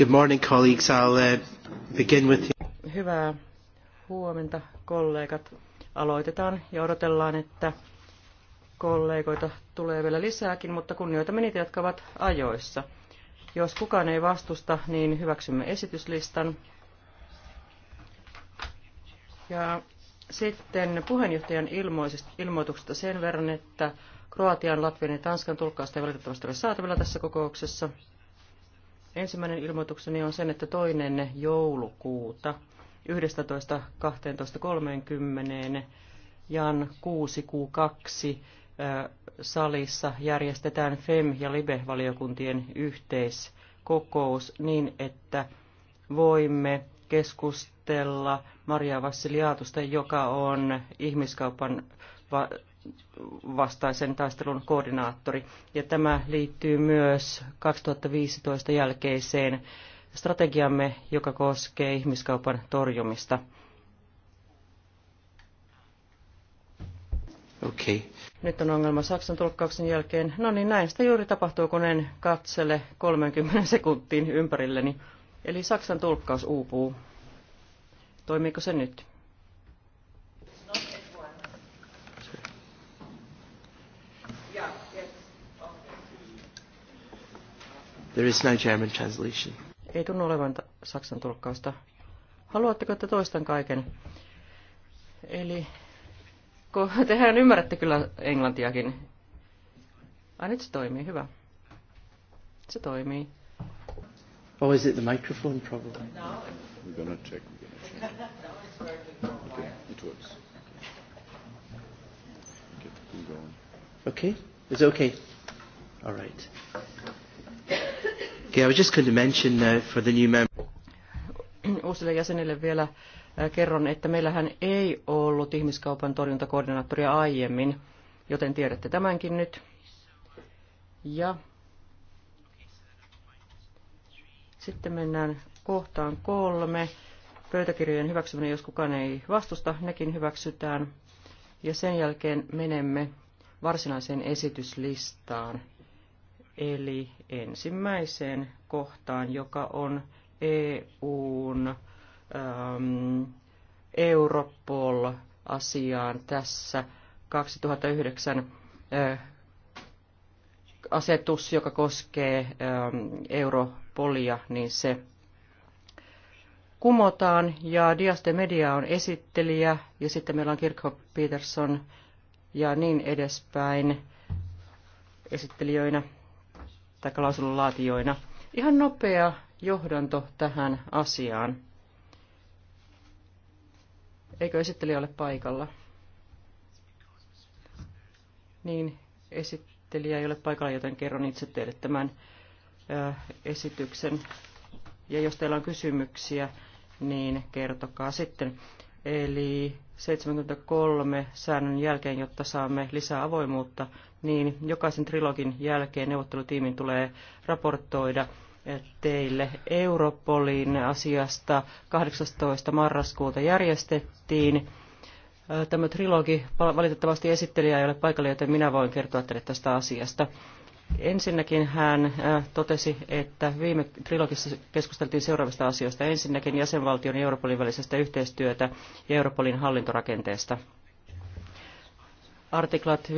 Good morning, colleagues. I'll uh, begin with you. Hyvää huomenta, kollegat. Aloitetaan ja odotellaan, että kollegoita tulee vielä lisääkin, mutta kunnioitamme niitä, jotka ovat ajoissa. Jos kukaan ei vastusta, niin hyväksymme esityslistan. Ja sitten puheenjohtajan ilmoituksesta sen verran, että Kroatian, Latvian ja Tanskan tulkkausta ei valitettavasti ole saatavilla tässä kokouksessa. Ensimmäinen ilmoitukseni on sen, että toinen joulukuuta 11.12.30 Jan 662 salissa järjestetään FEM- ja LIBE-valiokuntien yhteiskokous niin, että voimme keskustella Maria Vassiliatusta, joka on ihmiskaupan vastaisen taistelun koordinaattori. Ja tämä liittyy myös 2015 jälkeiseen strategiamme, joka koskee ihmiskaupan torjumista. Okay. Nyt on ongelma Saksan tulkkauksen jälkeen. No niin, näin sitä juuri tapahtuu, kun en katsele 30 sekuntiin ympärilleni. Eli Saksan tulkkaus uupuu. Toimiiko se nyt? There is no German translation. Ei tunnu olevan saksan tulkkausta. Haluatteko, että toistan kaiken? Eli kun tehän ymmärrätte kyllä englantiakin. Ai nyt se toimii, hyvä. Se toimii. Oh, is it the microphone problem? No. We're gonna check. We're gonna check. Okay, it works. Okay, keep going. Okay, is okay? All right. Okay, I was just going to mention now uh, for the new member. Uusille jäsenille vielä äh, kerron, että meillähän ei ollut ihmiskaupan torjuntakoordinaattoria aiemmin, joten tiedätte tämänkin nyt. Ja sitten mennään kohtaan kolme. Pöytäkirjojen hyväksyminen, jos kukaan ei vastusta, nekin hyväksytään. Ja sen jälkeen menemme varsinaiseen esityslistaan eli ensimmäiseen kohtaan, joka on EUn ähm, Europol-asiaan tässä 2009 äh, asetus, joka koskee ähm, Europolia, niin se kumotaan ja Diaste Media on esittelijä ja sitten meillä on Kirkho Peterson ja niin edespäin esittelijöinä tai lausunnonlaatijoina. Ihan nopea johdanto tähän asiaan. Eikö esittelijä ole paikalla? Niin, esittelijä ei ole paikalla, joten kerron itse teille tämän esityksen. Ja jos teillä on kysymyksiä, niin kertokaa sitten. Eli 73 säännön jälkeen, jotta saamme lisää avoimuutta niin jokaisen trilogin jälkeen neuvottelutiimin tulee raportoida teille Europolin asiasta 18. marraskuuta järjestettiin. Tämä trilogi, valitettavasti esittelijä ei ole paikalla, joten minä voin kertoa teille tästä asiasta. Ensinnäkin hän äh, totesi, että viime trilogissa keskusteltiin seuraavista asioista. Ensinnäkin jäsenvaltion ja Europolin välisestä yhteistyötä ja Europolin hallintorakenteesta. Artiklat 5-8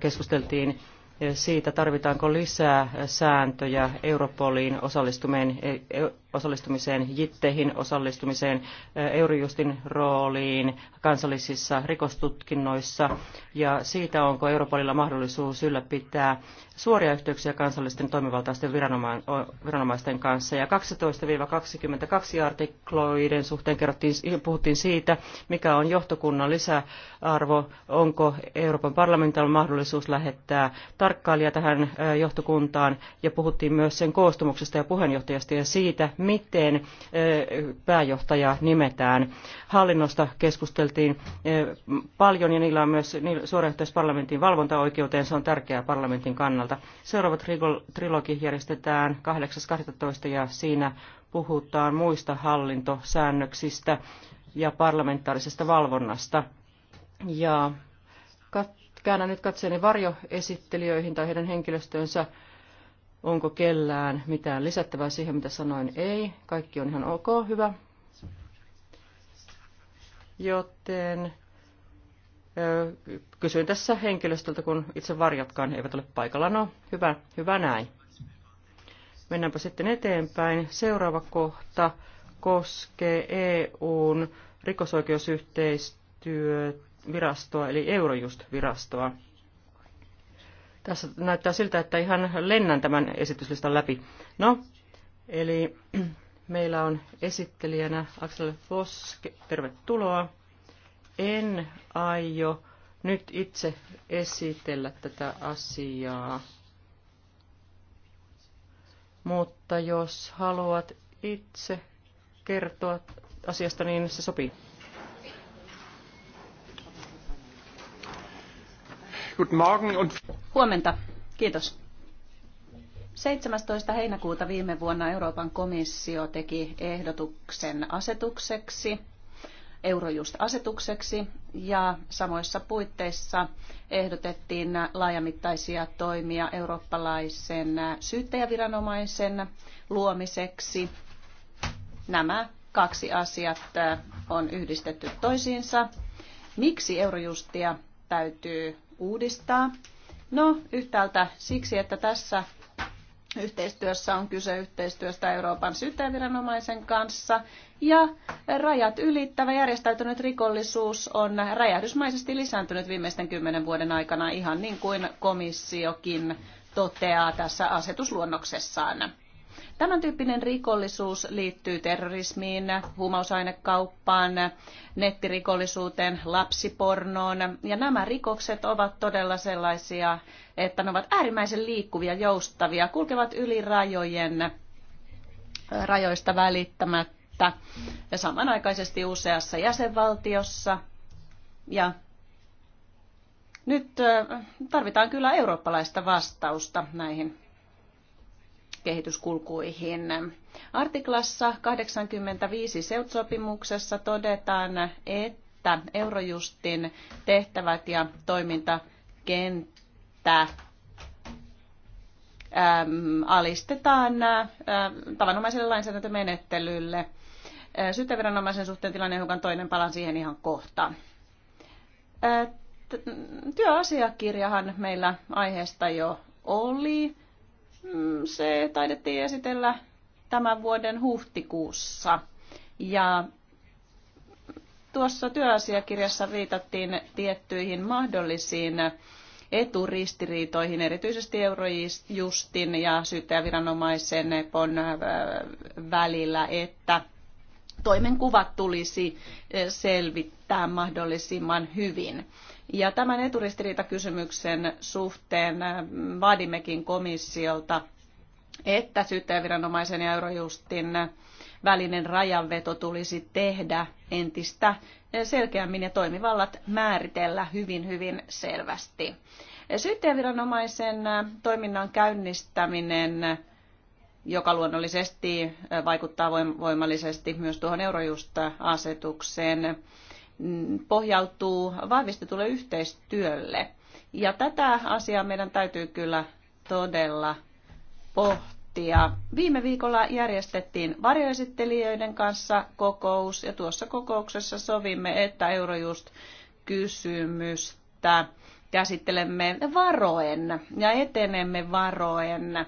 keskusteltiin siitä, tarvitaanko lisää sääntöjä Europoliin osallistumeen e, e, osallistumiseen, Jitteihin osallistumiseen, eh, Eurojustin rooliin kansallisissa rikostutkinnoissa ja siitä, onko Europolilla mahdollisuus ylläpitää suoria yhteyksiä kansallisten toimivaltaisten viranomaisten kanssa. Ja 12-22 artikloiden suhteen kerrottiin, puhuttiin siitä, mikä on johtokunnan lisäarvo, onko Euroopan parlamentilla mahdollisuus lähettää tarkkailija tähän eh, johtokuntaan ja puhuttiin myös sen koostumuksesta ja puheenjohtajasta ja siitä, miten pääjohtaja nimetään. Hallinnosta keskusteltiin paljon ja niillä on myös suora yhteys parlamentin valvontaoikeuteen. Se on tärkeää parlamentin kannalta. Seuraava trilogi järjestetään 8.12. ja siinä puhutaan muista hallintosäännöksistä ja parlamentaarisesta valvonnasta. Ja käännän nyt katseeni varjoesittelijöihin tai heidän henkilöstöönsä Onko kellään mitään lisättävää siihen, mitä sanoin? Ei. Kaikki on ihan ok, hyvä. Joten kysyin tässä henkilöstöltä, kun itse varjatkaan eivät ole paikalla. No, hyvä, hyvä näin. Mennäänpä sitten eteenpäin. Seuraava kohta koskee EUn rikosoikeusyhteistyövirastoa, eli Eurojust-virastoa. Tässä näyttää siltä, että ihan lennän tämän esityslistan läpi. No, eli meillä on esittelijänä Axel Voss, tervetuloa. En aio nyt itse esitellä tätä asiaa, mutta jos haluat itse kertoa asiasta, niin se sopii. Huomenta. Kiitos. 17. heinäkuuta viime vuonna Euroopan komissio teki ehdotuksen asetukseksi, Eurojust-asetukseksi, ja samoissa puitteissa ehdotettiin laajamittaisia toimia eurooppalaisen syyttäjäviranomaisen luomiseksi. Nämä kaksi asiat äh, on yhdistetty toisiinsa. Miksi Eurojustia täytyy uudistaa? No yhtäältä siksi, että tässä yhteistyössä on kyse yhteistyöstä Euroopan syyttäjäviranomaisen kanssa ja rajat ylittävä järjestäytynyt rikollisuus on räjähdysmaisesti lisääntynyt viimeisten kymmenen vuoden aikana ihan niin kuin komissiokin toteaa tässä asetusluonnoksessaan. Tämän tyyppinen rikollisuus liittyy terrorismiin, huumausainekauppaan, nettirikollisuuteen, lapsipornoon. Ja nämä rikokset ovat todella sellaisia, että ne ovat äärimmäisen liikkuvia, joustavia, kulkevat yli rajojen, rajoista välittämättä ja samanaikaisesti useassa jäsenvaltiossa. Ja nyt äh, tarvitaan kyllä eurooppalaista vastausta näihin kehityskulkuihin. Artiklassa 85 SEUT-sopimuksessa todetaan, että Eurojustin tehtävät ja toimintakenttä alistetaan tavanomaiselle lainsäädäntömenettelylle. Syyteviranomaisen suhteen tilanne on hiukan toinen, palan siihen ihan kohta. Työasiakirjahan meillä aiheesta jo oli. Mm, se taidettiin esitellä tämän vuoden huhtikuussa. Ja tuossa työasiakirjassa viitattiin tiettyihin mahdollisiin eturistiriitoihin, erityisesti Eurojustin ja syyttäjäviranomaisen EPON äh, välillä, että toimenkuvat tulisi äh, selvittää mahdollisimman hyvin. Ja tämän eturistiriitakysymyksen suhteen äh, vaadimmekin komissiolta, että syyttäjäviranomaisen ja Eurojustin välinen rajanveto tulisi tehdä entistä selkeämmin ja toimivallat määritellä hyvin, hyvin selvästi. Syyttäjäviranomaisen äh, toiminnan käynnistäminen, joka luonnollisesti äh, vaikuttaa voimallisesti myös tuohon Eurojusta-asetukseen, Mm, pohjautuu vahvistetulle yhteistyölle. Ja tätä asiaa meidän täytyy kyllä todella pohtia. Viime viikolla järjestettiin varjoesittelijöiden kanssa kokous ja tuossa kokouksessa sovimme, että Eurojust kysymystä käsittelemme varoen ja etenemme varoen äh,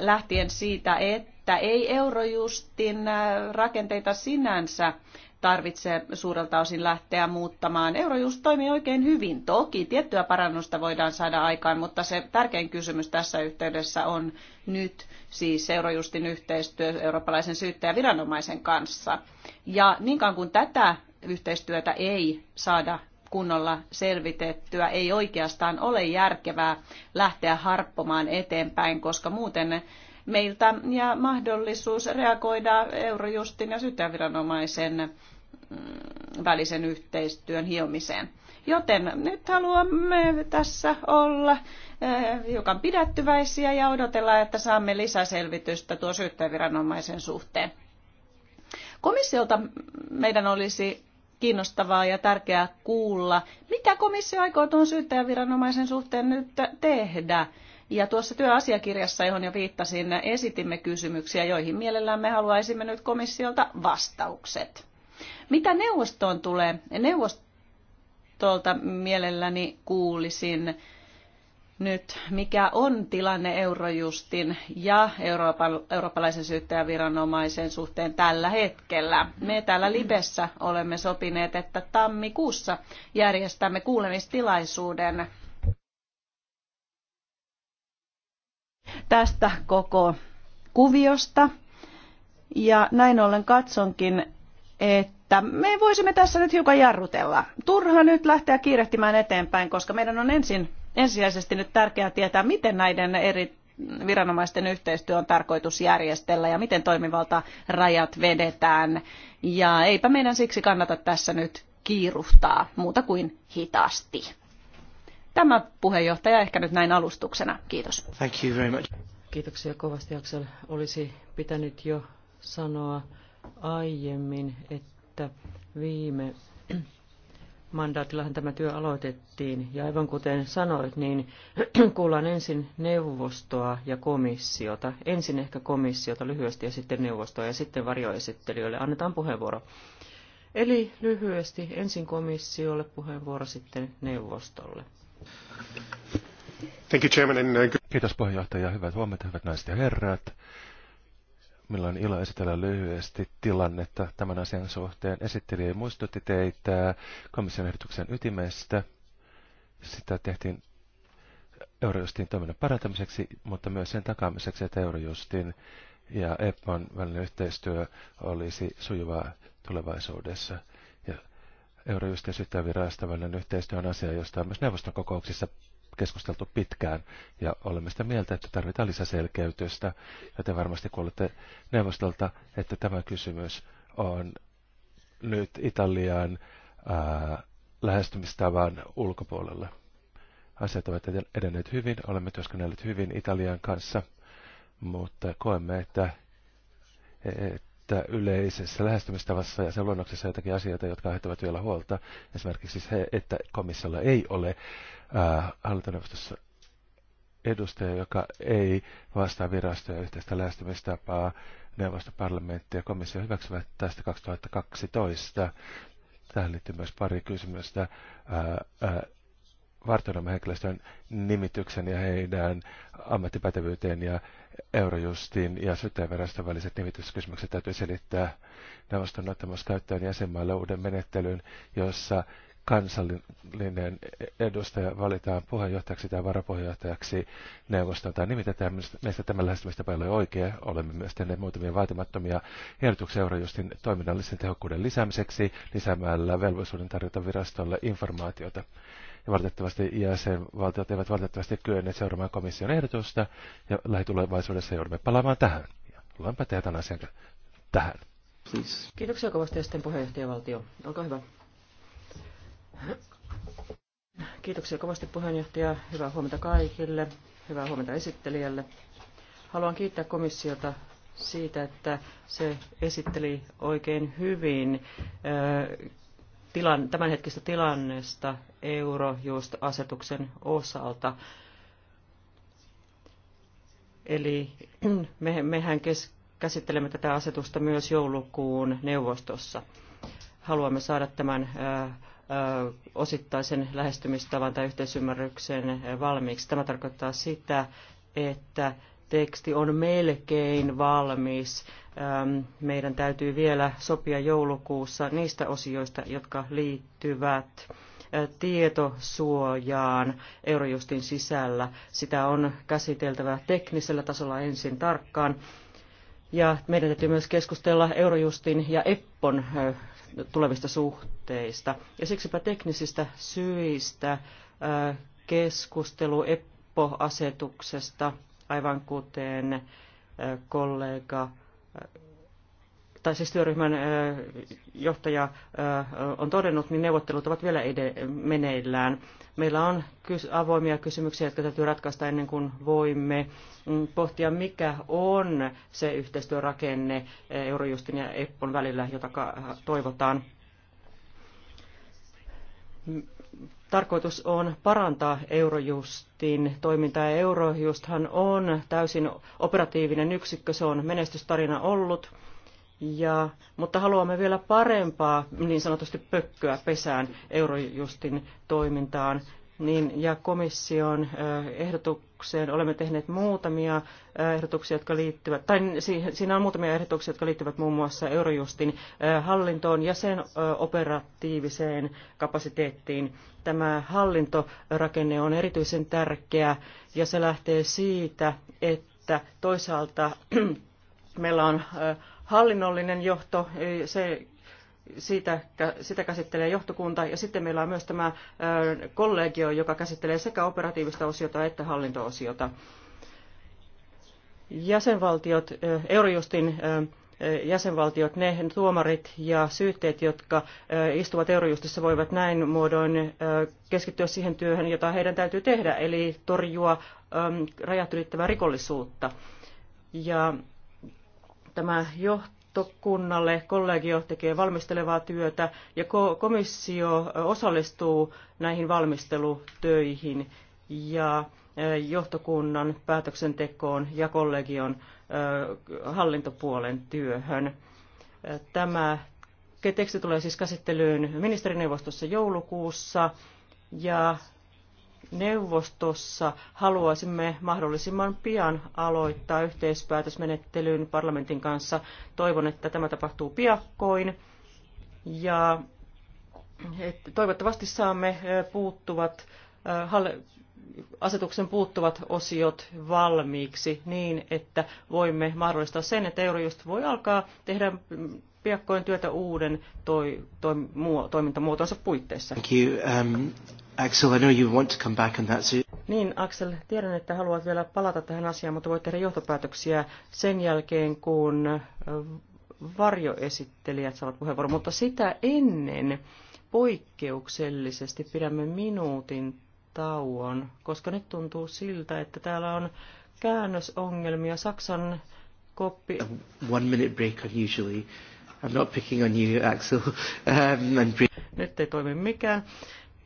lähtien siitä, että että ei Eurojustin äh, rakenteita sinänsä tarvitse suurelta osin lähteä muuttamaan. Eurojust toimii oikein hyvin. Toki tiettyä parannusta voidaan saada aikaan, mutta se tärkein kysymys tässä yhteydessä on nyt siis Eurojustin yhteistyö eurooppalaisen syyttäjäviranomaisen kanssa. Ja niin kauan kuin tätä yhteistyötä ei saada kunnolla selvitettyä, ei oikeastaan ole järkevää lähteä harppomaan eteenpäin, koska muuten meiltä ja mahdollisuus reagoida Eurojustin ja syyttäjäviranomaisen mm, välisen yhteistyön hiomiseen. Joten nyt haluamme tässä olla eh, hiukan pidättyväisiä ja odotella, että saamme lisäselvitystä tuo syyttäjäviranomaisen suhteen. Komissiolta meidän olisi kiinnostavaa ja tärkeää kuulla, mitä komissio aikoo tuon syyttäjäviranomaisen suhteen nyt tehdä. Ja tuossa työasiakirjassa, johon jo viittasin, esitimme kysymyksiä, joihin mielellämme haluaisimme nyt komissiolta vastaukset. Mitä neuvostoon tulee? Neuvostolta mielelläni kuulisin nyt, mikä on tilanne Eurojustin ja Euroopan, eurooppalaisen syyttäjäviranomaisen suhteen tällä hetkellä. Me täällä Libessä olemme sopineet, että tammikuussa järjestämme kuulemistilaisuuden tästä koko kuviosta. Ja näin ollen katsonkin, että me voisimme tässä nyt hiukan jarrutella. Turha nyt lähteä kiirehtimään eteenpäin, koska meidän on ensin, ensisijaisesti nyt tärkeää tietää, miten näiden eri viranomaisten yhteistyö on tarkoitus järjestellä ja miten toimivalta rajat vedetään. Ja eipä meidän siksi kannata tässä nyt kiiruhtaa muuta kuin hitaasti. Tämä puheenjohtaja ehkä nyt näin alustuksena. Kiitos. Thank you very much. Kiitoksia kovasti Aksel. Olisi pitänyt jo sanoa aiemmin, että viime mandaatillahan tämä työ aloitettiin. Ja aivan kuten sanoit, niin kuullaan ensin neuvostoa ja komissiota. Ensin ehkä komissiota lyhyesti ja sitten neuvostoa ja sitten varjoesittelijöille annetaan puheenvuoro. Eli lyhyesti ensin komissiolle puheenvuoro, sitten neuvostolle. Uh, Kiitos puheenjohtaja. Hyvät huomenta, hyvät naiset ja herrat. Meillä on ilo esitellä lyhyesti tilannetta tämän asian suhteen. Esittelijä muistutti teitä komission ehdotuksen ytimestä. Sitä tehtiin Eurojustin toiminnan parantamiseksi, mutta myös sen takaamiseksi, että Eurojustin ja EPMAn välinen yhteistyö olisi sujuvaa tulevaisuudessa. Eurojust ja syyttäjäviraston välinen yhteistyö on asia, josta on myös neuvoston kokouksissa keskusteltu pitkään ja olemme sitä mieltä, että tarvitaan lisäselkeytystä, joten varmasti kuulette neuvostolta, että tämä kysymys on nyt Italian ää, lähestymistavan ulkopuolella. Asiat ovat edenneet hyvin, olemme työskennelleet hyvin Italian kanssa, mutta koemme, että, että että yleisessä lähestymistavassa ja sen luonnoksessa jotakin asioita, jotka aiheuttavat vielä huolta. Esimerkiksi se, että komissiolla ei ole äh, hallintoneuvostossa edustaja, joka ei vastaa virastoja yhteistä lähestymistapaa. Neuvostoparlamentti parlamentti ja komissio hyväksyvät tästä 2012. Tähän liittyy myös pari kysymystä. Ää, äh, äh, henkilöstön nimityksen ja heidän ammattipätevyyteen ja Eurojustin ja syyttäjäviraston väliset nimityskysymykset täytyy selittää neuvoston ottamassa käyttöön jäsenmaille uuden menettelyn, jossa kansallinen edustaja valitaan puheenjohtajaksi tai varapuheenjohtajaksi neuvoston tai nimitetään. Meistä tämä lähestymistapa ei ole oikea. Olemme myös tehneet muutamia vaatimattomia ehdotuksia Eurojustin toiminnallisen tehokkuuden lisäämiseksi lisäämällä velvollisuuden tarjota virastolle informaatiota ja valitettavasti jäsenvaltiot eivät valitettavasti kyenneet seuraamaan komission ehdotusta, ja lähitulevaisuudessa joudumme palaamaan tähän. Ja luulenpa tämän asian tähän. Please. Kiitoksia kovasti ja sitten puheenjohtajavaltio. Olkaa hyvä. Kiitoksia kovasti puheenjohtaja. Hyvää huomenta kaikille. Hyvää huomenta esittelijälle. Haluan kiittää komissiota siitä, että se esitteli oikein hyvin tilan, tämänhetkistä tilannesta Eurojust-asetuksen osalta. Eli me, mehän kes, käsittelemme tätä asetusta myös joulukuun neuvostossa. Haluamme saada tämän ää, ää, osittaisen lähestymistavan tai yhteisymmärryksen valmiiksi. Tämä tarkoittaa sitä, että teksti on melkein valmis. Ähm, meidän täytyy vielä sopia joulukuussa niistä osioista, jotka liittyvät äh, tietosuojaan Eurojustin sisällä. Sitä on käsiteltävä teknisellä tasolla ensin tarkkaan. Ja meidän täytyy myös keskustella Eurojustin ja Eppon äh, tulevista suhteista. Ja siksipä teknisistä syistä äh, keskustelu Eppo-asetuksesta – aivan kuten kollega tai siis työryhmän johtaja on todennut, niin neuvottelut ovat vielä meneillään. Meillä on avoimia kysymyksiä, jotka täytyy ratkaista ennen kuin voimme mm, pohtia, mikä on se yhteistyörakenne Eurojustin ja Eppon välillä, jota toivotaan tarkoitus on parantaa Eurojustin toimintaa. Eurojusthan on täysin operatiivinen yksikkö, se on menestystarina ollut. Ja, mutta haluamme vielä parempaa niin sanotusti pökköä pesään Eurojustin toimintaan niin, ja komission ehdotukseen olemme tehneet muutamia ehdotuksia, jotka liittyvät, tai siinä on muutamia ehdotuksia, jotka liittyvät muun muassa Eurojustin hallintoon ja sen operatiiviseen kapasiteettiin. Tämä hallintorakenne on erityisen tärkeä ja se lähtee siitä, että toisaalta meillä on hallinnollinen johto, se siitä, sitä käsittelee johtokunta ja sitten meillä on myös tämä kollegio, joka käsittelee sekä operatiivista osiota että hallintoosiota. Jäsenvaltiot, Eurojustin jäsenvaltiot, ne tuomarit ja syytteet, jotka istuvat Eurojustissa, voivat näin muodoin keskittyä siihen työhön, jota heidän täytyy tehdä, eli torjua rajat ylittävää rikollisuutta. Ja tämä joht- johtokunnalle, kollegio tekee valmistelevaa työtä ja komissio osallistuu näihin valmistelutöihin ja johtokunnan päätöksentekoon ja kollegion hallintopuolen työhön. Tämä teksti tulee siis käsittelyyn ministerineuvostossa joulukuussa ja neuvostossa haluaisimme mahdollisimman pian aloittaa yhteispäätösmenettelyn parlamentin kanssa. Toivon, että tämä tapahtuu piakkoin ja toivottavasti saamme puuttuvat, asetuksen puuttuvat osiot valmiiksi niin, että voimme mahdollistaa sen, että Eurojust voi alkaa tehdä mm, piakkoin työtä uuden toi, toi, muo, toimintamuotonsa puitteissa. Thank you. Um, Axel, I know you want to come back on that. So... Niin, Axel, tiedän, että haluat vielä palata tähän asiaan, mutta voit tehdä johtopäätöksiä sen jälkeen, kun varjoesittelijät saavat puheenvuoron. Mutta sitä ennen poikkeuksellisesti pidämme minuutin tauon, koska nyt tuntuu siltä, että täällä on käännösongelmia Saksan koppi. One minute break unusually. I'm not picking on you, Axel. Um, and... Nyt ei toimi mikään.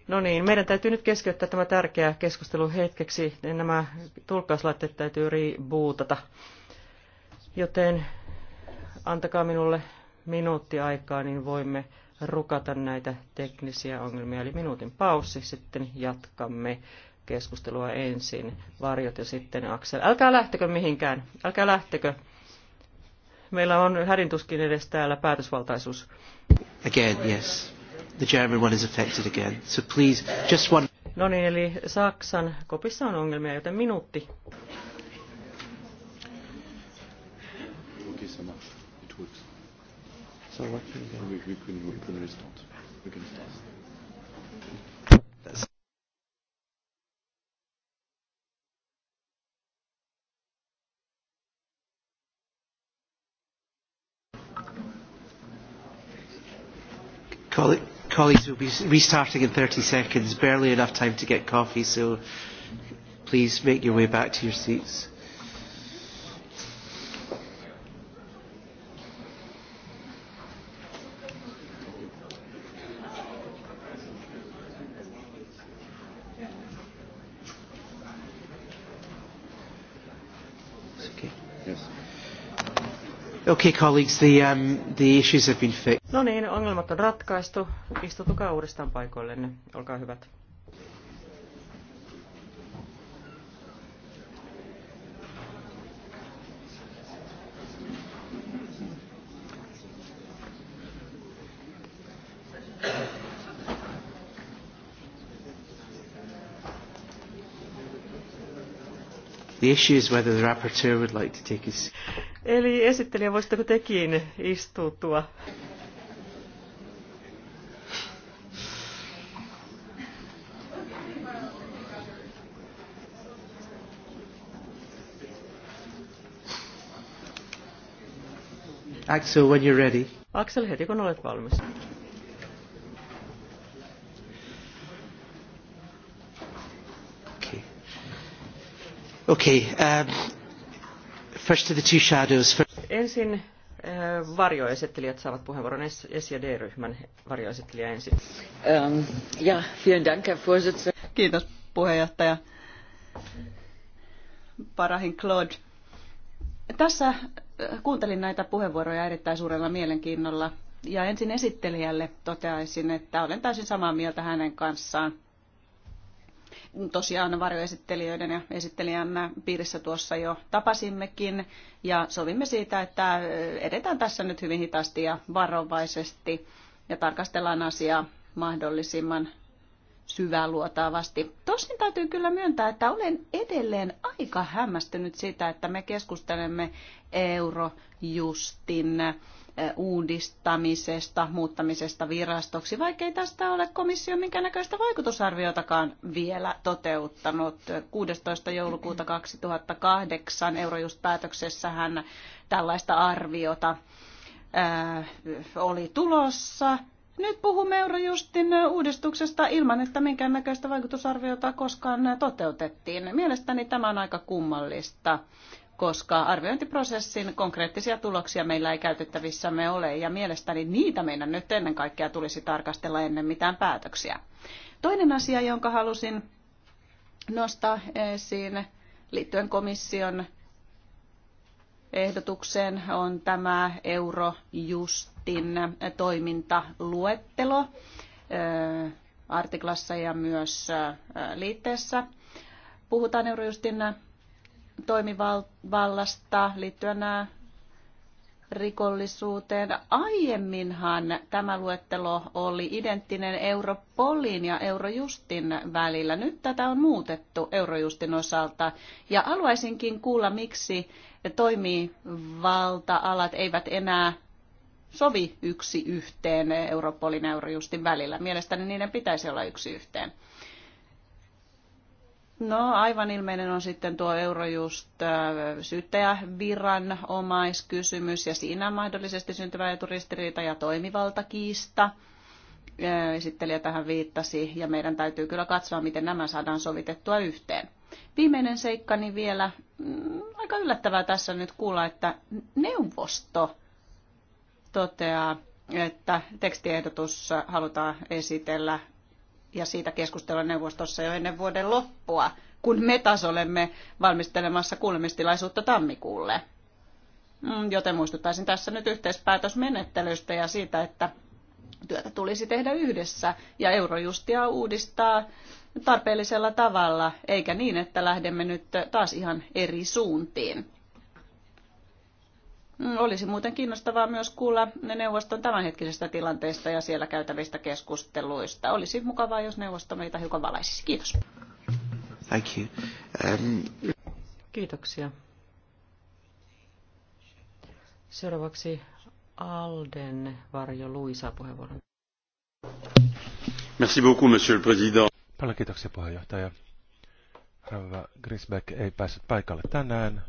No niin, meidän täytyy nyt keskeyttää tämä tärkeä keskustelu hetkeksi. Nämä tulkkauslaitteet täytyy rebootata. Joten antakaa minulle minuutti aikaa, niin voimme rukata näitä teknisiä ongelmia. Eli minuutin paussi, sitten jatkamme keskustelua ensin. Varjot ja sitten Aksel. Älkää lähtekö mihinkään. Älkää lähtekö. Meillä on hädintuskin edes täällä päätösvaltaisuus. Again, yes the German one is affected again. So please, just one... No niin, eli Saksan kopissa on ongelmia, joten minuutti. Colleague, colleagues will be restarting in 30 seconds, barely enough time to get coffee, so please make your way back to your seats. Okay, colleagues, the, um, the issues have been fixed. No niin, ongelmat on ratkaistu. Istutukaa uudestaan paikoillenne. Olkaa hyvät. The issue is whether the rapporteur would like to take his... Eli esittelijä, voisitteko tekin istuutua? Axel, when you're ready. Axel, heti kun olet valmis. Okay. Okay. Um, Ensin eh, varjoesittelijät saavat puheenvuoron S- ja D-ryhmän varjoesittelijä ensin. Ähm, ja, vielen dank, Herr Kiitos puheenjohtaja. Parahin Claude. Tässä eh, kuuntelin näitä puheenvuoroja erittäin suurella mielenkiinnolla. Ja ensin esittelijälle toteaisin, että olen täysin samaa mieltä hänen kanssaan tosiaan varjoesittelijöiden ja esittelijän piirissä tuossa jo tapasimmekin ja sovimme siitä, että edetään tässä nyt hyvin hitaasti ja varovaisesti ja tarkastellaan asiaa mahdollisimman syvää luotaavasti. Tosin täytyy kyllä myöntää, että olen edelleen aika hämmästynyt siitä, että me keskustelemme Eurojustin uudistamisesta, muuttamisesta virastoksi, vaikkei tästä ole komissio minkäännäköistä vaikutusarviotakaan vielä toteuttanut. 16. joulukuuta 2008 Eurojust-päätöksessähän tällaista arviota äh, oli tulossa. Nyt puhumme Eurojustin uudistuksesta ilman, että minkäännäköistä vaikutusarviota koskaan toteutettiin. Mielestäni tämä on aika kummallista koska arviointiprosessin konkreettisia tuloksia meillä ei käytettävissämme ole, ja mielestäni niitä meidän nyt ennen kaikkea tulisi tarkastella ennen mitään päätöksiä. Toinen asia, jonka halusin nostaa esiin liittyen komission ehdotukseen, on tämä Eurojustin toimintaluettelo äh, artiklassa ja myös äh, liitteessä. Puhutaan Eurojustin toimivallasta liittyen äh, rikollisuuteen. Aiemminhan tämä luettelo oli identtinen Europolin ja Eurojustin välillä. Nyt tätä on muutettu Eurojustin osalta ja haluaisinkin kuulla, miksi toimivalta-alat eivät enää sovi yksi yhteen Europolin ja Eurojustin välillä. Mielestäni niiden pitäisi olla yksi yhteen. No aivan ilmeinen on sitten tuo Eurojust äh, syyttäjäviranomaiskysymys ja siinä mahdollisesti syntyvä eturistiriita ja toimivaltakiista. Äh, esittelijä tähän viittasi ja meidän täytyy kyllä katsoa, miten nämä saadaan sovitettua yhteen. Viimeinen seikka, niin vielä mm, aika yllättävää tässä nyt kuulla, että neuvosto toteaa, että tekstiehdotus halutaan esitellä ja siitä keskustella neuvostossa jo ennen vuoden loppua, kun me taas olemme valmistelemassa kuulemistilaisuutta tammikuulle. Mm, joten muistuttaisin tässä nyt yhteispäätösmenettelystä ja siitä, että työtä tulisi tehdä yhdessä ja eurojustia uudistaa tarpeellisella tavalla, eikä niin, että lähdemme nyt taas ihan eri suuntiin. Mm, olisi muuten kiinnostavaa myös kuulla neuvoston tämänhetkisestä tilanteesta ja siellä käytävistä keskusteluista. Olisi mukavaa, jos neuvosto meitä hiukan valaisisi. Kiitos. Thank you. Um... Kiitoksia. Seuraavaksi Alden Varjo Luisa puheenvuoron. Merci beaucoup, monsieur le président. Paljon kiitoksia puheenjohtaja. Rauva Grisbeck ei päässyt paikalle tänään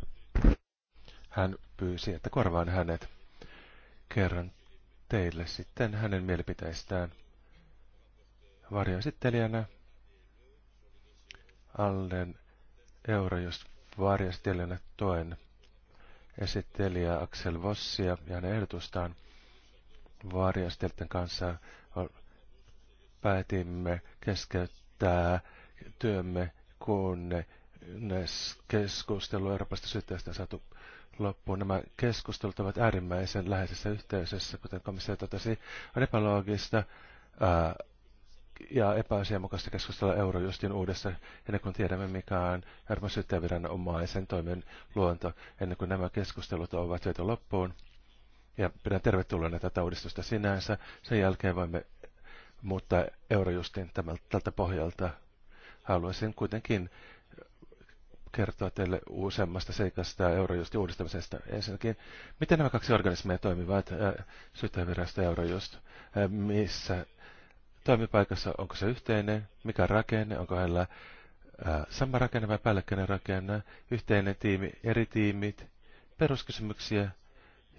hän pyysi, että korvaan hänet. Kerron teille sitten hänen mielipiteistään. Varjoesittelijänä Allen jos varjastelijana toen esittelijä Axel Vossia ja hänen ehdotustaan varjastelten kanssa päätimme keskeyttää työmme, kunnes keskustelu Euroopasta syyttäjästä saatu loppuun. Nämä keskustelut ovat äärimmäisen läheisessä yhteisössä, kuten komissio totesi, on epäloogista ja epäasianmukaista keskustella Eurojustin uudessa, ennen kuin tiedämme mikä on Euroopan syyttäjäviranomaisen toimen luonto, ennen kuin nämä keskustelut ovat viety loppuun. Ja pidän tervetulleena tätä uudistusta sinänsä. Sen jälkeen voimme muuttaa Eurojustin tältä pohjalta. Haluaisin kuitenkin kertoa teille useammasta seikasta Eurojust uudistamisesta. Ensinnäkin, miten nämä kaksi organismia toimivat, äh, syyttäjävirasto ja Eurojust, äh, missä toimipaikassa, onko se yhteinen, mikä rakenne, onko heillä äh, sama rakenne vai päällekkäinen rakenne, yhteinen tiimi, eri tiimit, peruskysymyksiä,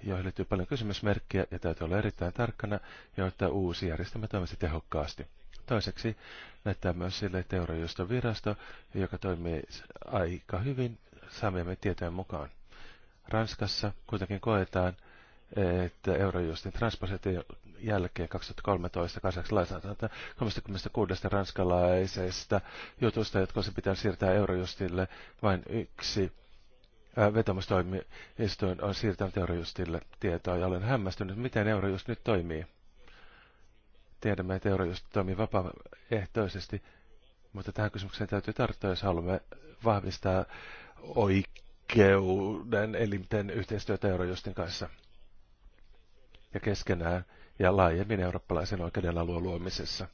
joihin liittyy paljon kysymysmerkkiä ja täytyy olla erittäin tarkkana, jotta uusi järjestelmä toimisi tehokkaasti. Toiseksi näyttää myös sille, että virasto, joka toimii aika hyvin saamiemme tietojen mukaan. Ranskassa kuitenkin koetaan, että Eurojustin transposition jälkeen 2013 kansaksi lainsäädäntö 36 ranskalaisesta jutusta, jotka se pitää siirtää Eurojustille, vain yksi vetomustoimistoin on siirtänyt Eurojustille tietoa ja olen hämmästynyt, miten Eurojust nyt toimii. Tiedämme, että Eurojust toimii vapaaehtoisesti, mutta tähän kysymykseen täytyy tarttua, jos haluamme vahvistaa oikeuden elinten yhteistyötä Eurojustin kanssa ja keskenään ja laajemmin eurooppalaisen oikeuden alueen luomisessa.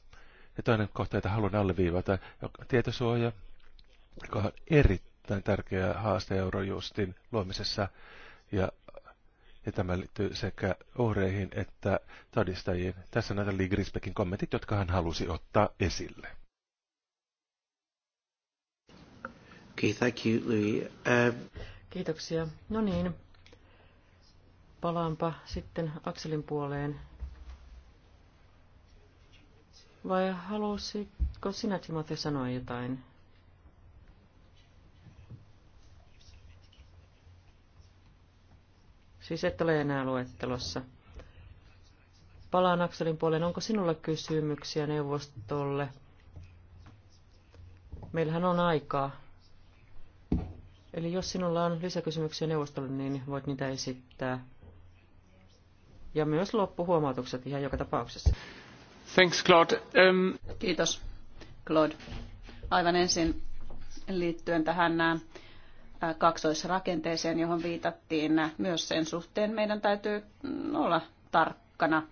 Ja toinen kohta, jota haluan alleviivata, on tietosuoja, joka on erittäin tärkeä haaste Eurojustin luomisessa ja ja tämä liittyy sekä uhreihin että todistajiin. Tässä näitä Lee Grisbeckin kommentit, jotka hän halusi ottaa esille. Okay, thank you, Louis. Um... Kiitoksia. No niin, palaanpa sitten Akselin puoleen. Vai halusitko sinä, Timothy, sanoa jotain? Siis et ole enää luettelossa. Palaan Akselin puoleen. Onko sinulla kysymyksiä neuvostolle? Meillähän on aikaa. Eli jos sinulla on lisäkysymyksiä neuvostolle, niin voit niitä esittää. Ja myös loppuhuomautukset ihan joka tapauksessa. Thanks, Claude. Um... Kiitos, Claude. Aivan ensin liittyen tähän äh, Äh, kaksoisrakenteeseen, johon viitattiin, äh, myös sen suhteen meidän täytyy mm, olla tarkkana.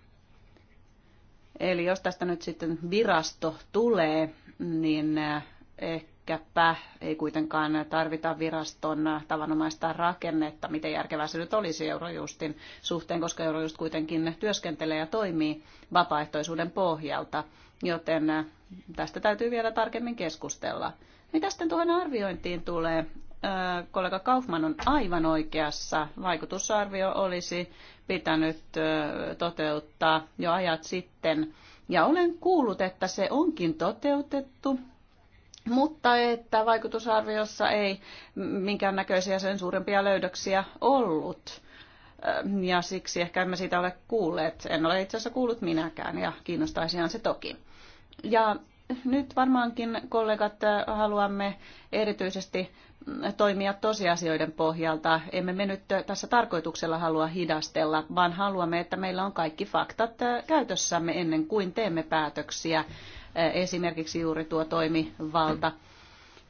Eli jos tästä nyt sitten virasto tulee, niin äh, ehkäpä ei kuitenkaan tarvita viraston tavanomaista rakennetta, miten järkevää se nyt olisi Eurojustin suhteen, koska Eurojust kuitenkin työskentelee ja toimii vapaaehtoisuuden pohjalta, joten tästä täytyy vielä tarkemmin keskustella. Mitä sitten tuohon arviointiin tulee? kollega Kaufman on aivan oikeassa. Vaikutusarvio olisi pitänyt toteuttaa jo ajat sitten. Ja olen kuullut, että se onkin toteutettu, mutta että vaikutusarviossa ei minkäännäköisiä sen suurempia löydöksiä ollut. Ja siksi ehkä emme siitä ole kuulleet. En ole itse asiassa kuullut minäkään ja kiinnostaisihan se toki. Ja nyt varmaankin kollegat haluamme erityisesti toimia tosiasioiden pohjalta. Emme me nyt tässä tarkoituksella halua hidastella, vaan haluamme, että meillä on kaikki faktat äh, käytössämme ennen kuin teemme päätöksiä. Äh, esimerkiksi juuri tuo toimivalta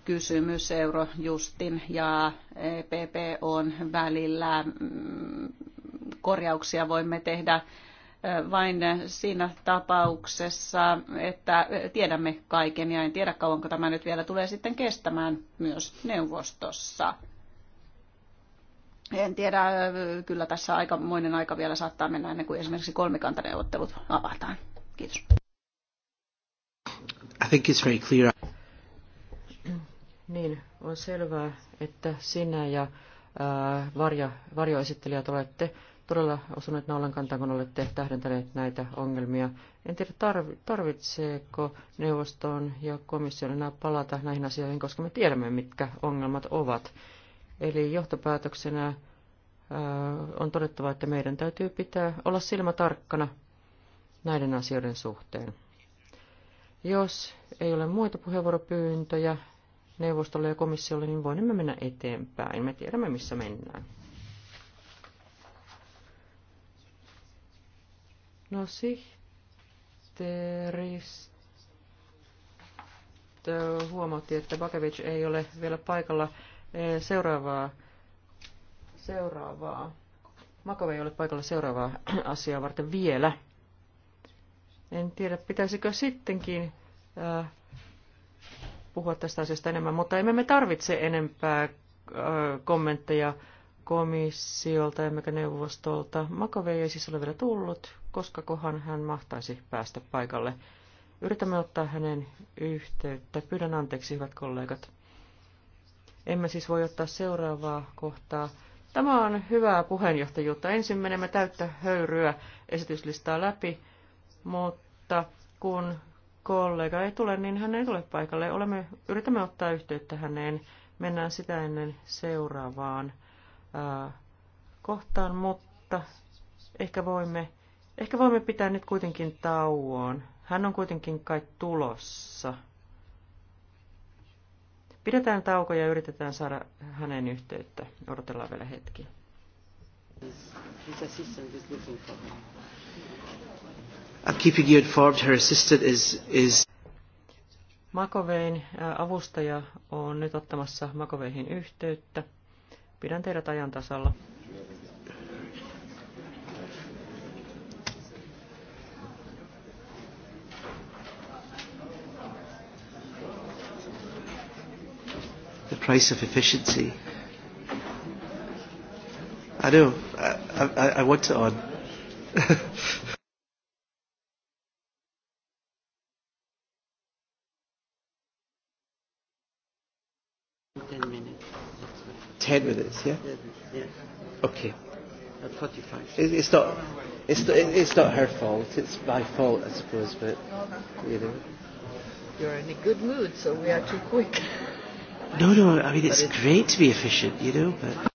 kysymys Eurojustin ja EPPOn välillä. Mm, korjauksia voimme tehdä vain siinä tapauksessa, että tiedämme kaiken ja en tiedä kauanko tämä nyt vielä tulee sitten kestämään myös neuvostossa. En tiedä, kyllä tässä aikamoinen aika vielä saattaa mennä ennen kuin esimerkiksi kolmikantaneuvottelut avataan. Kiitos. I think it's very clear. Niin, on selvää, että sinä ja ää, varjo, varjoesittelijät olette todella osuneet naulan kantaan, kun olette tähdentäneet näitä ongelmia. En tiedä, tarvitseeko neuvostoon ja komission enää palata näihin asioihin, koska me tiedämme, mitkä ongelmat ovat. Eli johtopäätöksenä äh, on todettava, että meidän täytyy pitää olla silmä tarkkana näiden asioiden suhteen. Jos ei ole muita puheenvuoropyyntöjä neuvostolle ja komissiolle, niin voimme mennä eteenpäin. Me tiedämme, missä mennään. No sihteeristö huomautti, että Bakevich ei ole vielä paikalla e, seuraavaa, seuraavaa. Makove ei ole paikalla seuraavaa asiaa varten vielä. En tiedä, pitäisikö sittenkin äh, puhua tästä asiasta enemmän, mutta emme me tarvitse enempää äh, kommentteja komissiolta emmekä neuvostolta. Makove ei siis ole vielä tullut koska kohan hän mahtaisi päästä paikalle. Yritämme ottaa hänen yhteyttä. Pyydän anteeksi, hyvät kollegat. Emme siis voi ottaa seuraavaa kohtaa. Tämä on hyvää puheenjohtajuutta. Ensin menemme täyttä höyryä esityslistaa läpi, mutta kun kollega ei tule, niin hän ei tule paikalle. Olemme, yritämme ottaa yhteyttä häneen. Mennään sitä ennen seuraavaan ää, kohtaan, mutta ehkä voimme Ehkä voimme pitää nyt kuitenkin tauon. Hän on kuitenkin kai tulossa. Pidetään tauko ja yritetään saada hänen yhteyttä. Odotellaan vielä hetki. assistant is, Makovein avustaja on nyt ottamassa Makoveihin yhteyttä. Pidän teidät ajan tasalla. price of efficiency. I know. I, I, I want it on. Ten minutes. Ten minutes, yeah? Okay. it's not. It's not, it's not her fault. It's my fault, I suppose. But you know. You're in a good mood, so we are too quick. No, no, I mean, it's great to be efficient, you know, but.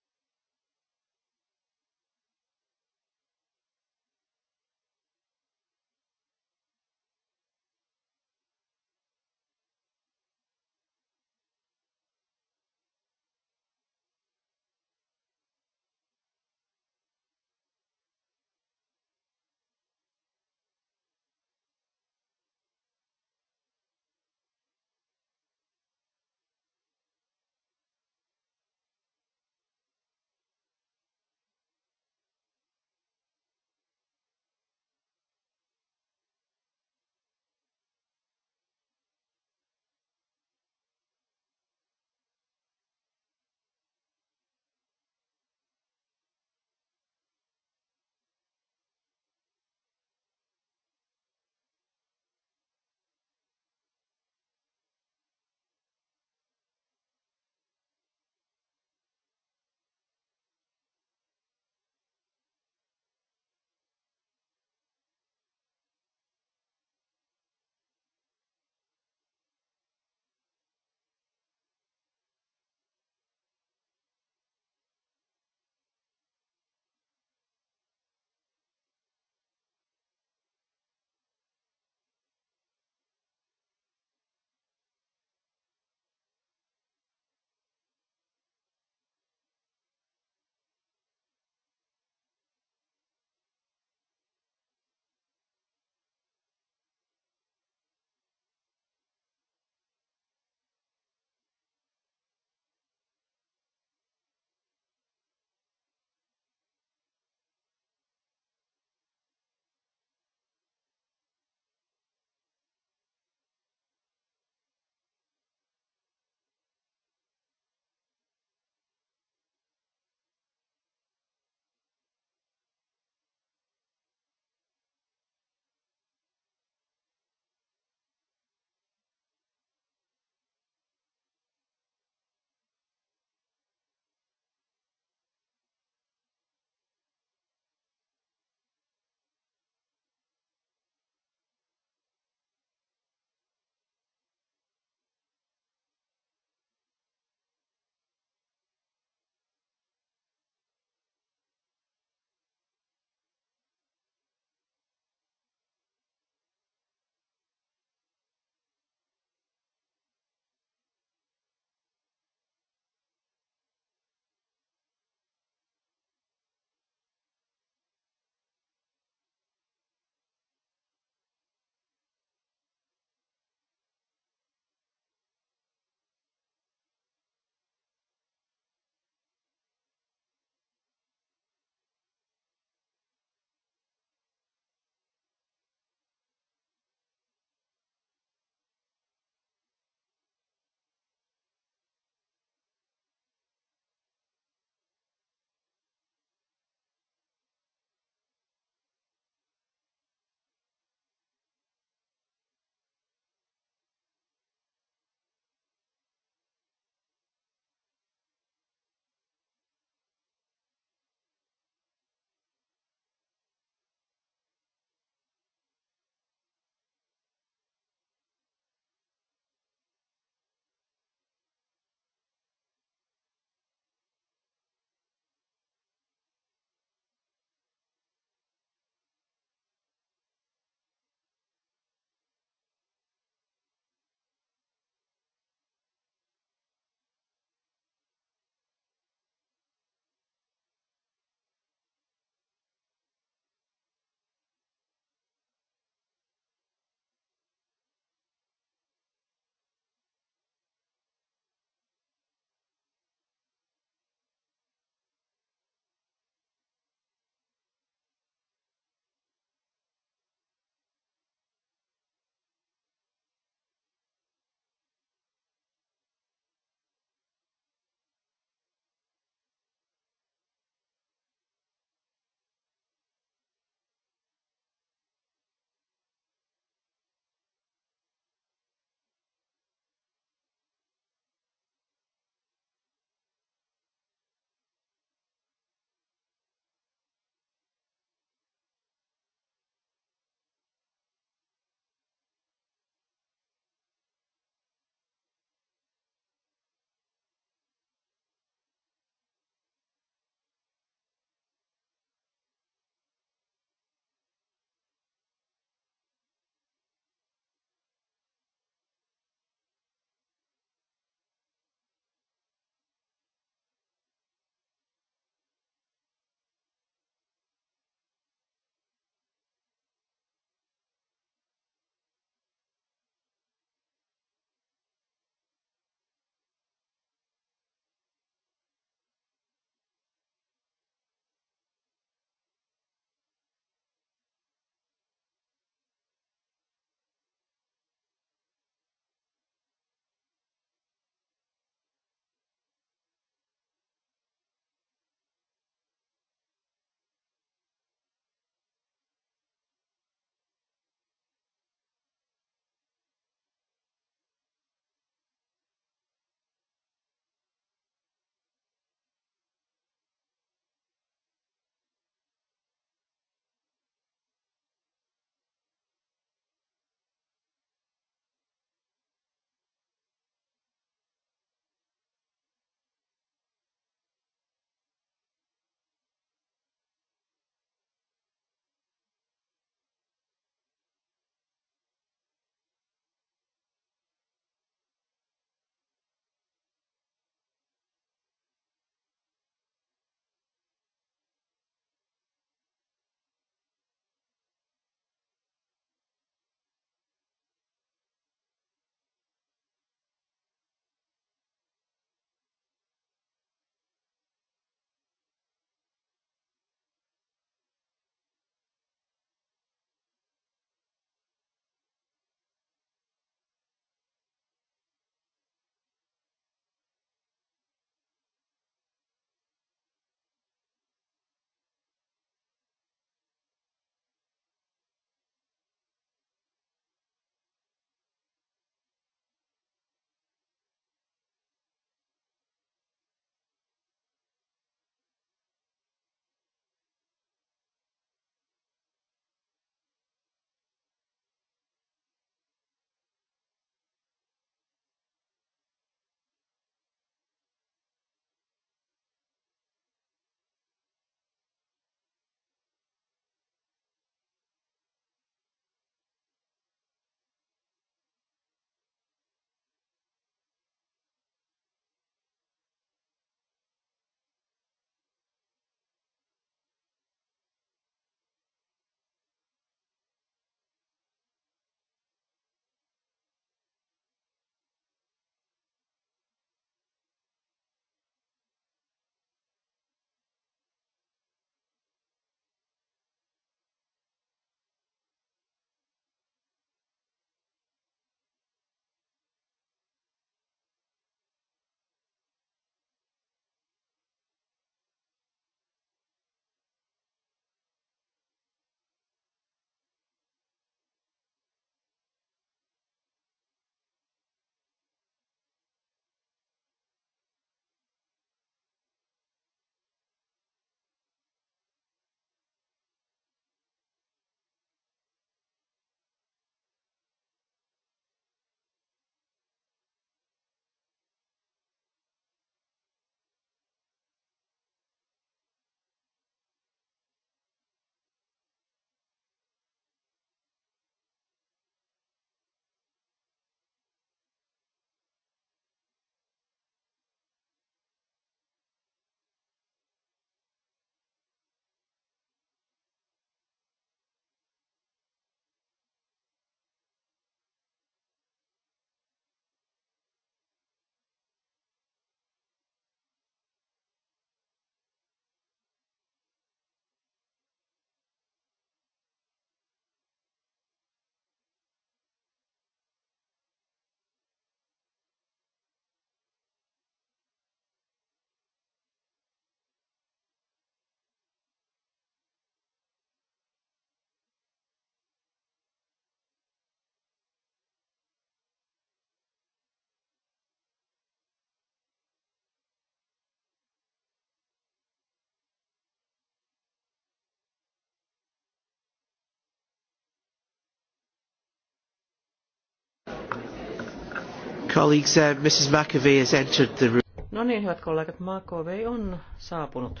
colleagues, uh, Mrs. McAvey has entered the room. No niin, hyvät kollegat, McAvey on saapunut.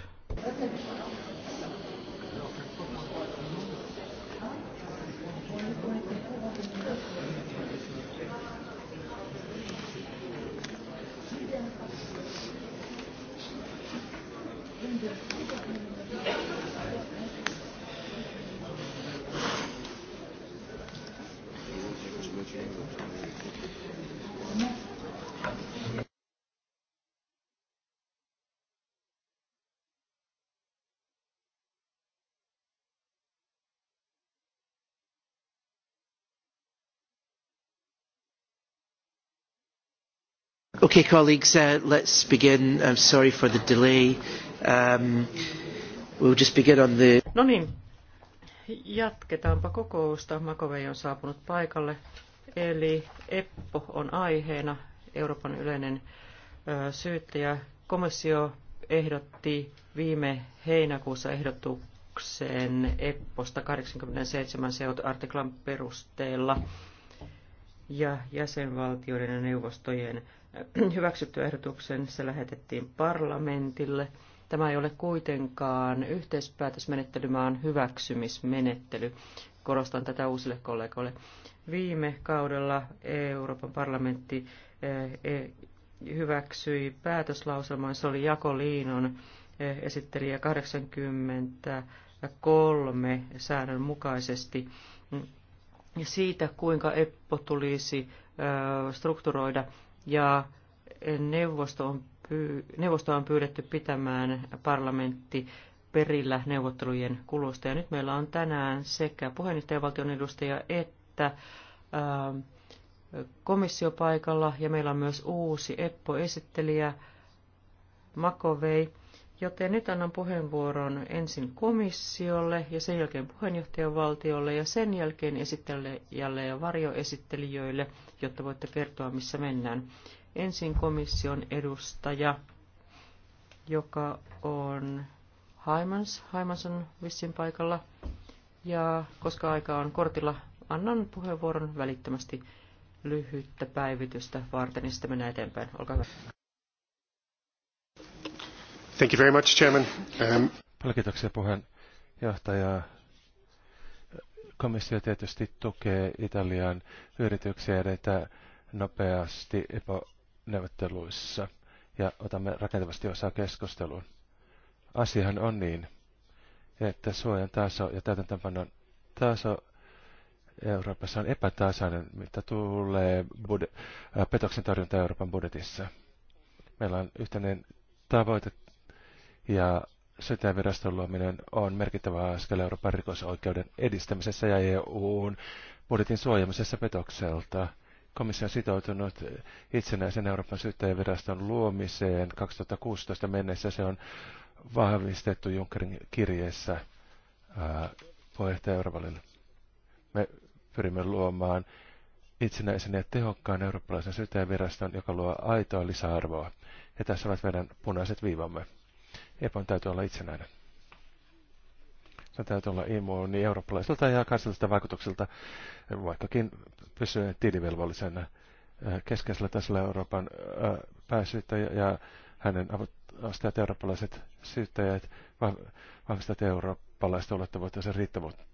Okay, colleagues, uh, let's begin. I'm sorry for the delay. Um, we'll just begin on the... No niin, jatketaanpa kokousta. Makovei on saapunut paikalle. Eli EPPO on aiheena, Euroopan yleinen ö, syyttäjä. Komissio ehdotti viime heinäkuussa ehdotukseen EPPOsta 87 seut-artiklan perusteella ja jäsenvaltioiden ja neuvostojen hyväksytty ehdotuksen, se lähetettiin parlamentille. Tämä ei ole kuitenkaan yhteispäätösmenettely, vaan hyväksymismenettely. Korostan tätä uusille kollegoille. Viime kaudella Euroopan parlamentti eh, eh, hyväksyi päätöslauselman, se oli Liinon eh, esittelijä 83 säännön mukaisesti siitä, kuinka EPPO tulisi strukturoida ja neuvosto on neuvosto on pyydetty pitämään parlamentti perillä neuvottelujen kulusta. Ja nyt meillä on tänään sekä puheenjohtajavaltion edustaja että ää, ähm, komissio paikalla ja meillä on myös uusi Eppo-esittelijä Makovei. Joten nyt annan puheenvuoron ensin komissiolle ja sen jälkeen puheenjohtajavaltiolle ja sen jälkeen esittelijälle ja varjoesittelijöille, jotta voitte kertoa, missä mennään. Ensin komission edustaja, joka on Haimans. Haimans on vissin paikalla. Ja koska aika on kortilla, annan puheenvuoron välittömästi lyhyttä päivitystä varten, niin sitten mennään eteenpäin. Olkaa hyvä. Thank you very much, Chairman. Um... Paljon kiitoksia Komissio tietysti tukee Italian yrityksiä edetä nopeasti EPO-neuvotteluissa ja otamme rakentavasti osaa keskusteluun. Asiahan on niin, että suojan taso ja täytäntöönpanon taso Euroopassa on epätasainen, mitä tulee äh, petoksen torjunta Euroopan budjetissa. Meillä on yhteinen tavoite ja viraston luominen on merkittävä askel Euroopan rikosoikeuden edistämisessä ja EUn budjetin suojamisessa petokselta. Komissio on sitoutunut itsenäisen Euroopan syyttäjäviraston luomiseen 2016 mennessä. Se on vahvistettu Junckerin kirjeessä puheenjohtaja Euroopalle. Me pyrimme luomaan itsenäisen ja tehokkaan eurooppalaisen syyttäjäviraston, joka luo aitoa lisäarvoa. Ja tässä ovat meidän punaiset viivamme. EPOn täytyy olla itsenäinen. Sen täytyy olla immuuni eurooppalaisilta ja kansallisilta vaikutuksilta, vaikkakin pysyä tilivelvollisena äh, keskeisellä tasolla Euroopan äh, pääsyyttä ja hänen avustajat eurooppalaiset syyttäjät vahvistavat eurooppalaista ulottuvuutta ja sen riittävyyttä,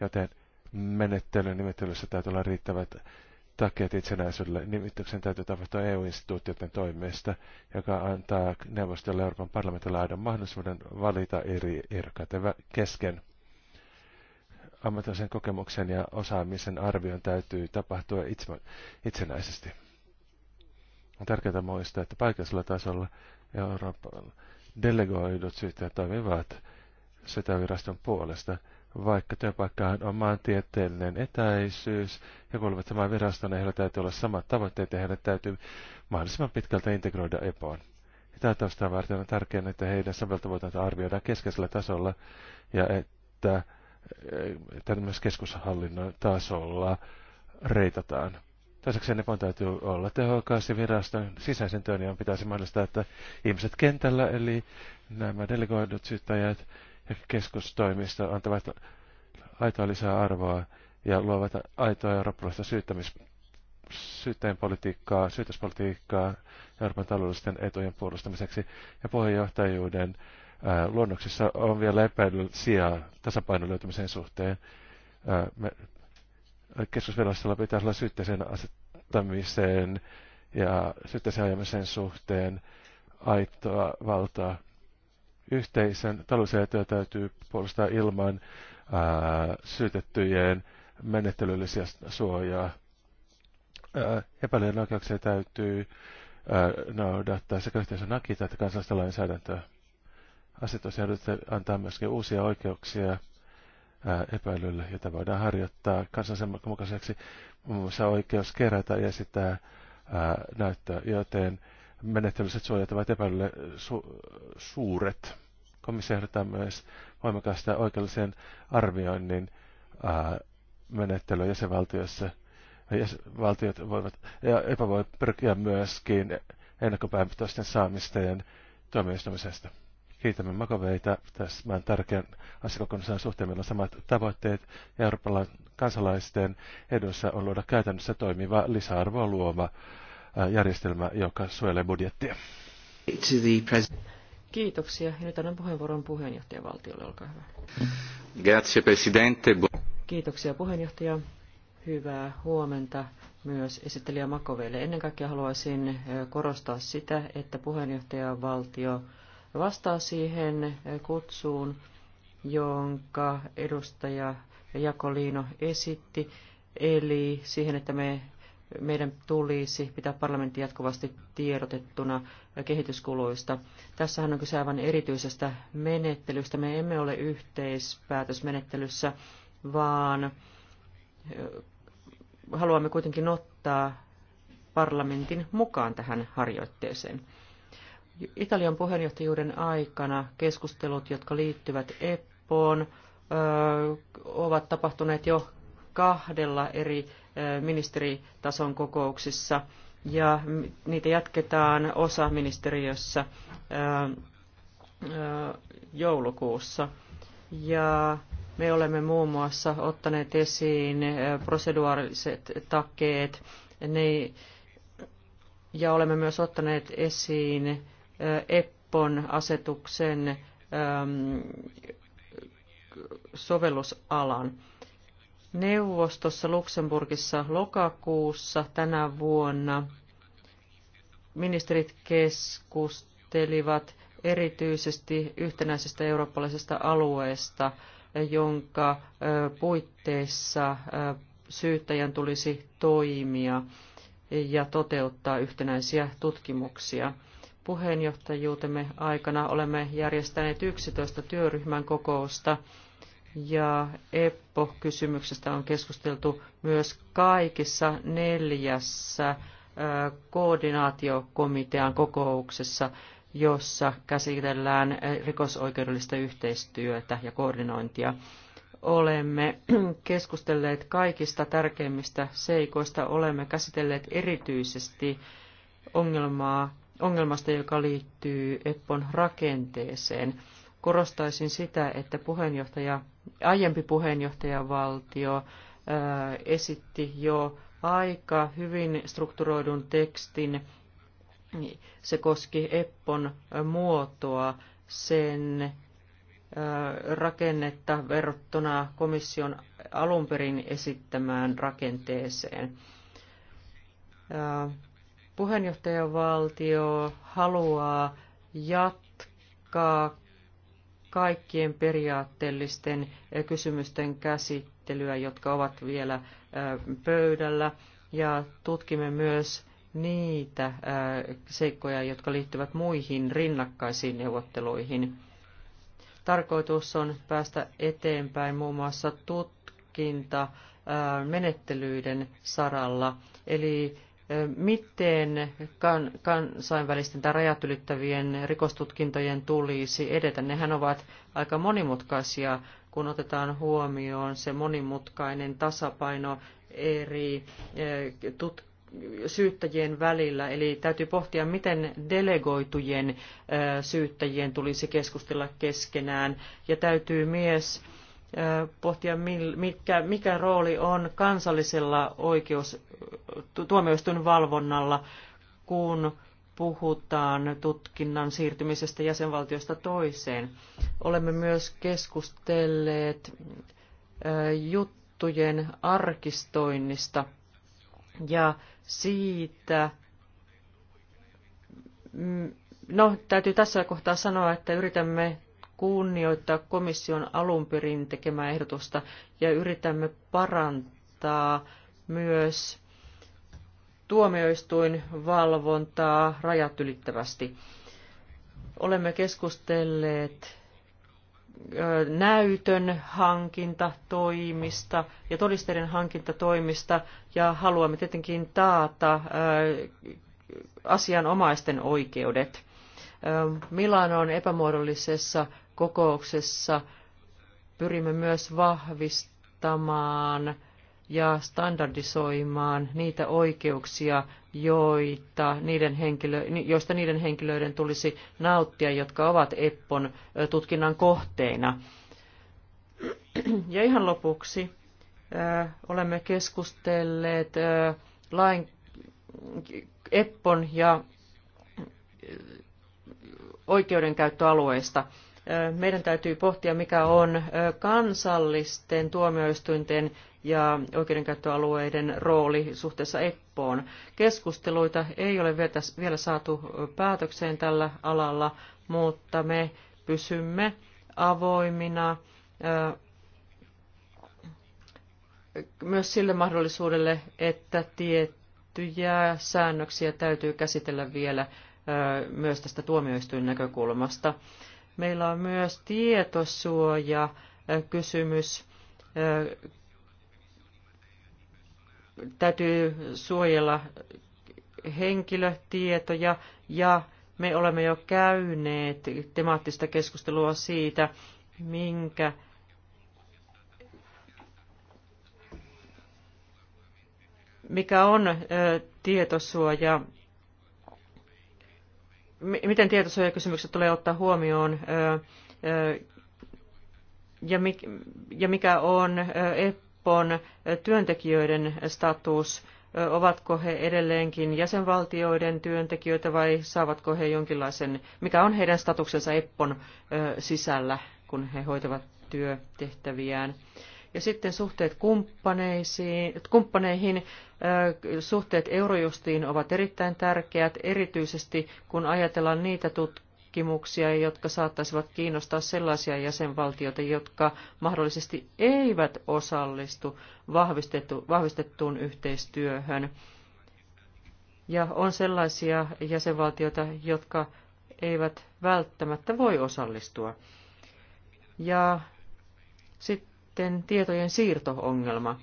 joten menettelyn nimittelyssä täytyy olla riittävät Takia itsenäisyydelle. Nimityksen täytyy tapahtua EU-instituutioiden toimesta, joka antaa neuvostolle Euroopan parlamentille aidon mahdollisuuden valita eri ehdokkaiden kesken. Ammatillisen kokemuksen ja osaamisen arvion täytyy tapahtua itsenäisesti. On tärkeää muistaa, että paikallisella tasolla Euroopan delegoidut syyttäjät toimivat sitä viraston puolesta – vaikka työpaikkaan on maantieteellinen etäisyys ja kuuluvat samaan virastoon, niin heillä täytyy olla samat tavoitteet ja heidän täytyy mahdollisimman pitkältä integroida EPOon. Tätä taustaa varten on tärkeää, että heidän soveltuvuutensa arvioidaan keskeisellä tasolla ja että, että myös keskushallinnon tasolla reitataan. Toiseksi Nepon täytyy olla tehokas ja viraston sisäisen työnjaon niin pitäisi mahdollistaa, että ihmiset kentällä, eli nämä delegoidut syyttäjät keskustoimisto antavat aitoa lisää arvoa ja luovat aitoa eurooppalaista syyttämis, syyttäjän politiikkaa, syytöspolitiikkaa Euroopan taloudellisten etujen puolustamiseksi ja puheenjohtajuuden ää, äh, luonnoksessa on vielä epäilyn sijaa tasapainon löytämisen suhteen. Ää, äh, me, keskusvirastolla pitäisi olla syytteeseen asettamiseen ja syytteeseen ajamisen suhteen aitoa valtaa yhteisen talousetua täytyy puolustaa ilman ää, syytettyjen menettelyllisiä suojaa. Epäilyjen oikeuksia täytyy ää, noudattaa sekä yhteisön akita että kansallista lainsäädäntöä. Asetusehdotus antaa myöskin uusia oikeuksia epäilylle, jota voidaan harjoittaa kansallisen mukaiseksi muun muassa oikeus kerätä ja sitä näyttää joten menettelyiset suojat ovat epäilylle su- suuret. Komissio ehdottaa myös voimakasta oikeudellisen arvioinnin ää, menettelyä jäsenvaltiossa. Jäsenvaltiot voivat, ja EPA voi pyrkiä myöskin ennakkopäätösten saamisteen tuomioistumisesta. Kiitämme Makoveita tämän tärkeän asiakokonaisen suhteen. Meillä on samat tavoitteet Euroopan kansalaisten edussa on luoda käytännössä toimiva lisäarvoa luova Äh, järjestelmä, joka suojelee budjettia. Kiitoksia. Ja nyt annan puheenvuoron puheenjohtajan valtiolle. Olkaa hyvä. Grazie, presidente. Kiitoksia puheenjohtaja. Hyvää huomenta myös esittelijä Makoveille. Ennen kaikkea haluaisin äh, korostaa sitä, että puheenjohtajan valtio vastaa siihen äh, kutsuun, jonka edustaja Jakoliino esitti, eli siihen, että me meidän tulisi pitää parlamentti jatkuvasti tiedotettuna kehityskuluista. Tässähän on kyse aivan erityisestä menettelystä. Me emme ole yhteispäätösmenettelyssä, vaan haluamme kuitenkin ottaa parlamentin mukaan tähän harjoitteeseen. Italian puheenjohtajuuden aikana keskustelut, jotka liittyvät EPPOon, ovat tapahtuneet jo kahdella eri ministeritason kokouksissa ja niitä jatketaan osa ministeriössä joulukuussa. Ja me olemme muun muassa ottaneet esiin proseduaaliset takeet ne, ja olemme myös ottaneet esiin EPPON asetuksen sovellusalan neuvostossa Luxemburgissa lokakuussa tänä vuonna ministerit keskustelivat erityisesti yhtenäisestä eurooppalaisesta alueesta, jonka puitteissa syyttäjän tulisi toimia ja toteuttaa yhtenäisiä tutkimuksia. Puheenjohtajuutemme aikana olemme järjestäneet 11 työryhmän kokousta ja EPPO-kysymyksestä on keskusteltu myös kaikissa neljässä koordinaatiokomitean kokouksessa, jossa käsitellään rikosoikeudellista yhteistyötä ja koordinointia. Olemme keskustelleet kaikista tärkeimmistä seikoista. Olemme käsitelleet erityisesti ongelmaa, ongelmasta, joka liittyy EPPON rakenteeseen – korostaisin sitä, että puheenjohtaja, aiempi puheenjohtajavaltio ää, esitti jo aika hyvin strukturoidun tekstin. Se koski Eppon muotoa, sen rakennetta verrattuna komission alun perin esittämään rakenteeseen. Puheenjohtajavaltio haluaa jatkaa kaikkien periaatteellisten eh, kysymysten käsittelyä, jotka ovat vielä eh, pöydällä, ja tutkimme myös niitä eh, seikkoja, jotka liittyvät muihin rinnakkaisiin neuvotteluihin. Tarkoitus on päästä eteenpäin muun muassa tutkinta menettelyiden saralla, eli miten kansainvälisten tai rajat ylittävien rikostutkintojen tulisi edetä. Nehän ovat aika monimutkaisia, kun otetaan huomioon se monimutkainen tasapaino eri tut- syyttäjien välillä. Eli täytyy pohtia, miten delegoitujen syyttäjien tulisi keskustella keskenään. Ja täytyy myös pohtia, mikä, mikä rooli on kansallisella oikeus, tuomioistuin valvonnalla, kun puhutaan tutkinnan siirtymisestä jäsenvaltiosta toiseen. Olemme myös keskustelleet juttujen arkistoinnista ja siitä, no täytyy tässä kohtaa sanoa, että yritämme kunnioittaa komission alun perin tekemää ehdotusta ja yritämme parantaa myös tuomioistuinvalvontaa rajat ylittävästi. Olemme keskustelleet näytön hankintatoimista ja todisteiden hankintatoimista ja haluamme tietenkin taata asianomaisten oikeudet. Milanon epämuodollisessa kokouksessa pyrimme myös vahvistamaan ja standardisoimaan niitä oikeuksia, joita niiden henkilö, joista niiden henkilöiden tulisi nauttia, jotka ovat EPPON tutkinnan kohteina. Ja ihan lopuksi olemme keskustelleet lain, EPPON ja oikeudenkäyttöalueista meidän täytyy pohtia, mikä on kansallisten tuomioistuinten ja oikeudenkäyttöalueiden rooli suhteessa EPPOon. Keskusteluita ei ole vielä saatu päätökseen tällä alalla, mutta me pysymme avoimina myös sille mahdollisuudelle, että tiettyjä säännöksiä täytyy käsitellä vielä myös tästä tuomioistuin näkökulmasta. Meillä on myös tietosuoja kysymys. Täytyy suojella henkilötietoja ja me olemme jo käyneet temaattista keskustelua siitä, minkä mikä on tietosuoja miten tietosuojakysymykset tulee ottaa huomioon ja, ja mikä on EPPON työntekijöiden status? Ovatko he edelleenkin jäsenvaltioiden työntekijöitä vai saavatko he jonkinlaisen, mikä on heidän statuksensa EPPON sisällä, kun he hoitavat työtehtäviään? Ja sitten suhteet kumppaneisiin, kumppaneihin, suhteet Eurojustiin ovat erittäin tärkeät, erityisesti kun ajatellaan niitä tutkimuksia, jotka saattaisivat kiinnostaa sellaisia jäsenvaltioita, jotka mahdollisesti eivät osallistu vahvistettu, vahvistettuun yhteistyöhön. Ja on sellaisia jäsenvaltioita, jotka eivät välttämättä voi osallistua. Ja sitten sitten tietojen siirtoongelma.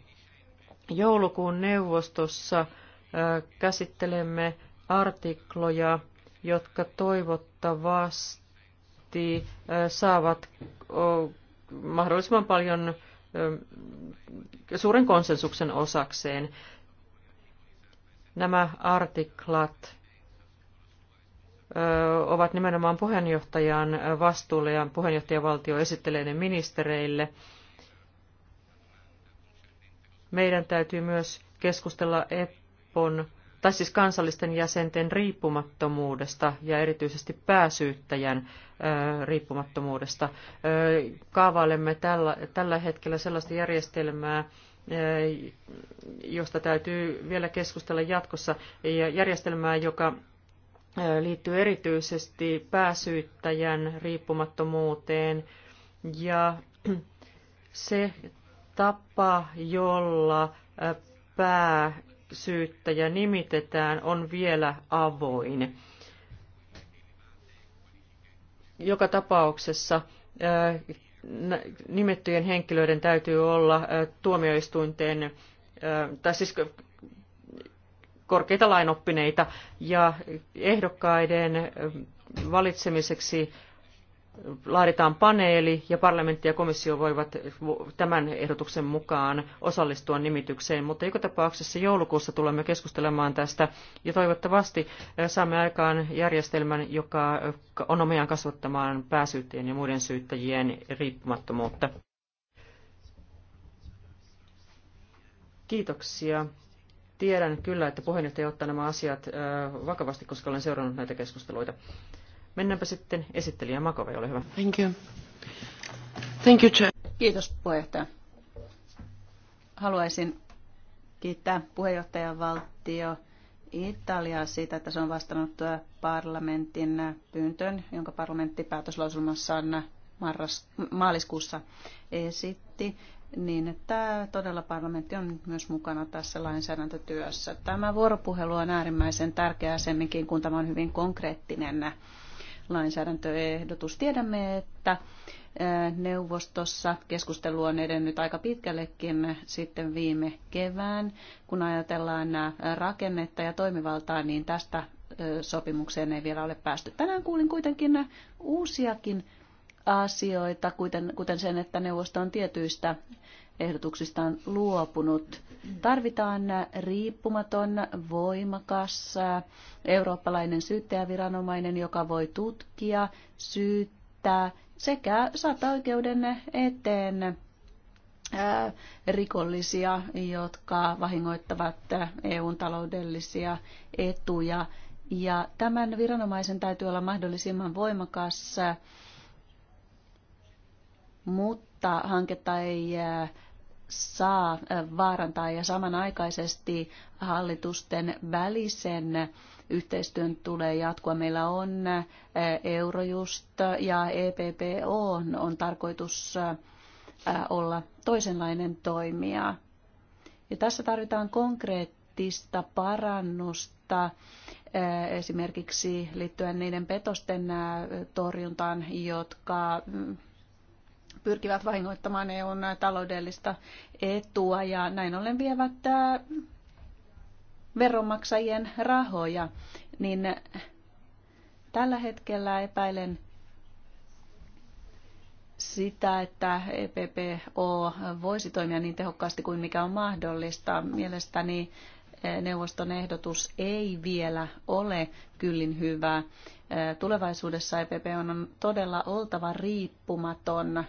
Joulukuun neuvostossa käsittelemme artikloja, jotka toivottavasti saavat mahdollisimman paljon suuren konsensuksen osakseen. Nämä artiklat ovat nimenomaan puheenjohtajan vastuulle ja puheenjohtajavaltio esittelee ne ministereille meidän täytyy myös keskustella EPPON, tai siis kansallisten jäsenten riippumattomuudesta ja erityisesti pääsyyttäjän riippumattomuudesta. Kaavailemme tällä, tällä hetkellä sellaista järjestelmää, josta täytyy vielä keskustella jatkossa, ja järjestelmää, joka liittyy erityisesti pääsyyttäjän riippumattomuuteen ja se tapa, jolla pääsyyttäjä nimitetään, on vielä avoin. Joka tapauksessa nimettyjen henkilöiden täytyy olla tuomioistuinten, tai siis korkeita lainoppineita, ja ehdokkaiden valitsemiseksi laaditaan paneeli ja parlamentti ja komissio voivat tämän ehdotuksen mukaan osallistua nimitykseen, mutta joka tapauksessa joulukuussa tulemme keskustelemaan tästä ja toivottavasti eh, saamme aikaan järjestelmän, joka on omiaan kasvattamaan pääsyyttäjien ja muiden syyttäjien riippumattomuutta. Kiitoksia. Tiedän kyllä, että puheenjohtaja ottaa nämä asiat eh, vakavasti, koska olen seurannut näitä keskusteluita. Mennäänpä sitten esittelijä Makove, ole hyvä. Thank you. Thank you, Chair. Kiitos puheenjohtaja. Haluaisin kiittää puheenjohtajan valtio Italiaa siitä, että se on vastannut parlamentin pyyntöön, jonka parlamentti päätöslauselmassaan marras, maaliskuussa esitti, niin että todella parlamentti on myös mukana tässä lainsäädäntötyössä. Tämä vuoropuhelu on äärimmäisen tärkeää semminkin, kun tämä on hyvin konkreettinen lainsäädäntöehdotus. Tiedämme, että neuvostossa keskustelu on edennyt aika pitkällekin sitten viime kevään. Kun ajatellaan rakennetta ja toimivaltaa, niin tästä sopimukseen ei vielä ole päästy. Tänään kuulin kuitenkin uusiakin asioita, kuten, kuten sen, että neuvosto on tietyistä ehdotuksistaan luopunut. Tarvitaan riippumaton, voimakas eurooppalainen syyttäjäviranomainen, joka voi tutkia, syyttää sekä saattaa oikeuden eteen rikollisia, jotka vahingoittavat EUn taloudellisia etuja. Ja tämän viranomaisen täytyy olla mahdollisimman voimakas, mutta hanketta ei saa vaarantaa ja samanaikaisesti hallitusten välisen yhteistyön tulee jatkua. Meillä on Eurojust ja EPPO on tarkoitus olla toisenlainen toimija. Ja tässä tarvitaan konkreettista parannusta esimerkiksi liittyen niiden petosten torjuntaan, jotka mm, pyrkivät vahingoittamaan EUn taloudellista etua ja näin ollen vievät äh, veronmaksajien rahoja, niin tällä hetkellä epäilen sitä, että EPPO voisi toimia niin tehokkaasti kuin mikä on mahdollista. Mielestäni äh, neuvoston ehdotus ei vielä ole kyllin hyvä. Äh, tulevaisuudessa EPP on todella oltava riippumaton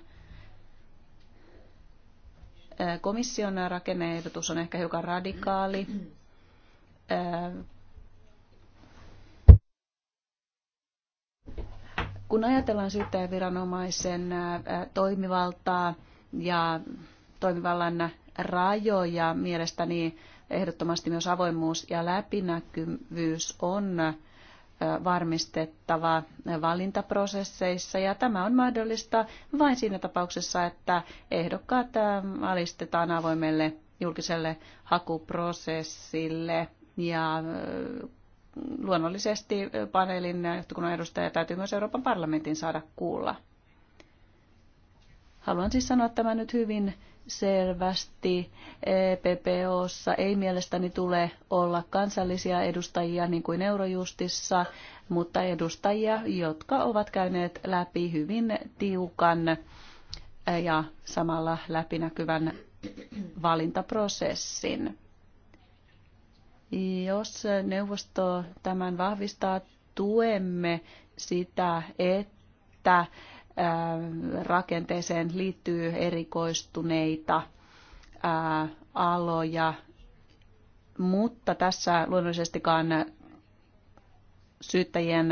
Komission rakenneehdotus on ehkä hiukan radikaali. Kun ajatellaan syyttäjäviranomaisen toimivaltaa ja toimivallan rajoja, mielestäni ehdottomasti myös avoimuus ja läpinäkyvyys on varmistettava valintaprosesseissa ja tämä on mahdollista vain siinä tapauksessa, että ehdokkaat alistetaan avoimelle julkiselle hakuprosessille ja luonnollisesti paneelin johtokunnan edustaja täytyy myös Euroopan parlamentin saada kuulla. Haluan siis sanoa tämän nyt hyvin selvästi EPPOssa ei mielestäni tule olla kansallisia edustajia niin kuin Eurojustissa, mutta edustajia, jotka ovat käyneet läpi hyvin tiukan ja samalla läpinäkyvän valintaprosessin. Jos neuvosto tämän vahvistaa, tuemme sitä, että että rakenteeseen liittyy erikoistuneita aloja, mutta tässä luonnollisestikaan syyttäjien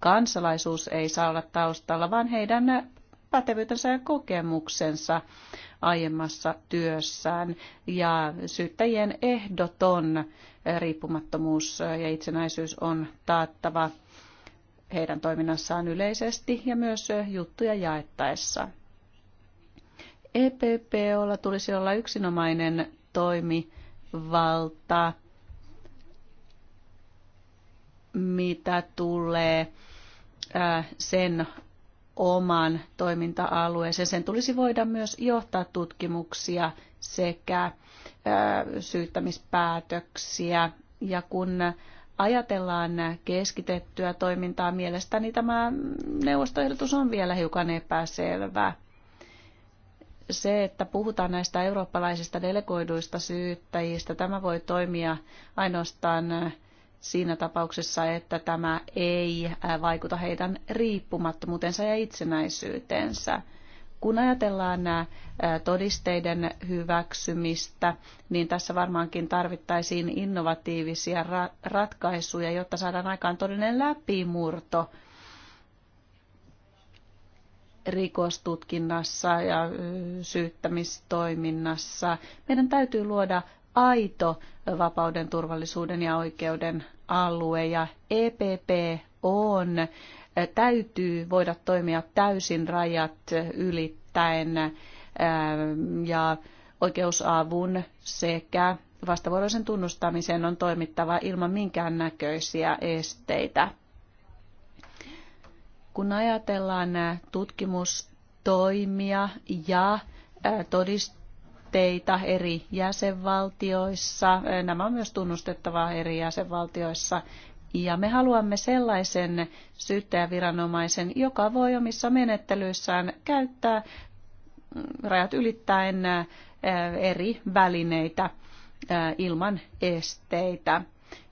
kansalaisuus ei saa olla taustalla, vaan heidän pätevyytensä ja kokemuksensa aiemmassa työssään. Ja syyttäjien ehdoton riippumattomuus ja itsenäisyys on taattava heidän toiminnassaan yleisesti ja myös juttuja jaettaessa. EPPOlla tulisi olla yksinomainen toimivalta, mitä tulee sen oman toiminta-alueeseen. Sen tulisi voida myös johtaa tutkimuksia sekä syyttämispäätöksiä. Ja kun ajatellaan keskitettyä toimintaa, mielestäni tämä neuvostoehdotus on vielä hiukan epäselvä. Se, että puhutaan näistä eurooppalaisista delegoiduista syyttäjistä, tämä voi toimia ainoastaan siinä tapauksessa, että tämä ei vaikuta heidän riippumattomuutensa ja itsenäisyytensä. Kun ajatellaan nämä todisteiden hyväksymistä, niin tässä varmaankin tarvittaisiin innovatiivisia ratkaisuja, jotta saadaan aikaan todellinen läpimurto rikostutkinnassa ja syyttämistoiminnassa. Meidän täytyy luoda aito vapauden, turvallisuuden ja oikeuden alue ja EPP on täytyy voida toimia täysin rajat ylittäen ja oikeusavun sekä vastavuoroisen tunnustamisen on toimittava ilman näköisiä esteitä. Kun ajatellaan tutkimustoimia ja todisteita eri jäsenvaltioissa, nämä on myös tunnustettava eri jäsenvaltioissa, ja me haluamme sellaisen syyttäjäviranomaisen, joka voi omissa menettelyissään käyttää mm, rajat ylittäen eri välineitä ilman esteitä.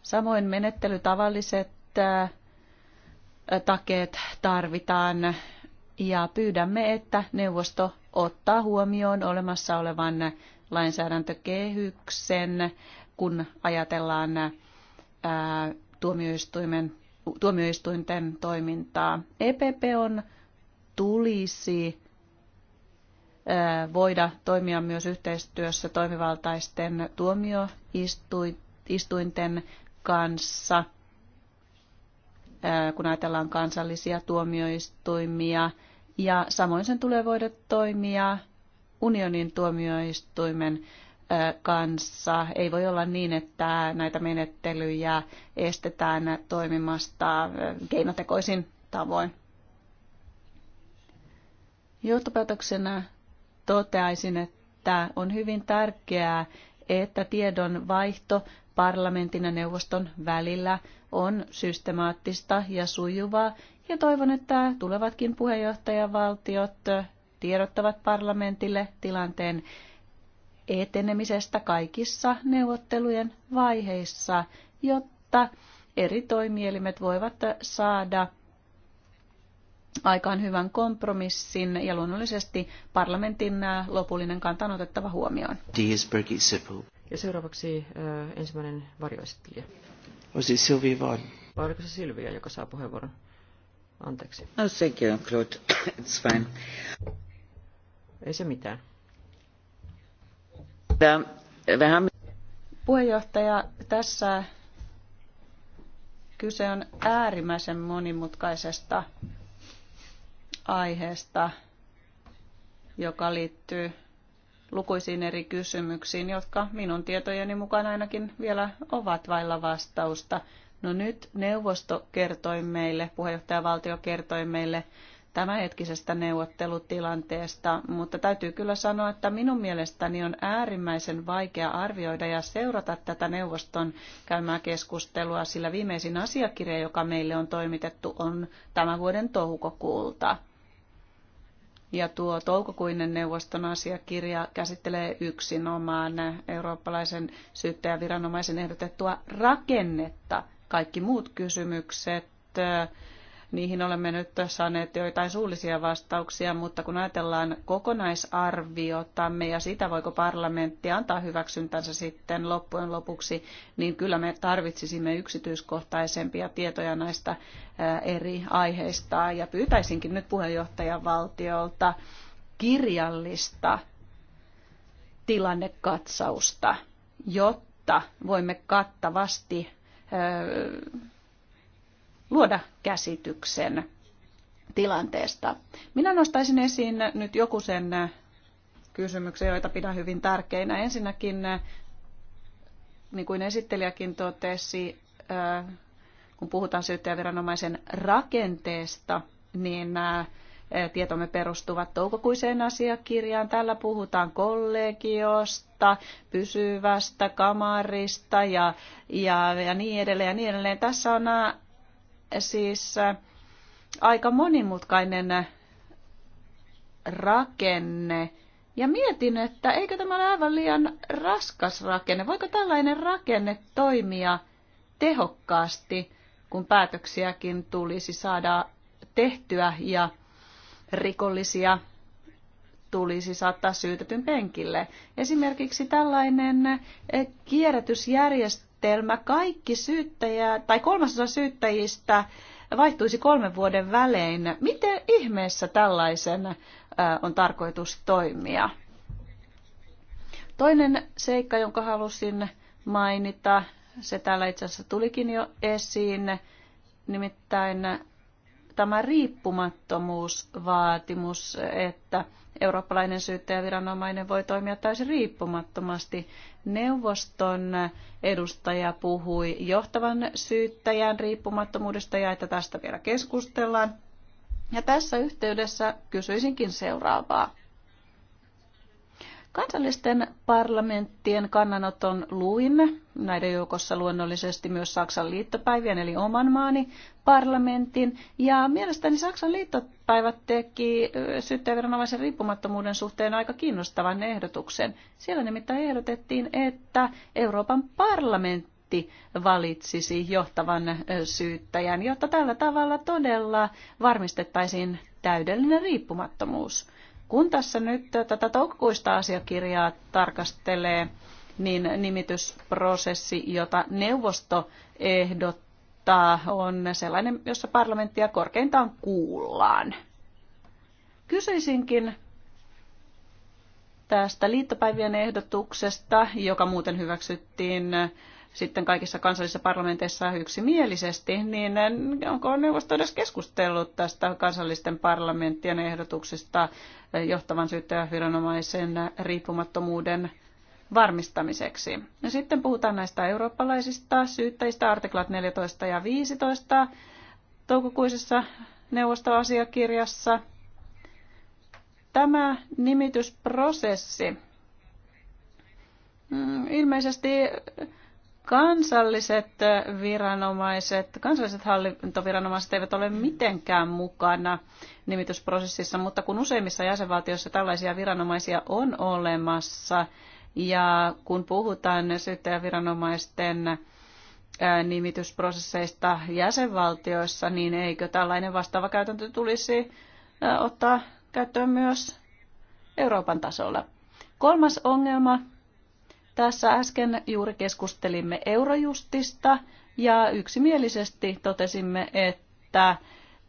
Samoin menettelytavalliset takeet tarvitaan ja pyydämme, että neuvosto ottaa huomioon olemassa olevan lainsäädäntökehyksen, kun ajatellaan tuomioistuimen, tuomioistuinten toimintaa. EPP on tulisi voida toimia myös yhteistyössä toimivaltaisten tuomioistuinten kanssa, kun ajatellaan kansallisia tuomioistuimia. Ja samoin sen tulee voida toimia unionin tuomioistuimen kanssa. Ei voi olla niin, että näitä menettelyjä estetään toimimasta keinotekoisin tavoin. Johtopäätöksenä toteaisin, että on hyvin tärkeää, että tiedon vaihto parlamentin ja neuvoston välillä on systemaattista ja sujuvaa, ja toivon, että tulevatkin puheenjohtajavaltiot tiedottavat parlamentille tilanteen etenemisestä kaikissa neuvottelujen vaiheissa, jotta eri toimielimet voivat saada aikaan hyvän kompromissin ja luonnollisesti parlamentin lopullinen kanta on otettava huomioon. Ja seuraavaksi äh, ensimmäinen varjoesittelijä. Olisi Silvi vaan. Vai oliko se Silvia, joka saa puheenvuoron? Anteeksi. Oh, no sekin you, Claude. It's fine. Ei se mitään. Puheenjohtaja, tässä kyse on äärimmäisen monimutkaisesta aiheesta, joka liittyy lukuisiin eri kysymyksiin, jotka minun tietojeni mukaan ainakin vielä ovat vailla vastausta. No nyt neuvosto kertoi meille, puheenjohtajavaltio kertoi meille tämänhetkisestä neuvottelutilanteesta, mutta täytyy kyllä sanoa, että minun mielestäni on äärimmäisen vaikea arvioida ja seurata tätä neuvoston käymää keskustelua, sillä viimeisin asiakirja, joka meille on toimitettu, on tämän vuoden toukokuulta. Ja tuo toukokuinen neuvoston asiakirja käsittelee yksinomaan eurooppalaisen syyttäjäviranomaisen ehdotettua rakennetta. Kaikki muut kysymykset Niihin olemme nyt saaneet joitain suullisia vastauksia, mutta kun ajatellaan kokonaisarviotamme ja sitä, voiko parlamentti antaa hyväksyntänsä sitten loppujen lopuksi, niin kyllä me tarvitsisimme yksityiskohtaisempia tietoja näistä eri aiheista. Ja pyytäisinkin nyt puheenjohtajan valtiolta kirjallista tilannekatsausta, jotta voimme kattavasti luoda käsityksen tilanteesta. Minä nostaisin esiin nyt joku sen kysymyksen, joita pidän hyvin tärkeinä. Ensinnäkin, niin kuin esittelijäkin totesi, äh, kun puhutaan syyttäjäviranomaisen rakenteesta, niin äh, tietomme perustuvat toukokuiseen asiakirjaan. Tällä puhutaan kollegiosta, pysyvästä kamarista ja, ja, ja niin edelleen ja niin edelleen. Tässä on äh, siis äh, aika monimutkainen rakenne. Ja mietin, että eikö tämä ole aivan liian raskas rakenne. Voiko tällainen rakenne toimia tehokkaasti, kun päätöksiäkin tulisi saada tehtyä ja rikollisia tulisi saattaa syytetyn penkille. Esimerkiksi tällainen äh, kierrätysjärjestelmä järjestelmä kaikki syyttäjä tai kolmasosa syyttäjistä vaihtuisi kolmen vuoden välein. Miten ihmeessä tällaisen on tarkoitus toimia? Toinen seikka, jonka halusin mainita, se täällä itse asiassa tulikin jo esiin, nimittäin tämä riippumattomuusvaatimus, että eurooppalainen syyttäjäviranomainen voi toimia täysin riippumattomasti. Neuvoston edustaja puhui johtavan syyttäjän riippumattomuudesta ja että tästä vielä keskustellaan. Ja tässä yhteydessä kysyisinkin seuraavaa. Kansallisten parlamenttien kannanoton luin, näiden joukossa luonnollisesti myös Saksan liittopäivien eli oman maani parlamentin. Ja mielestäni Saksan liittopäivät teki syyttäjäviranomaisen riippumattomuuden suhteen aika kiinnostavan ehdotuksen. Siellä nimittäin ehdotettiin, että Euroopan parlamentti valitsisi johtavan syyttäjän, jotta tällä tavalla todella varmistettaisiin täydellinen riippumattomuus. Kun tässä nyt tätä toukokuista asiakirjaa tarkastelee, niin nimitysprosessi, jota neuvosto ehdottaa, on sellainen, jossa parlamenttia korkeintaan kuullaan. Kysyisinkin tästä liittopäivien ehdotuksesta, joka muuten hyväksyttiin sitten kaikissa kansallisissa parlamenteissa yksimielisesti, niin onko neuvosto edes keskustellut tästä kansallisten parlamenttien ehdotuksesta johtavan syyttäjäviranomaisen riippumattomuuden varmistamiseksi. No sitten puhutaan näistä eurooppalaisista syyttäjistä, artiklat 14 ja 15 toukokuisessa neuvostoasiakirjassa. Tämä nimitysprosessi mm, ilmeisesti kansalliset äh, viranomaiset, kansalliset hallintoviranomaiset eivät ole mitenkään mukana nimitysprosessissa, mutta kun useimmissa jäsenvaltioissa tällaisia viranomaisia on olemassa, ja kun puhutaan syyttäjäviranomaisten äh, nimitysprosesseista jäsenvaltioissa, niin eikö tällainen vastaava käytäntö tulisi äh, ottaa käyttöön myös Euroopan tasolla? Kolmas ongelma tässä äsken juuri keskustelimme Eurojustista ja yksimielisesti totesimme, että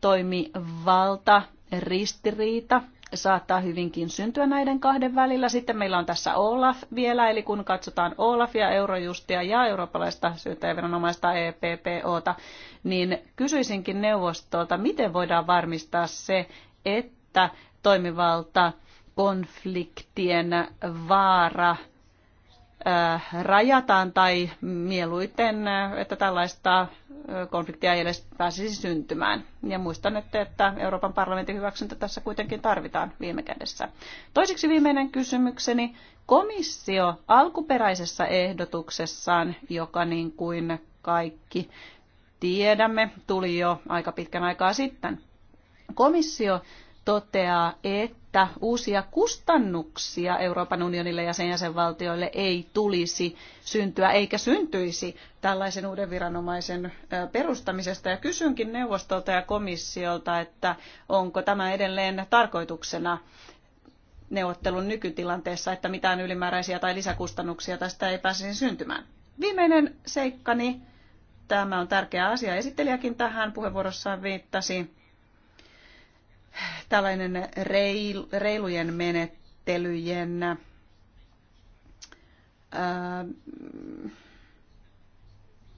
toimivalta, ristiriita saattaa hyvinkin syntyä näiden kahden välillä. Sitten meillä on tässä Olaf vielä, eli kun katsotaan Olafia, Eurojustia ja eurooppalaista syyttäjäviranomaista EPPOta, niin kysyisinkin neuvostolta, miten voidaan varmistaa se, että toimivalta konfliktien vaara Äh, rajataan tai mieluiten, äh, että tällaista äh, konfliktia ei edes pääsisi syntymään. Ja muistan nyt, että Euroopan parlamentin hyväksyntä tässä kuitenkin tarvitaan viime kädessä. Toiseksi viimeinen kysymykseni. Komissio alkuperäisessä ehdotuksessaan, joka niin kuin kaikki tiedämme, tuli jo aika pitkän aikaa sitten. Komissio toteaa, että uusia kustannuksia Euroopan unionille ja sen jäsenvaltioille ei tulisi syntyä eikä syntyisi tällaisen uuden viranomaisen perustamisesta. Ja kysynkin neuvostolta ja komissiolta, että onko tämä edelleen tarkoituksena neuvottelun nykytilanteessa, että mitään ylimääräisiä tai lisäkustannuksia tästä ei pääsisi syntymään. Viimeinen seikkani, tämä on tärkeä asia, esittelijäkin tähän puheenvuorossaan viittasi, tällainen reilujen menettelyjen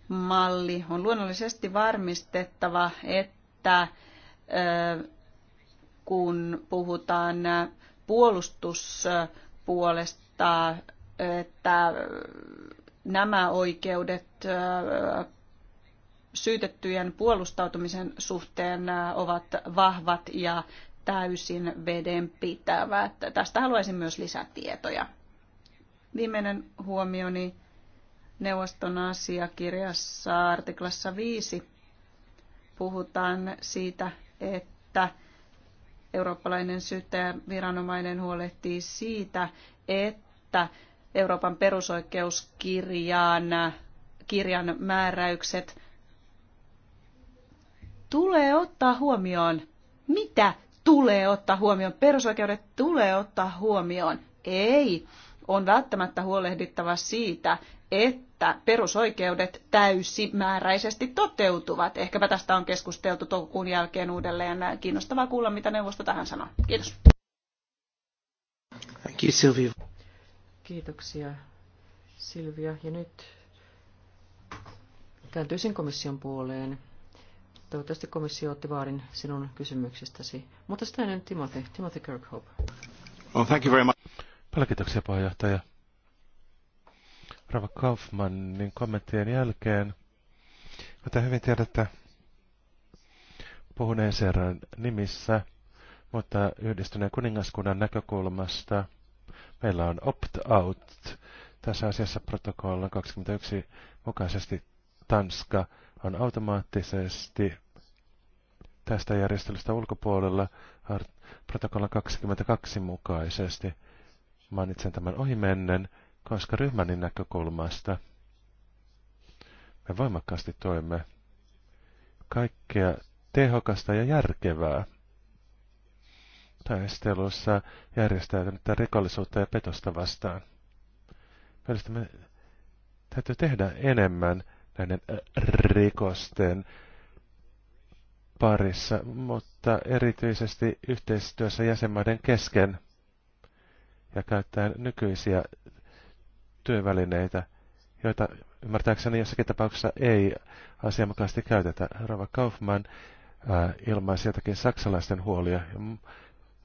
malli on luonnollisesti varmistettava, että kun puhutaan puolustuspuolesta, että nämä oikeudet syytettyjen puolustautumisen suhteen ovat vahvat ja täysin Että Tästä haluaisin myös lisätietoja. Viimeinen huomioni neuvoston asiakirjassa artiklassa 5 puhutaan siitä, että eurooppalainen syyttäjäviranomainen huolehtii siitä, että Euroopan perusoikeuskirjan kirjan määräykset tulee ottaa huomioon, mitä tulee ottaa huomioon, perusoikeudet tulee ottaa huomioon. Ei, on välttämättä huolehdittava siitä, että perusoikeudet täysimääräisesti toteutuvat. Ehkäpä tästä on keskusteltu toukokuun jälkeen uudelleen. Kiinnostavaa kuulla, mitä neuvosto tähän sanoo. Kiitos. Silvia. Kiitoksia Silvia. Ja nyt kääntyisin komission puoleen. Toivottavasti komissio otti vaarin sinun kysymyksestäsi. Mutta sitä ennen Timothy, Timothy Kirkhope. Well, thank you very much. Paljon kiitoksia puheenjohtaja. Rava Kaufmannin kommenttien jälkeen, kuten hyvin tiedätte, puhun ECRn nimissä, mutta yhdistyneen kuningaskunnan näkökulmasta meillä on opt-out tässä asiassa protokollan 21 mukaisesti Tanska on automaattisesti tästä järjestelystä ulkopuolella protokolla 22 mukaisesti. Mainitsen tämän ohimennen, koska ryhmäni näkökulmasta me voimakkaasti toimme kaikkea tehokasta ja järkevää taistelussa järjestäytynyttä rikollisuutta ja petosta vastaan. Mielestäni me täytyy tehdä enemmän näiden rikosten parissa, mutta erityisesti yhteistyössä jäsenmaiden kesken ja käyttäen nykyisiä työvälineitä, joita ymmärtääkseni jossakin tapauksessa ei asianmukaisesti käytetä. Rova Kaufmann ilmaisi jotakin saksalaisten huolia ja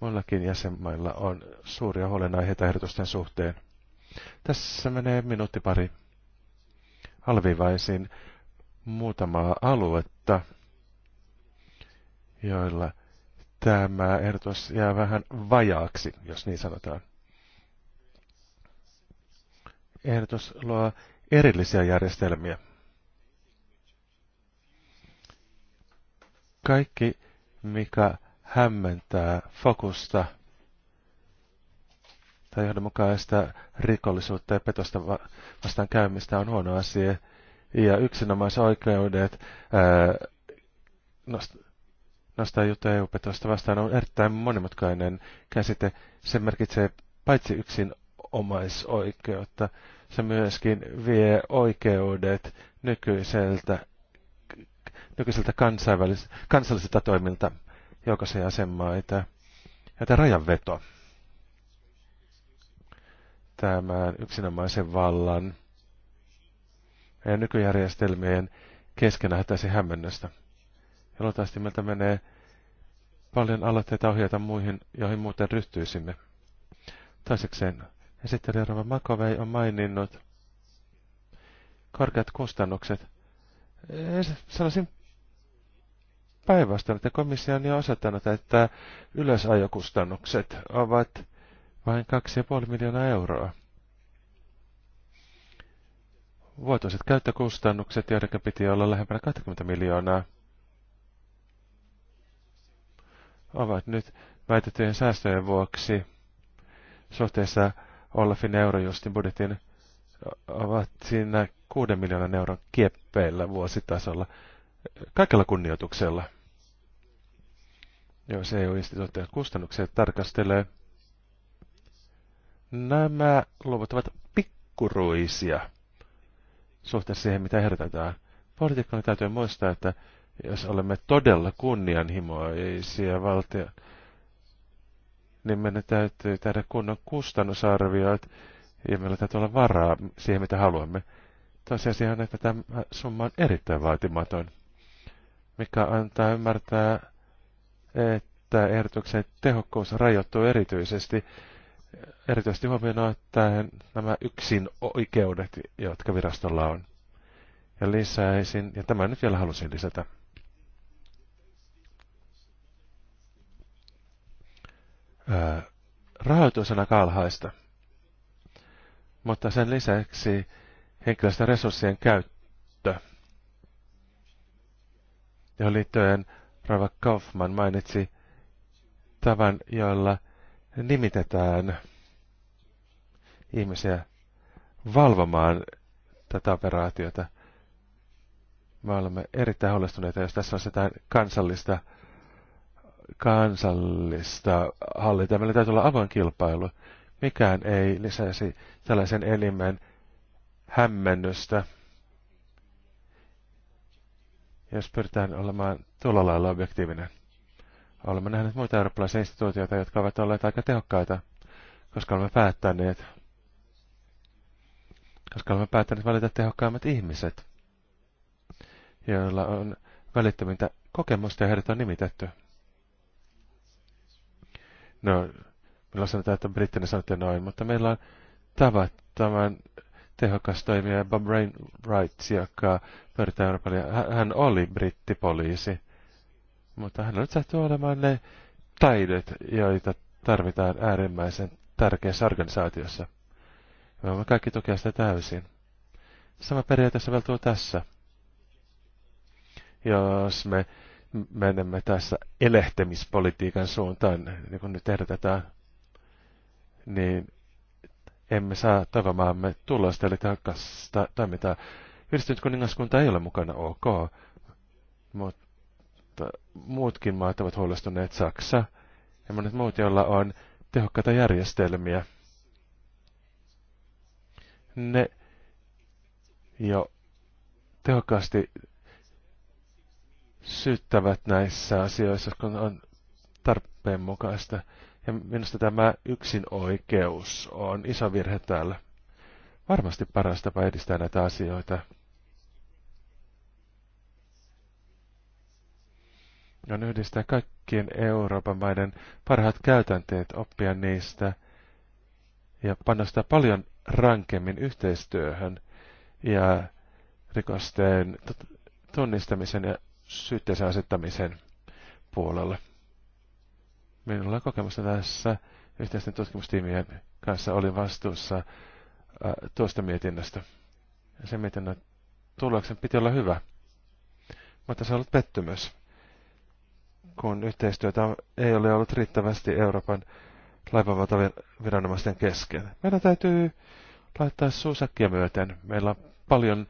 muillakin jäsenmailla on suuria huolenaiheita ehdotusten suhteen. Tässä menee minuutti pari alvivaisin muutamaa aluetta, joilla tämä ehdotus jää vähän vajaaksi, jos niin sanotaan. Ehdotus luo erillisiä järjestelmiä. Kaikki, mikä hämmentää fokusta – tai johdonmukaista rikollisuutta ja petosta vastaan käymistä on huono asia. Ja yksinomaisoikeudet ää, nost, nostaa juttu EU-petosta vastaan on erittäin monimutkainen käsite. Se merkitsee paitsi yksin omaisoikeutta, se myöskin vie oikeudet nykyiseltä, nykyiseltä kansainvälis- kansallisilta toimilta joukossa jäsenmaita. Ja tämä rajanveto tämän yksinomaisen vallan ja nykyjärjestelmien kesken hätäisi hämmennöstä. Luultavasti meiltä menee paljon aloitteita ohjata muihin, joihin muuten ryhtyisimme. Toisekseen esittelijä Rova Makovei on maininnut korkeat kustannukset. Eh, sanoisin päinvastoin, että komissio on jo osoittanut, että ylösajokustannukset ovat vain 2,5 miljoonaa euroa. Vuotuiset käyttökustannukset, joiden piti olla lähempänä 20 miljoonaa, ovat nyt väitettyjen säästöjen vuoksi suhteessa Olafin eurojustin budjetin ovat siinä 6 miljoonan euron kieppeillä vuositasolla kaikella kunnioituksella. Jos EU-instituution kustannuksia tarkastelee, Nämä luvut ovat pikkuruisia suhteessa siihen, mitä ehdotetaan. Poliitikkona täytyy muistaa, että jos olemme todella kunnianhimoisia valtio, niin meidän täytyy tehdä kunnon kustannusarvioit ja meillä täytyy olla varaa siihen, mitä haluamme. Tosiasia on, että tämä summa on erittäin vaatimaton, mikä antaa ymmärtää, että ehdotuksen tehokkuus rajoittuu erityisesti erityisesti huomioon ottaen nämä yksin oikeudet, jotka virastolla on. Ja lisäisin, ja tämä nyt vielä halusin lisätä. Ää, rahoitus on aika alhaista, mutta sen lisäksi henkilöstön resurssien käyttö, johon liittyen Rava Kaufman mainitsi tavan, jolla nimitetään ihmisiä valvomaan tätä operaatiota. Me olemme erittäin huolestuneita, jos tässä on sitä kansallista, kansallista hallintaa. Meillä täytyy olla avoin kilpailu. Mikään ei lisäisi tällaisen elimen hämmennystä. Jos pyritään olemaan tuolla lailla objektiivinen. Olemme nähneet muita eurooppalaisia instituutioita, jotka ovat olleet aika tehokkaita, koska olemme päättäneet, koska olemme päättäneet valita tehokkaimmat ihmiset, joilla on välittömintä kokemusta ja heidät on nimitetty. No, meillä sanotaan, että brittinen sanotte noin, mutta meillä on tavattoman tehokas toimija Bob Rainwright, joka pyörittää Euroopan. Hän oli brittipoliisi mutta nyt sattuu olemaan ne taidot, joita tarvitaan äärimmäisen tärkeässä organisaatiossa. Me voimme kaikki tukea sitä täysin. Sama periaate soveltuu tässä. Jos me menemme tässä elehtemispolitiikan suuntaan, niin kuin nyt ehdotetaan, niin emme saa toivomaamme tulosta, eli tehokasta toimintaa. Yhdistynyt kuningaskunta ei ole mukana, ok, mutta mutta muutkin maat ovat huolestuneet Saksa ja monet muut, joilla on tehokkaita järjestelmiä. Ne jo tehokkaasti syyttävät näissä asioissa, kun on tarpeen mukaista. Ja minusta tämä yksin oikeus on iso virhe täällä. Varmasti paras tapa edistää näitä asioita. on yhdistää kaikkien Euroopan maiden parhaat käytänteet, oppia niistä ja panostaa paljon rankemmin yhteistyöhön ja rikosten tunnistamisen ja syytteeseen asettamisen puolella. Minulla on kokemusta tässä yhteisten tutkimustiimien kanssa. Olin vastuussa ää, tuosta mietinnöstä. Ja sen mietinnön tuloksen piti olla hyvä. Mutta se on ollut pettymys kun yhteistyötä ei ole ollut riittävästi Euroopan laivavaltaviranomaisten kesken. Meidän täytyy laittaa suusakkia myöten. Meillä on paljon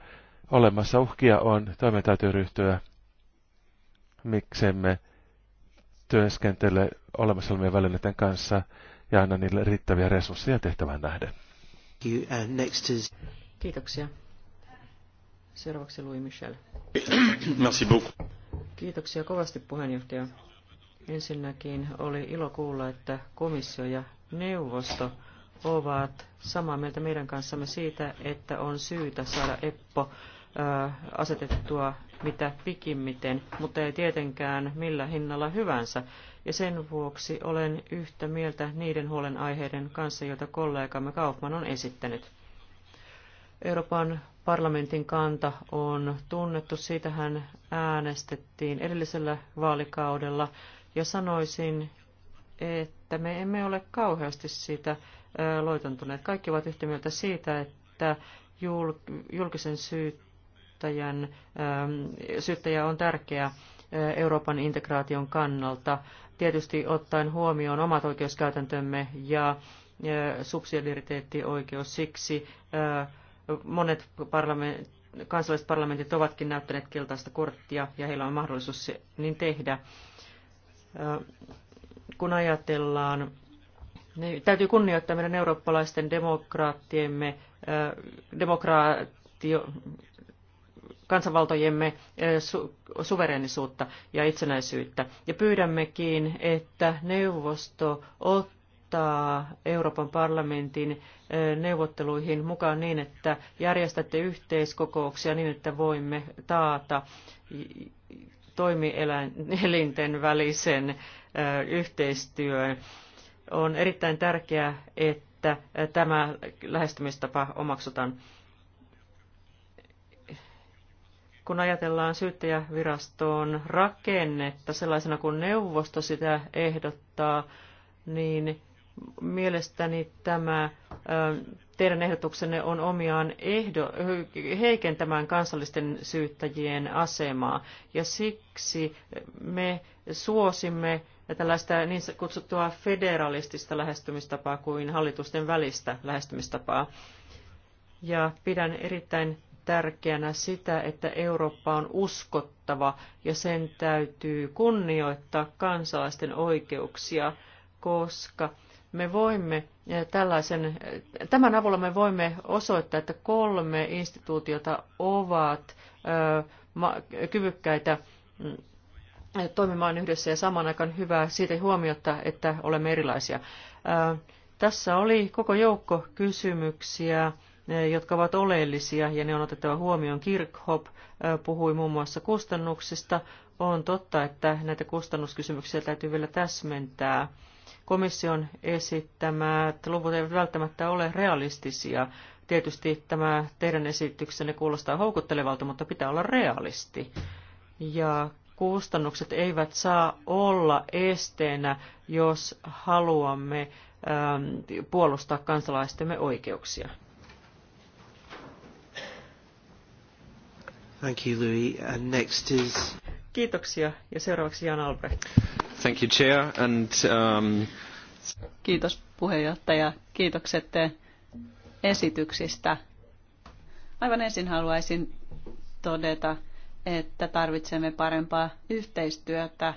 olemassa uhkia on, toimeen täytyy ryhtyä. Miksemme työskentele olemassa olevien välineiden kanssa ja anna niille riittäviä resursseja tehtävän nähden. Kiitoksia. Seuraavaksi Louis Michel. Merci beaucoup. Kiitoksia kovasti puheenjohtaja. Ensinnäkin oli ilo kuulla, että komissio ja neuvosto ovat samaa mieltä meidän kanssamme siitä, että on syytä saada EPPO asetettua mitä pikimmiten, mutta ei tietenkään millä hinnalla hyvänsä. Ja sen vuoksi olen yhtä mieltä niiden huolenaiheiden kanssa, joita kollegamme Kaufman on esittänyt. Euroopan parlamentin kanta on tunnettu. Siitähän äänestettiin edellisellä vaalikaudella ja sanoisin, että me emme ole kauheasti siitä loitontuneet. Kaikki ovat yhtä mieltä siitä, että julkisen syyttäjän, syyttäjä on tärkeä Euroopan integraation kannalta, tietysti ottaen huomioon omat oikeuskäytäntömme ja subsidiariteettioikeus siksi Monet parlament, kansalliset parlamentit ovatkin näyttäneet keltaista korttia ja heillä on mahdollisuus se, niin tehdä. Kun ajatellaan, niin täytyy kunnioittaa meidän eurooppalaisten demokraattiemme, demokraatio, kansanvaltojemme su- suverenisuutta ja itsenäisyyttä. Ja pyydämmekin, että neuvosto ottaa ottaa Euroopan parlamentin neuvotteluihin mukaan niin, että järjestätte yhteiskokouksia niin, että voimme taata toimielinten välisen yhteistyön. On erittäin tärkeää, että tämä lähestymistapa omaksutaan. Kun ajatellaan syyttäjäviraston rakennetta sellaisena kuin neuvosto sitä ehdottaa, niin Mielestäni tämä teidän ehdotuksenne on omiaan ehdo, heikentämään kansallisten syyttäjien asemaa, ja siksi me suosimme tällaista niin kutsuttua federalistista lähestymistapaa kuin hallitusten välistä lähestymistapaa. Ja pidän erittäin tärkeänä sitä, että Eurooppa on uskottava ja sen täytyy kunnioittaa kansalaisten oikeuksia, koska me voimme eh, tällaisen, eh, tämän avulla me voimme osoittaa, että kolme instituutiota ovat eh, kyvykkäitä mm, toimimaan yhdessä ja samaan aikaan hyvää siitä huomiota, että olemme erilaisia. Tässä oli koko joukko kysymyksiä, jotka ovat oleellisia ja ne on otettava huomioon. Kirkhop puhui muun muassa kustannuksista. On totta, että näitä kustannuskysymyksiä täytyy vielä täsmentää Komission esittämät luvut eivät välttämättä ole realistisia. Tietysti tämä teidän esityksenne kuulostaa houkuttelevalta, mutta pitää olla realisti. Ja kustannukset eivät saa olla esteenä, jos haluamme ähm, puolustaa kansalaistemme oikeuksia. Thank you, Louis. And next is... Kiitoksia. Ja seuraavaksi Jan Albrecht. Thank you, Chair. And, um... Kiitos puheenjohtaja. Kiitokset esityksistä. Aivan ensin haluaisin todeta, että tarvitsemme parempaa yhteistyötä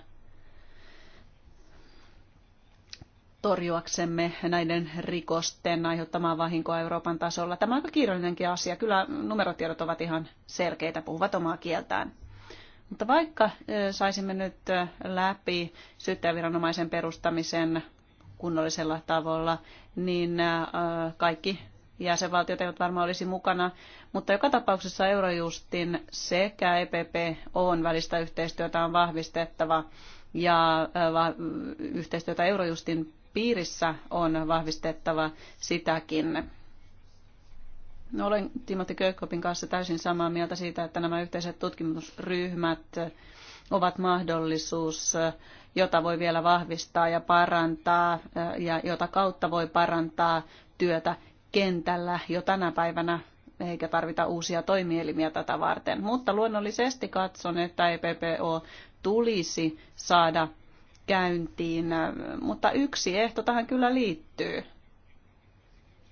torjuaksemme näiden rikosten aiheuttamaa vahinkoa Euroopan tasolla. Tämä on aika kiireellinenkin asia. Kyllä numerotiedot ovat ihan selkeitä, puhuvat omaa kieltään. Mutta vaikka saisimme nyt läpi syyttäjäviranomaisen perustamisen kunnollisella tavalla, niin kaikki jäsenvaltiot eivät varmaan olisi mukana, mutta joka tapauksessa Eurojustin sekä EPP on välistä yhteistyötä on vahvistettava ja yhteistyötä Eurojustin piirissä on vahvistettava sitäkin. Olen Timothy Kökköpin kanssa täysin samaa mieltä siitä, että nämä yhteiset tutkimusryhmät ovat mahdollisuus, jota voi vielä vahvistaa ja parantaa ja jota kautta voi parantaa työtä kentällä jo tänä päivänä eikä tarvita uusia toimielimiä tätä varten. Mutta luonnollisesti katson, että EPPO tulisi saada käyntiin, mutta yksi ehto tähän kyllä liittyy.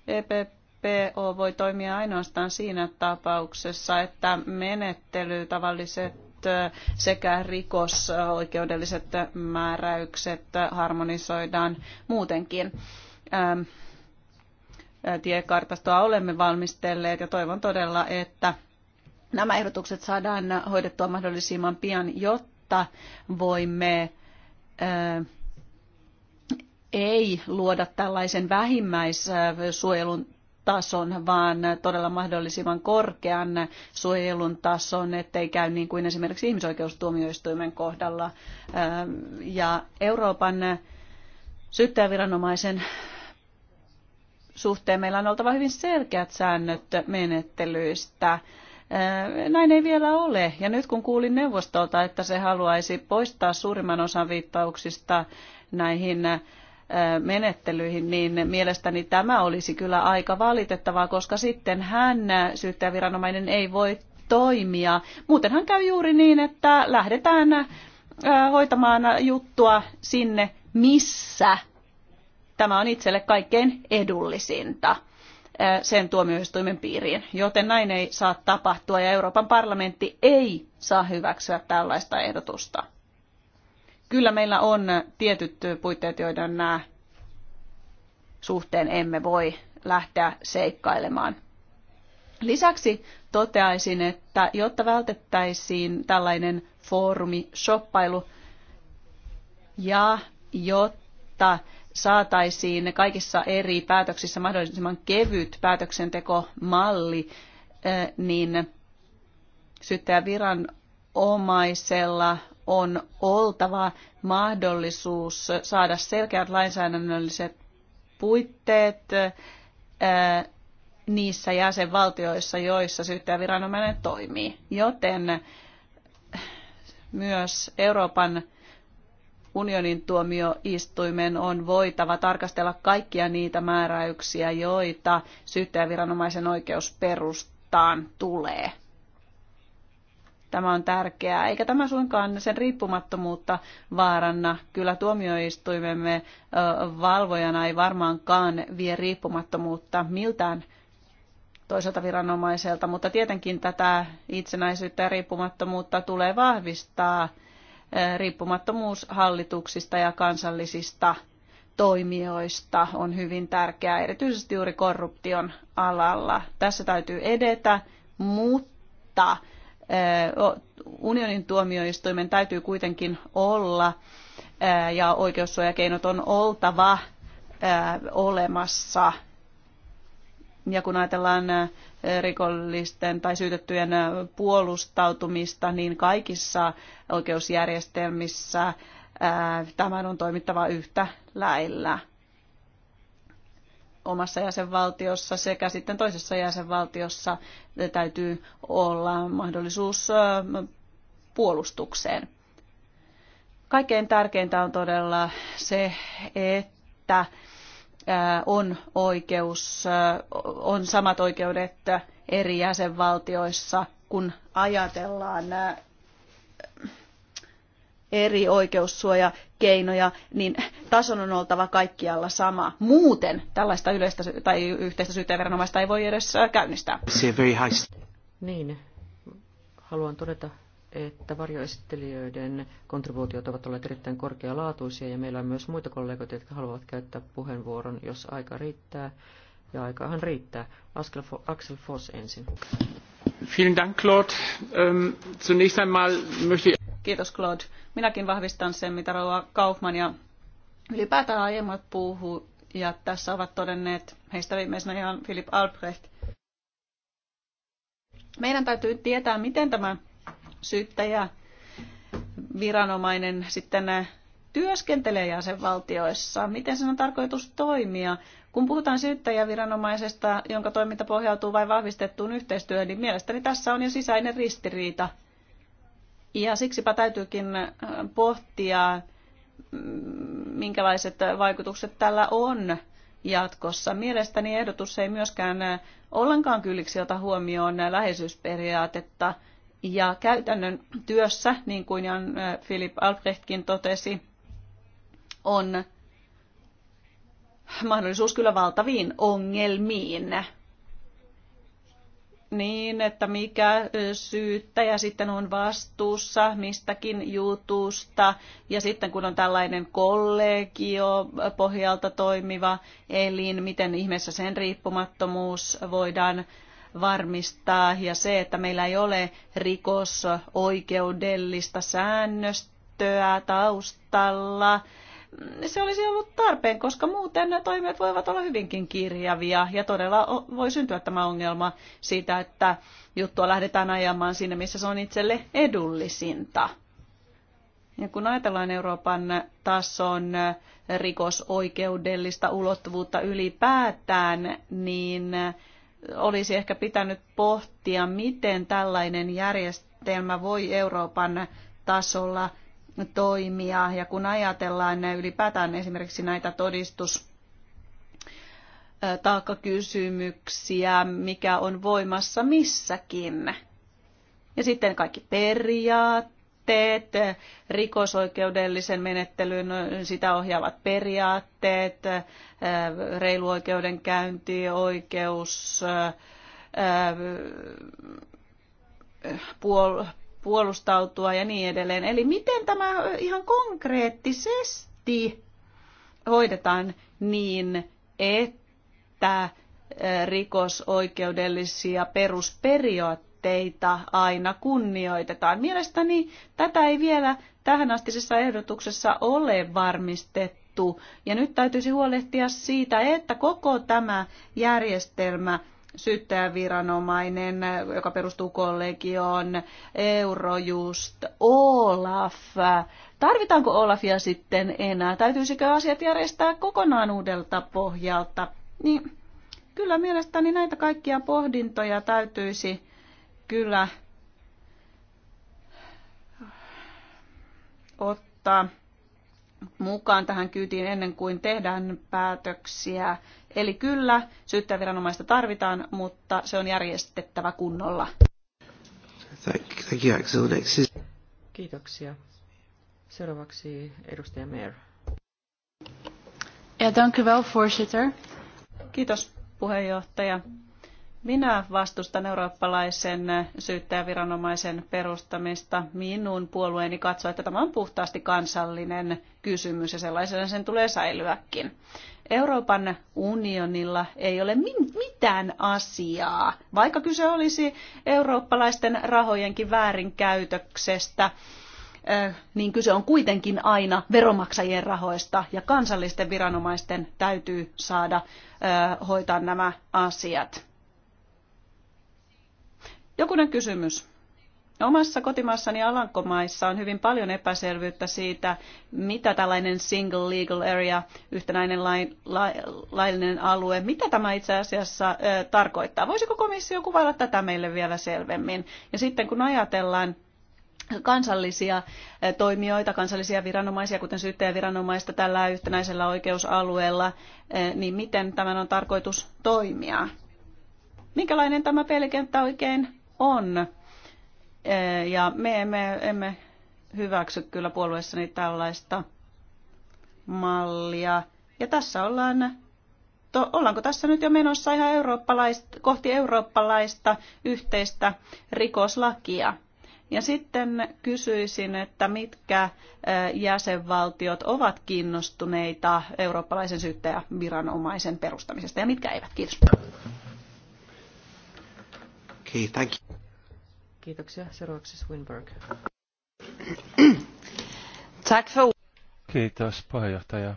EPP PO voi toimia ainoastaan siinä tapauksessa, että menettely, tavalliset sekä rikosoikeudelliset määräykset harmonisoidaan muutenkin. Tiekartastoa olemme valmistelleet ja toivon todella, että nämä ehdotukset saadaan hoidettua mahdollisimman pian, jotta voimme ei luoda tällaisen vähimmäissuojelun tason, vaan todella mahdollisimman korkean suojelun tason, ettei käy niin kuin esimerkiksi ihmisoikeustuomioistuimen kohdalla. Ähm, ja Euroopan syyttäjäviranomaisen suhteen meillä on oltava hyvin selkeät säännöt menettelyistä. Äh, näin ei vielä ole. Ja nyt kun kuulin neuvostolta, että se haluaisi poistaa suurimman osan viittauksista näihin menettelyihin, niin mielestäni tämä olisi kyllä aika valitettavaa, koska sitten hän, syyttäjäviranomainen, ei voi toimia. Muutenhan käy juuri niin, että lähdetään hoitamaan juttua sinne, missä tämä on itselle kaikkein edullisinta sen tuomioistuimen piiriin, joten näin ei saa tapahtua ja Euroopan parlamentti ei saa hyväksyä tällaista ehdotusta kyllä meillä on tietyt puitteet, joiden nämä äh, suhteen emme voi lähteä seikkailemaan. Lisäksi toteaisin, että jotta vältettäisiin tällainen foorumi shoppailu ja jotta saataisiin kaikissa eri päätöksissä mahdollisimman kevyt päätöksentekomalli, äh, niin syyttäjäviranomaisella on oltava mahdollisuus saada selkeät lainsäädännölliset puitteet eh, niissä jäsenvaltioissa, joissa syyttäjäviranomainen toimii. Joten myös Euroopan unionin tuomioistuimen on voitava tarkastella kaikkia niitä määräyksiä, joita syyttäjäviranomaisen oikeusperustaan tulee. Tämä on tärkeää, eikä tämä suinkaan sen riippumattomuutta vaaranna. Kyllä tuomioistuimemme valvojana ei varmaankaan vie riippumattomuutta miltään toiselta viranomaiselta, mutta tietenkin tätä itsenäisyyttä ja riippumattomuutta tulee vahvistaa riippumattomuus hallituksista ja kansallisista toimijoista on hyvin tärkeää, erityisesti juuri korruption alalla. Tässä täytyy edetä, mutta unionin tuomioistuimen täytyy kuitenkin olla ja oikeussuojakeinot on oltava olemassa. Ja kun ajatellaan rikollisten tai syytettyjen puolustautumista, niin kaikissa oikeusjärjestelmissä tämän on toimittava yhtä lailla omassa jäsenvaltiossa sekä sitten toisessa jäsenvaltiossa täytyy olla mahdollisuus puolustukseen. Kaikkein tärkeintä on todella se, että on oikeus, on samat oikeudet eri jäsenvaltioissa, kun ajatellaan eri oikeussuojakeinoja, niin tason on oltava kaikkialla sama. Muuten tällaista yleistä tai yhteistä syyttäjäviranomaista ei voi edes äh, käynnistää. Niin, haluan todeta, että varjoesittelijöiden kontribuutiot ovat olleet erittäin korkealaatuisia ja meillä on myös muita kollegoita, jotka haluavat käyttää puheenvuoron, jos aika riittää. Ja aikahan riittää. Axel Voss ensin. Vielen Dank, Claude. Ähm, zunächst einmal möchte Kiitos Claude. Minäkin vahvistan sen, mitä Rauha Kaufman ja ylipäätään aiemmat puhuu. Ja tässä ovat todenneet heistä viimeisenä ihan Philip Albrecht. Meidän täytyy tietää, miten tämä syyttäjä viranomainen sitten eh, työskentelee jäsenvaltioissa? Miten sen on tarkoitus toimia? Kun puhutaan syyttäjäviranomaisesta, jonka toiminta pohjautuu vain vahvistettuun yhteistyöhön, niin mielestäni tässä on jo sisäinen ristiriita. Ja siksipä täytyykin äh, pohtia, mm, minkälaiset vaikutukset tällä on jatkossa. Mielestäni ehdotus ei myöskään äh, ollenkaan kylliksi ota huomioon äh, läheisyysperiaatetta. Ja käytännön työssä, niin kuin Jan Philip Albrechtkin totesi, on mahdollisuus kyllä valtaviin ongelmiin niin, että mikä syyttäjä sitten on vastuussa mistäkin jutusta. Ja sitten kun on tällainen kollegio pohjalta toimiva elin, miten ihmeessä sen riippumattomuus voidaan varmistaa. Ja se, että meillä ei ole rikosoikeudellista säännöstöä taustalla, se olisi ollut tarpeen, koska muuten toimet voivat olla hyvinkin kirjavia ja todella voi syntyä tämä ongelma siitä, että juttua lähdetään ajamaan sinne, missä se on itselle edullisinta. Ja kun ajatellaan Euroopan tason rikosoikeudellista ulottuvuutta ylipäätään, niin olisi ehkä pitänyt pohtia, miten tällainen järjestelmä voi Euroopan tasolla toimia. Ja kun ajatellaan ylipäätään esimerkiksi näitä todistus taakkakysymyksiä, mikä on voimassa missäkin. Ja sitten kaikki periaatteet, rikosoikeudellisen menettelyn sitä ohjaavat periaatteet, reilu oikeudenkäynti, oikeus, puol- puolustautua ja niin edelleen. Eli miten tämä ihan konkreettisesti hoidetaan niin, että rikosoikeudellisia perusperiaatteita aina kunnioitetaan. Mielestäni tätä ei vielä tähän astisessa ehdotuksessa ole varmistettu. Ja nyt täytyisi huolehtia siitä, että koko tämä järjestelmä syyttäjäviranomainen, joka perustuu kollegioon, Eurojust, Olaf. Tarvitaanko Olafia sitten enää? Täytyisikö asiat järjestää kokonaan uudelta pohjalta? Niin, kyllä mielestäni näitä kaikkia pohdintoja täytyisi kyllä ottaa mukaan tähän kyytiin ennen kuin tehdään päätöksiä Eli kyllä, syyttäjäviranomaista tarvitaan, mutta se on järjestettävä kunnolla. Thank you, Axel. Next is... Kiitoksia. Seuraavaksi edustaja Meer. Ja, dank u wel, voorzitter. Kiitos, puheenjohtaja. Minä vastustan eurooppalaisen syyttäjäviranomaisen perustamista. Minun puolueeni katsoo, että tämä on puhtaasti kansallinen kysymys ja sellaisena sen tulee säilyäkin. Euroopan unionilla ei ole mitään asiaa, vaikka kyse olisi eurooppalaisten rahojenkin väärinkäytöksestä niin kyse on kuitenkin aina veromaksajien rahoista ja kansallisten viranomaisten täytyy saada hoitaa nämä asiat. Jokunen kysymys. Omassa kotimaassani Alankomaissa on hyvin paljon epäselvyyttä siitä, mitä tällainen single legal area, yhtenäinen lain, lai, laillinen alue, mitä tämä itse asiassa ö, tarkoittaa. Voisiko komissio kuvailla tätä meille vielä selvemmin? Ja sitten kun ajatellaan kansallisia toimijoita, kansallisia viranomaisia, kuten syyttäjäviranomaista tällä yhtenäisellä oikeusalueella, niin miten tämän on tarkoitus toimia? Minkälainen tämä pelikenttä oikein on. E, ja me emme, emme hyväksy kyllä puolueessani tällaista mallia. Ja tässä ollaan, to, ollaanko tässä nyt jo menossa ihan eurooppalaista, kohti eurooppalaista yhteistä rikoslakia? Ja sitten kysyisin, että mitkä e, jäsenvaltiot ovat kiinnostuneita eurooppalaisen syyttäjäviranomaisen perustamisesta ja mitkä eivät. Kiitos. Okay, thank you. Kiitoksia. Seuraavaksi Swinburg. Kiitos puheenjohtaja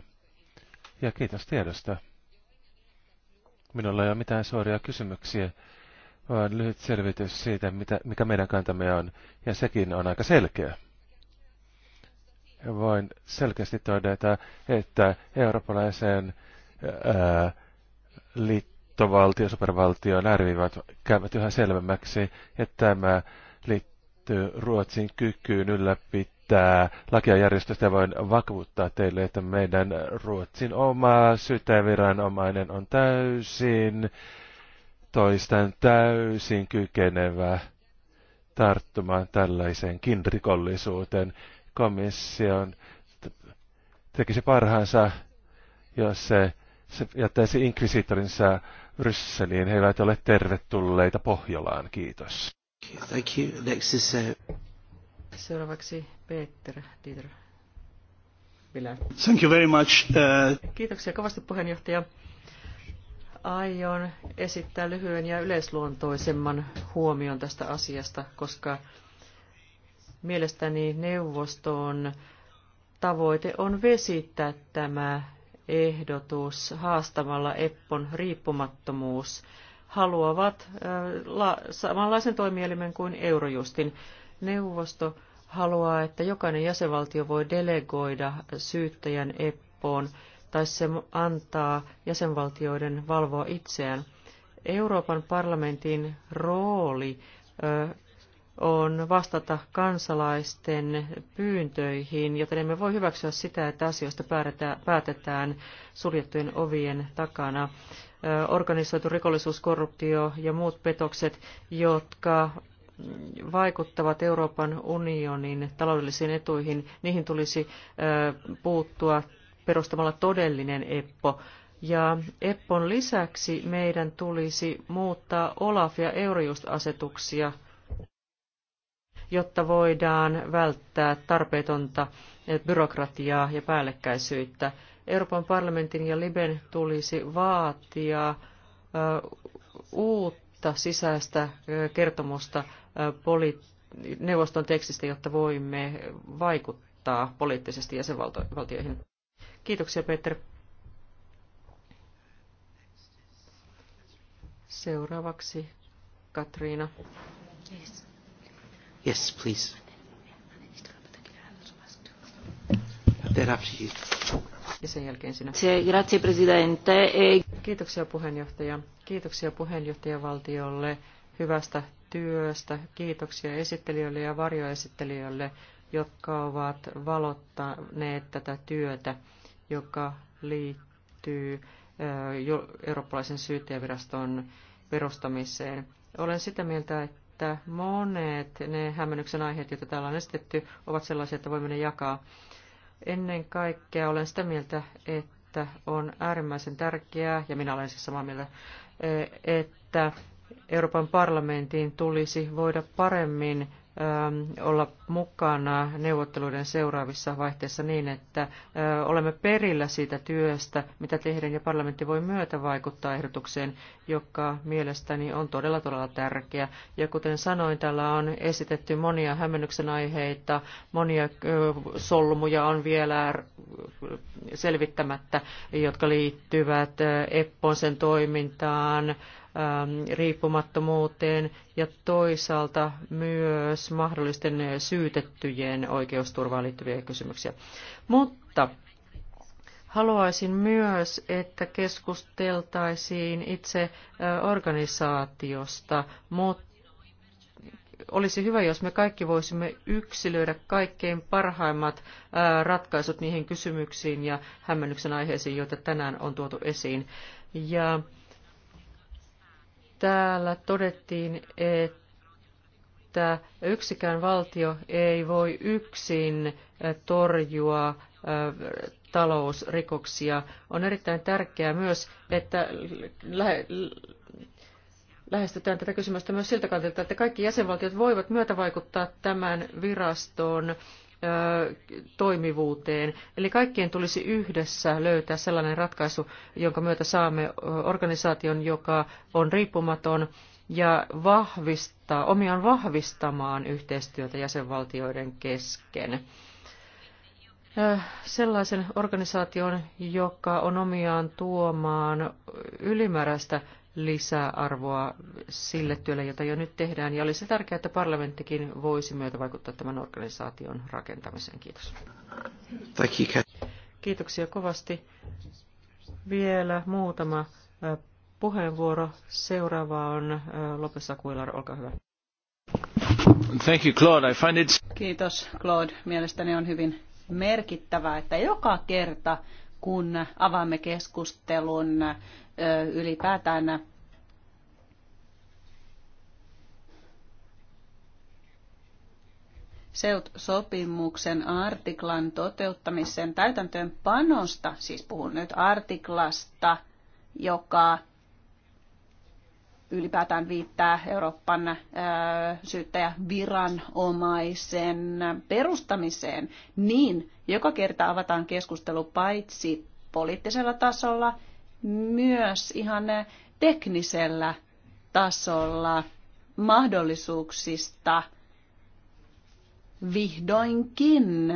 ja kiitos tiedosta. Minulla ei ole mitään suoria kysymyksiä, vaan lyhyt selvitys siitä, mitä, mikä meidän kantamme on, ja sekin on aika selkeä. Voin selkeästi todeta, että eurooppalaiseen liittovaltio, supervaltioon ärvivät käyvät yhä selvemmäksi, että tämä liittyy Ruotsin kykyyn ylläpitää lakia järjestöstä ja voin vakuuttaa teille, että meidän Ruotsin oma syteviranomainen on täysin, toistan täysin kykenevä tarttumaan tällaiseenkin rikollisuuteen. Komission tekisi parhaansa, jos se, se jättäisi inkvisitorinsa Brysseliin. He eivät ole tervetulleita Pohjolaan. Kiitos. Thank you. Next is, uh... Seuraavaksi Peter Dieter. Thank you very much. Uh... Kiitoksia kovasti puheenjohtaja. Aion esittää lyhyen ja yleisluontoisemman huomion tästä asiasta, koska mielestäni neuvoston tavoite on vesittää tämä ehdotus haastamalla Eppon riippumattomuus haluavat samanlaisen toimielimen kuin Eurojustin. Neuvosto haluaa, että jokainen jäsenvaltio voi delegoida syyttäjän EPPOon, tai se antaa jäsenvaltioiden valvoa itseään. Euroopan parlamentin rooli on vastata kansalaisten pyyntöihin, joten emme voi hyväksyä sitä, että asioista päätetään suljettujen ovien takana organisoitu rikollisuus, korruptio ja muut petokset, jotka vaikuttavat Euroopan unionin taloudellisiin etuihin, niihin tulisi puuttua perustamalla todellinen EPPO. Ja EPPOn lisäksi meidän tulisi muuttaa Olaf- ja Eurojust-asetuksia, jotta voidaan välttää tarpeetonta byrokratiaa ja päällekkäisyyttä. Euroopan parlamentin ja Liben tulisi vaatia uutta sisäistä kertomusta neuvoston tekstistä, jotta voimme vaikuttaa poliittisesti jäsenvaltioihin. Kiitoksia, Peter. Seuraavaksi Katriina. Yes. Yes, please. They're after you ja sen jälkeen sinä. Grazie, presidente. E Kiitoksia puheenjohtaja. Kiitoksia puheenjohtajavaltiolle hyvästä työstä. Kiitoksia esittelijöille ja varjoesittelijöille, jotka ovat valottaneet tätä työtä, joka liittyy eurooppalaisen syyttäjäviraston perustamiseen. Olen sitä mieltä, että monet ne hämmennyksen aiheet, joita täällä on esitetty, ovat sellaisia, että voimme ne jakaa. Ennen kaikkea olen sitä mieltä, että on äärimmäisen tärkeää, ja minä olen siis samaa mieltä, eh, että Euroopan parlamentin tulisi voida paremmin Ähm, olla mukana neuvotteluiden seuraavissa vaihteissa niin, että äh, olemme perillä siitä työstä, mitä tehdään, ja parlamentti voi myötä vaikuttaa ehdotukseen, joka mielestäni on todella todella tärkeä. Ja kuten sanoin, täällä on esitetty monia hämmennyksen aiheita, monia äh, solmuja on vielä äh, selvittämättä, jotka liittyvät sen toimintaan, Ähm, riippumattomuuteen ja toisaalta myös mahdollisten syytettyjen oikeusturvaan liittyviä kysymyksiä. Mutta haluaisin myös, että keskusteltaisiin itse äh, organisaatiosta, mutta olisi hyvä, jos me kaikki voisimme yksilöidä kaikkein parhaimmat äh, ratkaisut niihin kysymyksiin ja hämmennyksen aiheisiin, joita tänään on tuotu esiin. Ja Täällä todettiin, että yksikään valtio ei voi yksin äh, torjua äh, talousrikoksia. On erittäin tärkeää myös, että lähestytään tätä kysymystä myös siltä kantilta, että kaikki jäsenvaltiot voivat myötävaikuttaa tämän viraston toimivuuteen. Eli kaikkien tulisi yhdessä löytää sellainen ratkaisu, jonka myötä saamme organisaation, joka on riippumaton ja vahvistaa, omiaan vahvistamaan yhteistyötä jäsenvaltioiden kesken. Sellaisen organisaation, joka on omiaan tuomaan ylimääräistä lisäarvoa sille työlle, jota jo nyt tehdään, ja olisi tärkeää, että parlamenttikin voisi myötä vaikuttaa tämän organisaation rakentamiseen. Kiitos. Kiitoksia kovasti. Vielä muutama puheenvuoro. Seuraava on Lopes Akuilar, olkaa hyvä. Thank you, Claude. I find it... Kiitos, Claude. Mielestäni on hyvin merkittävää, että joka kerta kun avaamme keskustelun ylipäätään SEUT-sopimuksen artiklan toteuttamisen panosta siis puhun nyt artiklasta, joka ylipäätään viittää Euroopan syyttäjäviranomaisen perustamiseen, niin joka kerta avataan keskustelu paitsi poliittisella tasolla – myös ihan teknisellä tasolla mahdollisuuksista vihdoinkin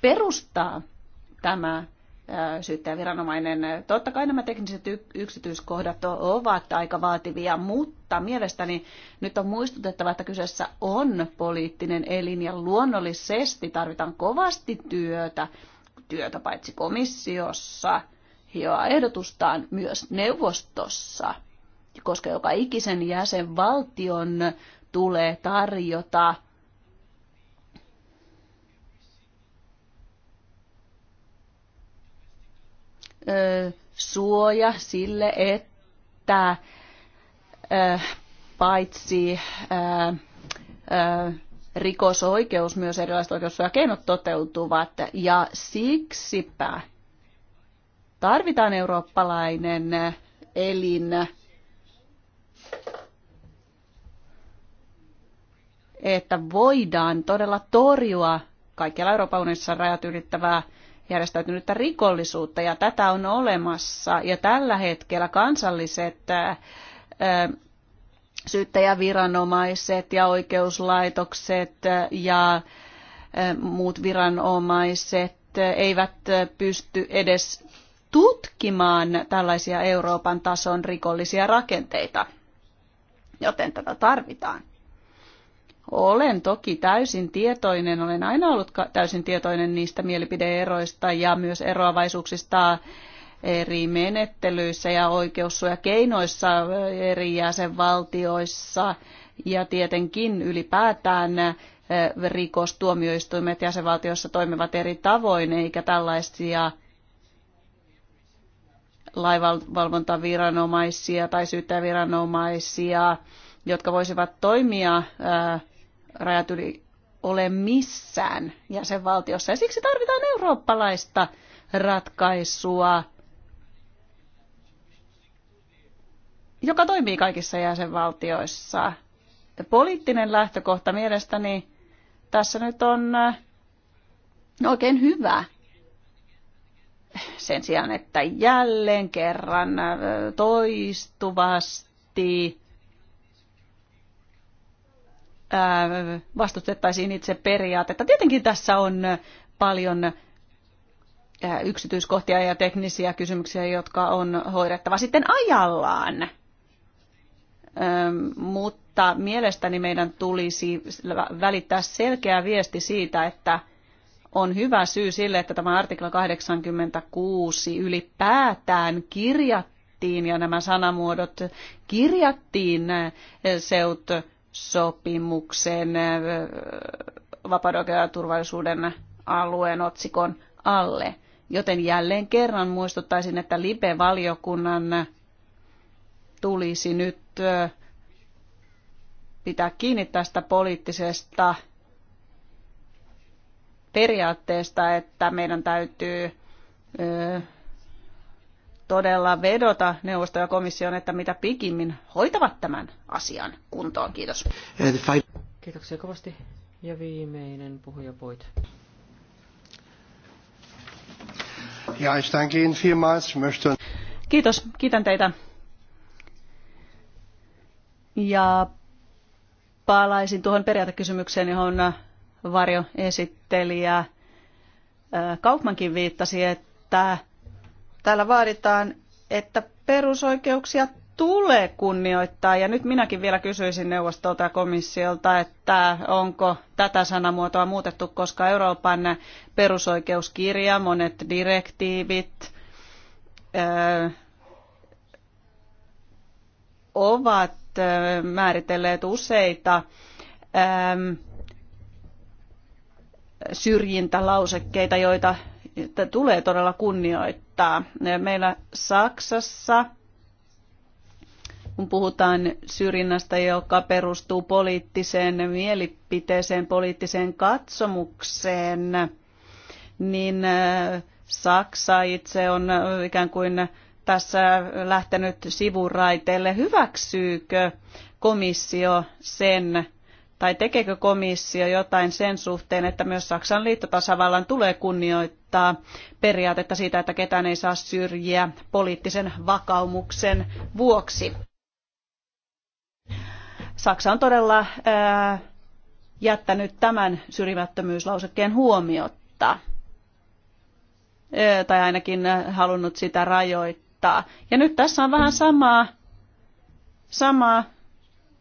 perustaa tämä äh, syyttäjäviranomainen. Totta kai nämä tekniset yksityiskohdat ovat aika vaativia, mutta mielestäni nyt on muistutettava, että kyseessä on poliittinen elin ja luonnollisesti tarvitaan kovasti työtä, työtä paitsi komissiossa – hioa ehdotustaan myös neuvostossa, koska joka ikisen jäsenvaltion tulee tarjota suoja sille, että paitsi rikosoikeus, myös erilaiset oikeussuojakeinot toteutuvat. Ja siksipä tarvitaan eurooppalainen elin, että voidaan todella torjua kaikkialla Euroopan unionissa rajat ylittävää järjestäytynyttä rikollisuutta, ja tätä on olemassa. Ja tällä hetkellä kansalliset syyttäjäviranomaiset ja oikeuslaitokset ja muut viranomaiset eivät pysty edes tutkimaan tällaisia Euroopan tason rikollisia rakenteita, joten tätä tarvitaan. Olen toki täysin tietoinen, olen aina ollut täysin tietoinen niistä mielipideeroista ja myös eroavaisuuksista eri menettelyissä ja keinoissa eri jäsenvaltioissa ja tietenkin ylipäätään eh, rikostuomioistuimet jäsenvaltioissa toimivat eri tavoin, eikä tällaisia laivavalvontaviranomaisia tai syyttäjäviranomaisia, jotka voisivat toimia rajat yli ole missään jäsenvaltiossa. Ja siksi tarvitaan eurooppalaista ratkaisua, joka toimii kaikissa jäsenvaltioissa. Poliittinen lähtökohta mielestäni tässä nyt on oikein hyvä sen sijaan, että jälleen kerran toistuvasti vastustettaisiin itse periaatetta. Tietenkin tässä on paljon yksityiskohtia ja teknisiä kysymyksiä, jotka on hoidettava sitten ajallaan. Mutta mielestäni meidän tulisi välittää selkeä viesti siitä, että – on hyvä syy sille, että tämä artikla 86 ylipäätään kirjattiin ja nämä sanamuodot kirjattiin SEUT-sopimuksen äh, vapauden ja turvallisuuden alueen otsikon alle. Joten jälleen kerran muistuttaisin, että LIBE-valiokunnan tulisi nyt äh, pitää kiinni tästä poliittisesta periaatteesta, että meidän täytyy todella vedota neuvosto ja komission, että mitä pikimmin hoitavat tämän asian kuntoon. Kiitos. Kiitoksia kovasti. Ja viimeinen puhuja voit. Ja, ihan Kiitos. Kiitän teitä. Ja palaisin tuohon periaatekysymykseen, johon ja Kaufmankin viittasi, että täällä vaaditaan, että perusoikeuksia tulee kunnioittaa. Ja nyt minäkin vielä kysyisin neuvostolta ja komissiolta, että onko tätä sanamuotoa muutettu, koska Euroopan perusoikeuskirja, monet direktiivit ovat määritelleet useita syrjintälausekkeita, joita tulee todella kunnioittaa. Meillä Saksassa, kun puhutaan syrjinnästä, joka perustuu poliittiseen mielipiteeseen, poliittiseen katsomukseen, niin äh, Saksa itse on äh, ikään kuin tässä lähtenyt sivuraiteelle. Hyväksyykö komissio sen, tai tekeekö komissio jotain sen suhteen, että myös Saksan liittotasavallan tulee kunnioittaa periaatetta siitä, että ketään ei saa syrjiä poliittisen vakaumuksen vuoksi. Saksa on todella ää, äh, jättänyt tämän syrjimättömyyslausekkeen huomiotta, äh, tai ainakin äh, halunnut sitä rajoittaa. Ja nyt tässä on vähän samaa, samaa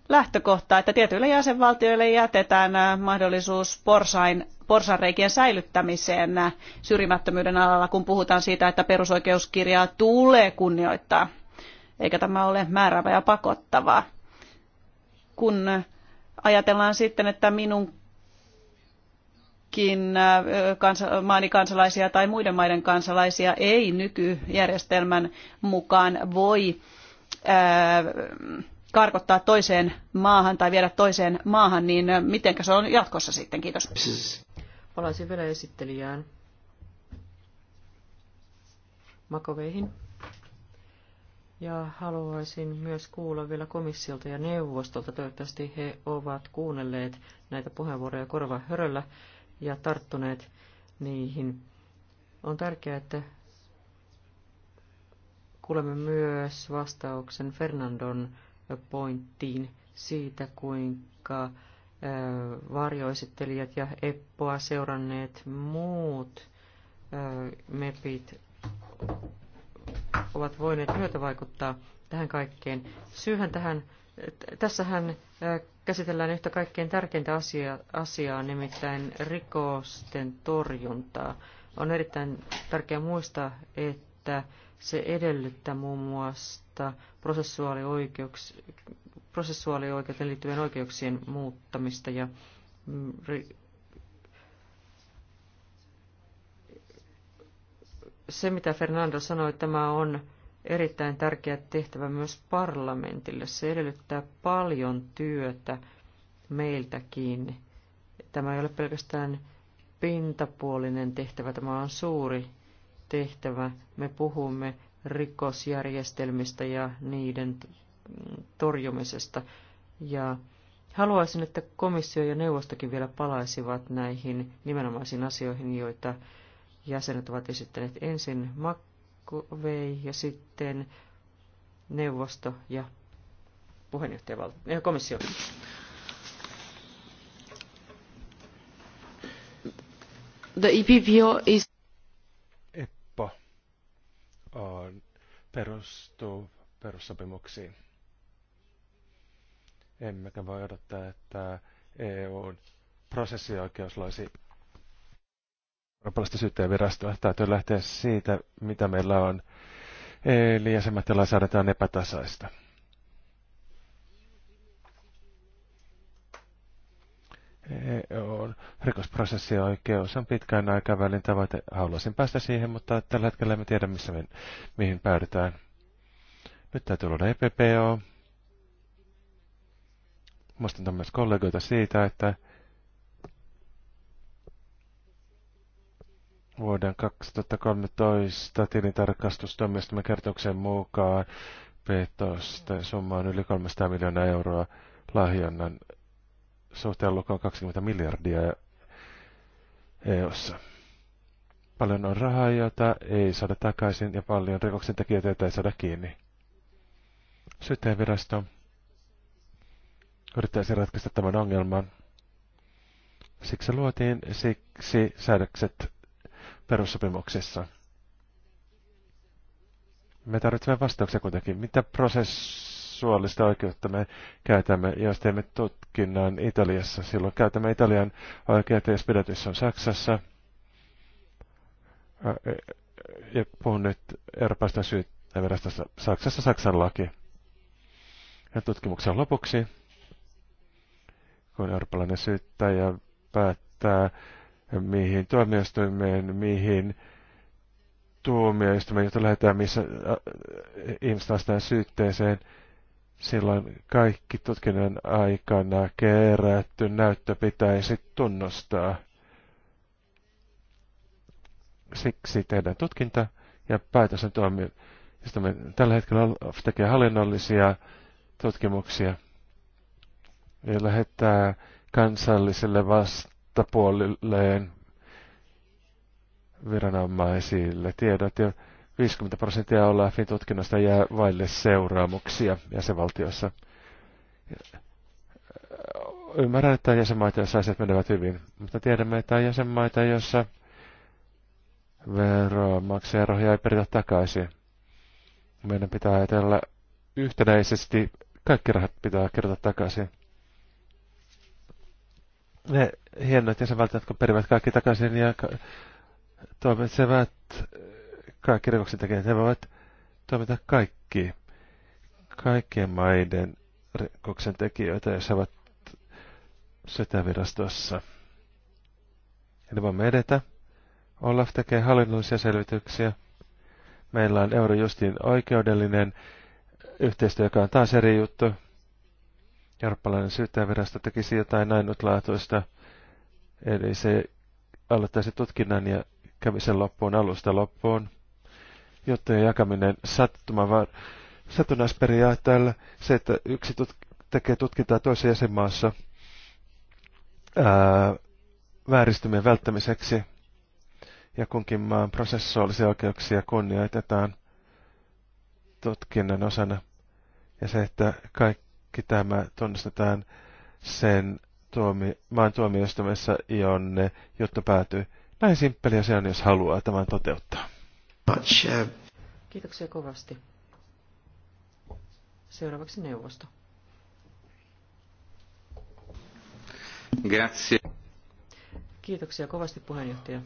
lähtökohta, että tietyille jäsenvaltioille jätetään äh, mahdollisuus porsain, porsanreikien säilyttämiseen äh, syrjimättömyyden alalla, kun puhutaan siitä, että perusoikeuskirjaa tulee kunnioittaa, eikä tämä ole määräävä ja pakottavaa. Kun äh, ajatellaan sitten, että minun maani kansalaisia tai muiden maiden kansalaisia ei nykyjärjestelmän mukaan voi karkottaa toiseen maahan tai viedä toiseen maahan, niin miten se on jatkossa sitten? Kiitos. Palaisin vielä esittelijään. Makoveihin. Ja haluaisin myös kuulla vielä komissiolta ja neuvostolta. Toivottavasti he ovat kuunnelleet näitä puheenvuoroja korva höröllä ja tarttuneet niihin. On tärkeää, että kuulemme myös vastauksen Fernandon pointtiin siitä, kuinka varjoesittelijät ja Eppoa seuranneet muut MEPit ovat voineet vaikuttaa tähän kaikkeen. Syyhän tähän, tässähän käsitellään yhtä kaikkein tärkeintä asiaa, asiaa, nimittäin rikosten torjuntaa. On erittäin tärkeää muistaa, että se edellyttää muun muassa prosessuaalioikeuteen liittyvien oikeuksien muuttamista ja mm, se, mitä Fernando sanoi, tämä on erittäin tärkeä tehtävä myös parlamentille. Se edellyttää paljon työtä meiltäkin. Tämä ei ole pelkästään pintapuolinen tehtävä, tämä on suuri tehtävä. Me puhumme rikosjärjestelmistä ja niiden torjumisesta. Ja haluaisin, että komissio ja neuvostokin vielä palaisivat näihin nimenomaisiin asioihin, joita jäsenet ovat esittäneet. Ensin McVey ja sitten neuvosto ja puheenjohtajavaltio, ja komissio. The EPPO is perustuu perussopimuksiin. Emmekä voi odottaa, että EUn prosessioikeus loisi Euroopallista syyttäjävirastoa. Täytyy lähteä siitä, mitä meillä on. Eli jäsenmaiden lainsäädäntö on epätasaista. E on rikosprosessioikeus on pitkän aikavälin tavoite. Haluaisin päästä siihen, mutta tällä hetkellä emme tiedä, missä me, mihin päädytään. Nyt täytyy luoda EPPO. Muistutan myös kollegoita siitä, että vuoden 2013 tilintarkastustoimistamme kertoksen mukaan petosten summa on yli 300 miljoonaa euroa lahjonnan suhteen luku on 20 miljardia EUssa. Paljon on rahaa, jota ei saada takaisin ja paljon rikoksen tekijöitä, joita ei saada kiinni. Syyttäjänvirasto yrittäisi ratkaista tämän ongelman. Siksi luotiin siksi säädökset perussopimuksessa. Me tarvitsemme vastauksia kuitenkin. Mitä prosessi prosessuaalista oikeutta me käytämme. Ja jos teemme tutkinnan Italiassa, silloin käytämme Italian oikeutta, jos pidätys on Saksassa. E, ja puhun nyt Euroopasta syyttäjävirastosta Saksassa Saksan laki. Ja tutkimuksen lopuksi, kun eurooppalainen syyttäjä päättää, mihin tuomioistuimeen, mihin tuomioistuimeen, jota lähdetään missä äh, instanssina syytteeseen, silloin kaikki tutkinnan aikana kerätty näyttö pitäisi tunnustaa. Siksi tehdään tutkinta ja päätös on tuomio. Tällä hetkellä tekee hallinnollisia tutkimuksia ja lähettää kansalliselle vastapuolilleen viranomaisille tiedot ja 50 prosenttia Olafin tutkinnosta jää vaille seuraamuksia jäsenvaltioissa. Ymmärrän, että jäsenmaita, joissa asiat menevät hyvin, mutta tiedämme, että on jäsenmaita, joissa veronmaksajarohja ei peritä takaisin. Meidän pitää ajatella yhtenäisesti, kaikki rahat pitää kertoa takaisin. Ne hienot jäsenvaltiot, jotka perivät kaikki takaisin ja toimitsevat kaikki tekee, että he voivat toimita kaikki, kaikkien maiden rikoksen tekijöitä, jos he ovat sytävirastossa. Eli voimme edetä. Olaf tekee hallinnollisia selvityksiä. Meillä on Eurojustin oikeudellinen yhteistyö, joka on taas eri juttu. Eurooppalainen syyttäjävirasto tekisi jotain ainutlaatuista, eli se aloittaisi tutkinnan ja kävi sen loppuun alusta loppuun juttujen jakaminen sattumaisperiaatteella, se, että yksi tut- tekee tutkintaa toisessa jäsenmaassa ää, vääristymien välttämiseksi ja kunkin maan prosessuaalisia oikeuksia kunnioitetaan tutkinnan osana. Ja se, että kaikki tämä tunnistetaan sen tuomi, maan tuomioistumessa, jonne juttu päätyy. Näin simppeliä se on, jos haluaa tämän toteuttaa much. Uh, Kiitoksia kovasti. Seuraavaksi neuvosto. Grazie. Kiitoksia kovasti puheenjohtaja.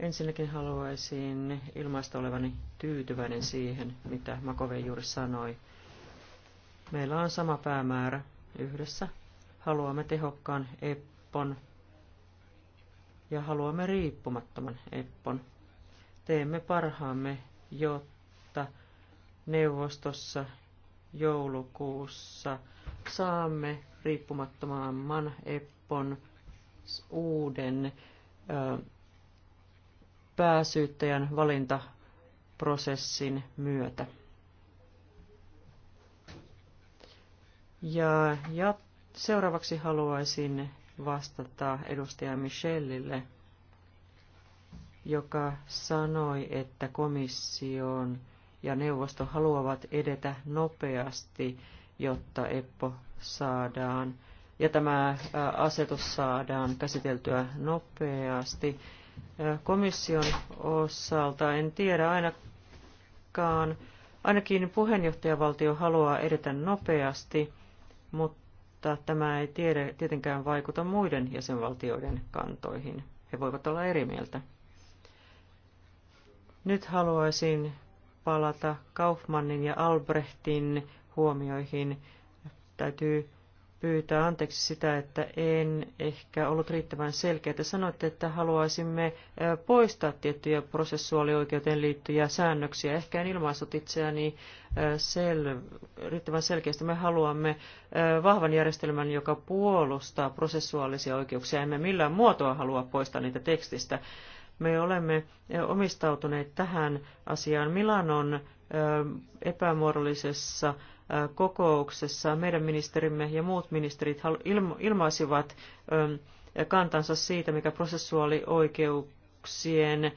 Ensinnäkin haluaisin ilmaista olevani tyytyväinen siihen, mitä Makove juuri sanoi. Meillä on sama päämäärä yhdessä. Haluamme tehokkaan EPPON ja haluamme riippumattoman EPPON. Teemme parhaamme, jotta neuvostossa joulukuussa saamme riippumattomamman EPPON uuden ö, pääsyyttäjän valintaprosessin myötä. Ja, ja seuraavaksi haluaisin vastata edustaja Michellille joka sanoi, että komission ja neuvosto haluavat edetä nopeasti, jotta EPPO saadaan ja tämä asetus saadaan käsiteltyä nopeasti. Komission osalta en tiedä ainakaan, ainakin puheenjohtajavaltio haluaa edetä nopeasti, mutta tämä ei tiedä, tietenkään vaikuta muiden jäsenvaltioiden kantoihin. He voivat olla eri mieltä. Nyt haluaisin palata Kaufmannin ja Albrechtin huomioihin. Täytyy pyytää anteeksi sitä, että en ehkä ollut riittävän selkeä. Te sanoitte, että haluaisimme poistaa tiettyjä prosessuaalioikeuteen liittyviä säännöksiä. Ehkä en ilmaissut itseäni sel- riittävän selkeästi. Me haluamme vahvan järjestelmän, joka puolustaa prosessuaalisia oikeuksia. Emme millään muotoa halua poistaa niitä tekstistä. Me olemme omistautuneet tähän asiaan. Milanon epämuodollisessa kokouksessa meidän ministerimme ja muut ministerit ilmaisivat kantansa siitä, mikä prosessuaalioikeuksien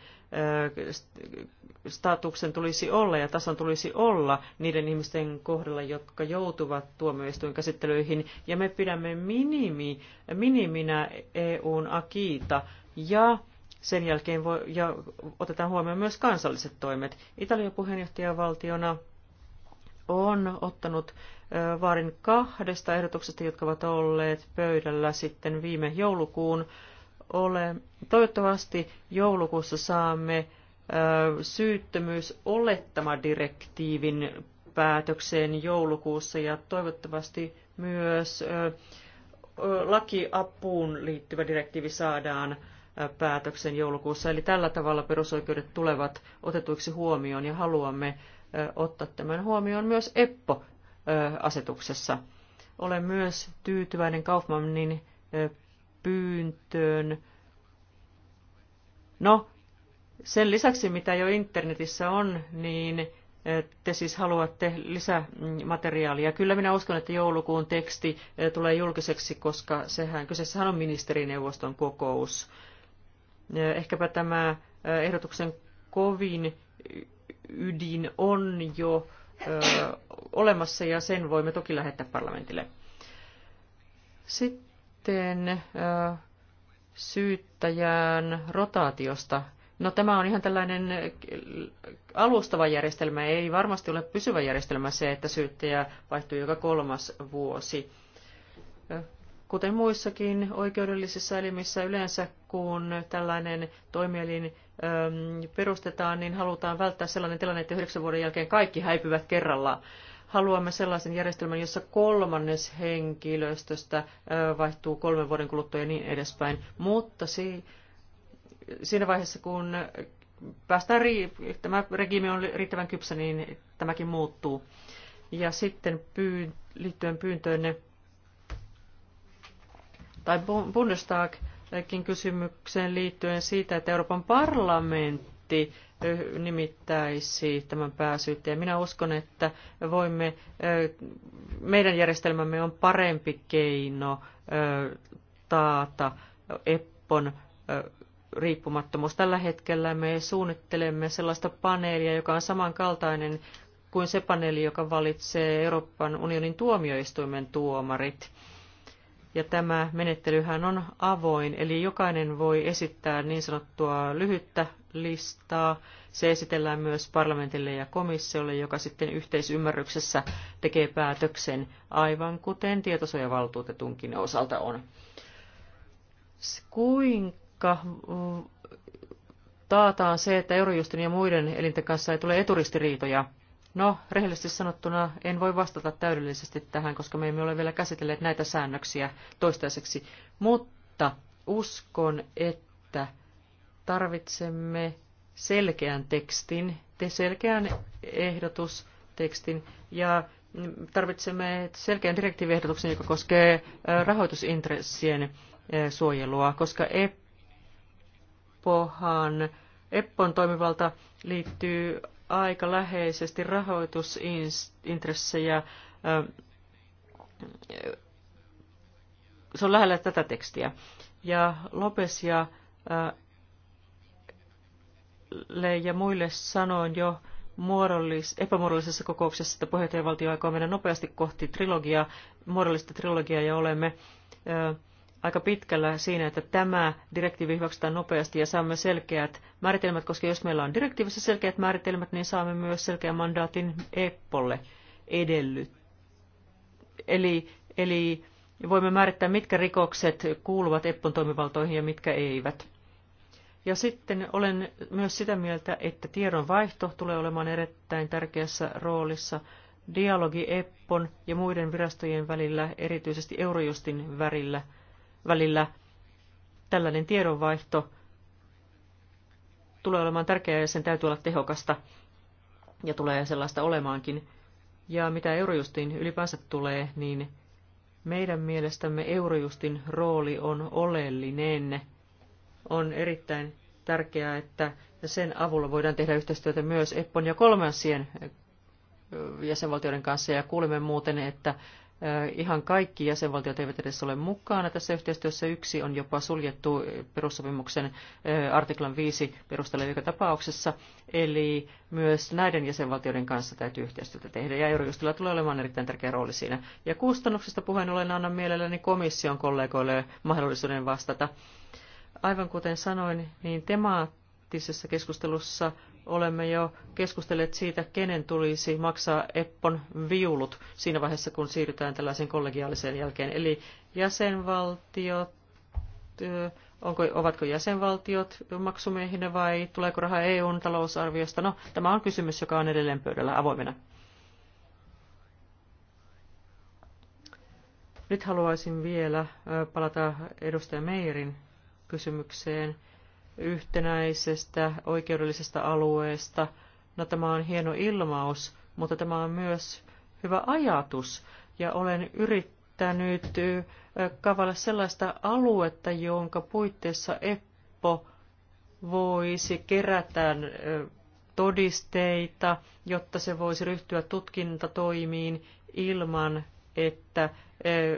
statuksen tulisi olla ja tasan tulisi olla niiden ihmisten kohdalla, jotka joutuvat tuomioistuin käsittelyihin. Ja me pidämme minimi, miniminä EUn akiita ja sen jälkeen voi, ja otetaan huomioon myös kansalliset toimet. Italian puheenjohtajavaltiona on ottanut vaarin kahdesta ehdotuksesta, jotka ovat olleet pöydällä sitten viime joulukuun. Ole, toivottavasti joulukuussa saamme syyttömyysolettamadirektiivin päätökseen joulukuussa ja toivottavasti myös lakiapuun liittyvä direktiivi saadaan päätöksen joulukuussa. Eli tällä tavalla perusoikeudet tulevat otetuiksi huomioon ja haluamme ottaa tämän huomioon myös EPPO-asetuksessa. Olen myös tyytyväinen Kaufmannin pyyntöön. No, sen lisäksi mitä jo internetissä on, niin te siis haluatte lisämateriaalia. Kyllä minä uskon, että joulukuun teksti tulee julkiseksi, koska sehän, kyseessähän on ministerineuvoston kokous Ehkäpä tämä ehdotuksen kovin ydin on jo olemassa ja sen voimme toki lähettää parlamentille. Sitten syyttäjän rotaatiosta. No tämä on ihan tällainen alustava järjestelmä, ei varmasti ole pysyvä järjestelmä se, että syyttäjä vaihtuu joka kolmas vuosi. Kuten muissakin oikeudellisissa elimissä yleensä, kun tällainen toimielin perustetaan, niin halutaan välttää sellainen tilanne, että yhdeksän vuoden jälkeen kaikki häipyvät kerrallaan. Haluamme sellaisen järjestelmän, jossa kolmannes henkilöstöstä vaihtuu kolmen vuoden kuluttua ja niin edespäin. Mutta siinä vaiheessa, kun päästään tämä regiimi on riittävän kypsä, niin tämäkin muuttuu. Ja sitten pyy- liittyen pyyntöönne tai Bundestagkin kysymykseen liittyen siitä, että Euroopan parlamentti nimittäisi tämän pääsyyttäjän. Minä uskon, että voimme, meidän järjestelmämme on parempi keino taata EPPON riippumattomuus. Tällä hetkellä me suunnittelemme sellaista paneelia, joka on samankaltainen kuin se paneeli, joka valitsee Euroopan unionin tuomioistuimen tuomarit. Ja tämä menettelyhän on avoin, eli jokainen voi esittää niin sanottua lyhyttä listaa. Se esitellään myös parlamentille ja komissiolle, joka sitten yhteisymmärryksessä tekee päätöksen, aivan kuten tietosuojavaltuutetunkin osalta on. Kuinka taataan se, että Eurojustin ja muiden elinten kanssa ei tule eturistiriitoja No, rehellisesti sanottuna en voi vastata täydellisesti tähän, koska me emme ole vielä käsitelleet näitä säännöksiä toistaiseksi, mutta uskon, että tarvitsemme selkeän tekstin, te selkeän ehdotustekstin ja tarvitsemme selkeän direktiiviehdotuksen, joka koskee rahoitusintressien suojelua, koska EPPOhan, EPPOn toimivalta liittyy aika läheisesti rahoitusintressejä. Se on lähellä tätä tekstiä. Ja Lopes ja ja muille sanoin jo muodollis, epämuodollisessa kokouksessa, että puheenjohtajavaltio aikoo mennä nopeasti kohti trilogiaa, muodollista trilogiaa ja olemme aika pitkällä siinä, että tämä direktiivi hyväksytään nopeasti ja saamme selkeät määritelmät, koska jos meillä on direktiivissä selkeät määritelmät, niin saamme myös selkeän mandaatin EPPOlle edellyt. Eli, eli voimme määrittää, mitkä rikokset kuuluvat EPPOn toimivaltoihin ja mitkä eivät. Ja sitten olen myös sitä mieltä, että tiedonvaihto tulee olemaan erittäin tärkeässä roolissa dialogi EPPON ja muiden virastojen välillä, erityisesti Eurojustin välillä – välillä tällainen tiedonvaihto tulee olemaan tärkeää ja sen täytyy olla tehokasta ja tulee sellaista olemaankin. Ja mitä Eurojustiin ylipäänsä tulee, niin meidän mielestämme Eurojustin rooli on oleellinen. On erittäin tärkeää, että sen avulla voidaan tehdä yhteistyötä myös Eppon ja kolmansien jäsenvaltioiden kanssa. Ja kuulimme muuten, että Ihan kaikki jäsenvaltiot eivät edes ole mukana tässä yhteistyössä. Yksi on jopa suljettu perussopimuksen artiklan 5 perusteella joka tapauksessa. Eli myös näiden jäsenvaltioiden kanssa täytyy yhteistyötä tehdä. Ja Eurojustilla tulee olemaan erittäin tärkeä rooli siinä. Ja kustannuksista puheen ollen annan mielelläni komission kollegoille mahdollisuuden vastata. Aivan kuten sanoin, niin temaattisessa keskustelussa olemme jo keskustelleet siitä, kenen tulisi maksaa Eppon viulut siinä vaiheessa, kun siirrytään tällaisen kollegiaaliseen jälkeen. Eli jäsenvaltiot, onko, ovatko jäsenvaltiot maksumiehinä vai tuleeko raha EUn talousarviosta? No, tämä on kysymys, joka on edelleen pöydällä avoimena. Nyt haluaisin vielä palata edustaja Meirin kysymykseen yhtenäisestä oikeudellisesta alueesta. No tämä on hieno ilmaus, mutta tämä on myös hyvä ajatus. Ja olen yrittänyt kavalla sellaista aluetta, jonka puitteissa EPPO voisi kerätä todisteita, jotta se voisi ryhtyä tutkintatoimiin ilman, että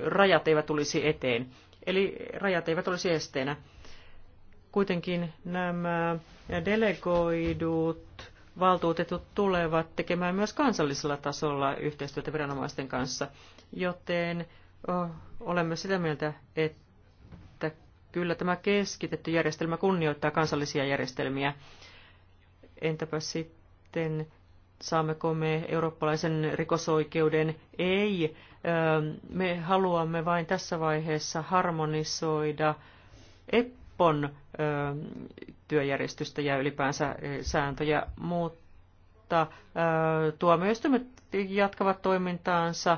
rajat eivät tulisi eteen. Eli rajat eivät olisi esteenä. Kuitenkin nämä delegoidut valtuutetut tulevat tekemään myös kansallisella tasolla yhteistyötä viranomaisten kanssa, joten olemme sitä mieltä, että kyllä tämä keskitetty järjestelmä kunnioittaa kansallisia järjestelmiä. Entäpä sitten saammeko me eurooppalaisen rikosoikeuden? Ei. Me haluamme vain tässä vaiheessa harmonisoida Bonn työjärjestystä ja ylipäänsä sääntöjä, mutta tuomioistuimet jatkavat toimintaansa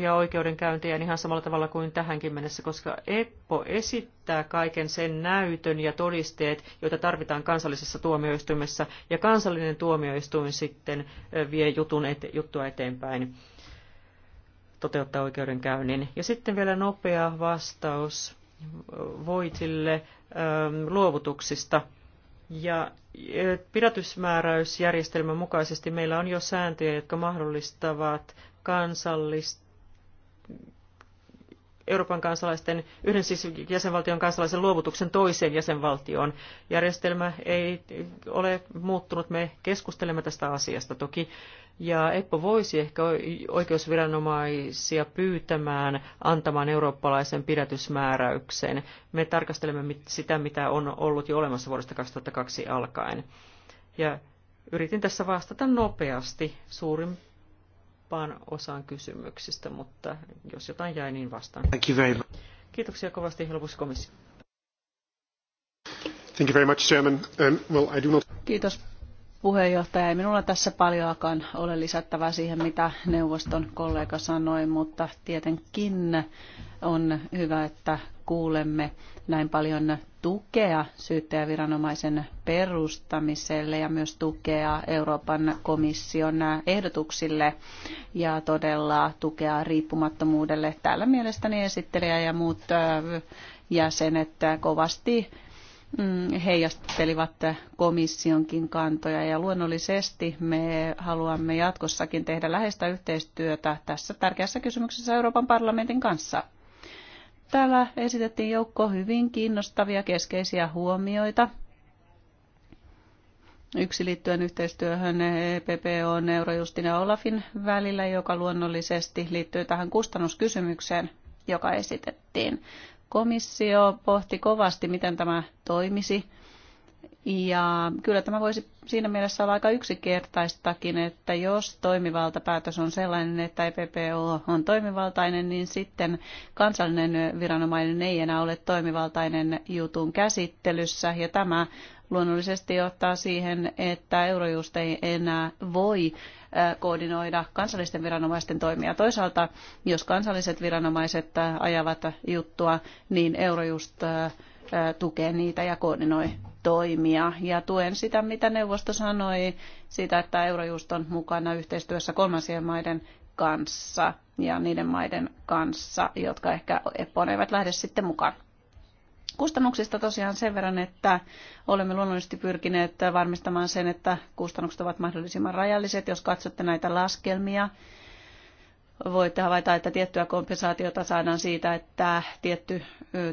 ja oikeudenkäyntiä ihan samalla tavalla kuin tähänkin mennessä, koska EPPO esittää kaiken sen näytön ja todisteet, joita tarvitaan kansallisessa tuomioistuimessa, ja kansallinen tuomioistuin sitten vie jutun ete, juttua eteenpäin toteuttaa oikeudenkäynnin. Ja sitten vielä nopea vastaus Voitille Ähm, luovutuksista. Ja pidätysmääräysjärjestelmän mukaisesti meillä on jo sääntöjä, jotka mahdollistavat kansallista Euroopan kansalaisten, yhden siis jäsenvaltion kansalaisen luovutuksen toiseen jäsenvaltioon. Järjestelmä ei ole muuttunut, me keskustelemme tästä asiasta toki. Ja EPPO voisi ehkä oikeusviranomaisia pyytämään antamaan eurooppalaisen pidätysmääräyksen. Me tarkastelemme sitä, mitä on ollut jo olemassa vuodesta 2002 alkaen. Ja yritin tässä vastata nopeasti suurimpaan osaan kysymyksistä, mutta jos jotain jäi, niin vastaan. Thank you very much. Kiitoksia kovasti, helpus komissio. Thank you very much, Chairman. Um, well, I do not... Kiitos puheenjohtaja. Ei minulla tässä paljoakaan ole lisättävää siihen, mitä neuvoston kollega sanoi, mutta tietenkin on hyvä, että kuulemme näin paljon tukea syyttäjäviranomaisen perustamiselle ja myös tukea Euroopan komission ehdotuksille ja todella tukea riippumattomuudelle. Täällä mielestäni esittelijä ja muut äh, jäsenet äh, kovasti Mm, heijastelivat komissionkin kantoja ja luonnollisesti me haluamme jatkossakin tehdä läheistä yhteistyötä tässä tärkeässä kysymyksessä Euroopan parlamentin kanssa. Täällä esitettiin joukko hyvin kiinnostavia keskeisiä huomioita. Yksi liittyen yhteistyöhön EPP on Eurojustin ja Olafin välillä, joka luonnollisesti liittyy tähän kustannuskysymykseen, joka esitettiin. Komissio pohti kovasti, miten tämä toimisi. Ja kyllä tämä voisi siinä mielessä olla aika yksinkertaistakin, että jos toimivaltapäätös on sellainen, että EPPO on toimivaltainen, niin sitten kansallinen viranomainen ei enää ole toimivaltainen jutun käsittelyssä. Ja tämä luonnollisesti johtaa siihen, että Eurojust ei enää voi koordinoida kansallisten viranomaisten toimia. Toisaalta, jos kansalliset viranomaiset ajavat juttua, niin Eurojust tukee niitä ja koordinoi toimia. Ja tuen sitä, mitä neuvosto sanoi, sitä, että Eurojust on mukana yhteistyössä kolmansien maiden kanssa ja niiden maiden kanssa, jotka ehkä Eppoon eivät lähde sitten mukaan. Kustannuksista tosiaan sen verran, että olemme luonnollisesti pyrkineet varmistamaan sen, että kustannukset ovat mahdollisimman rajalliset. Jos katsotte näitä laskelmia, voitte havaita, että tiettyä kompensaatiota saadaan siitä, että tietty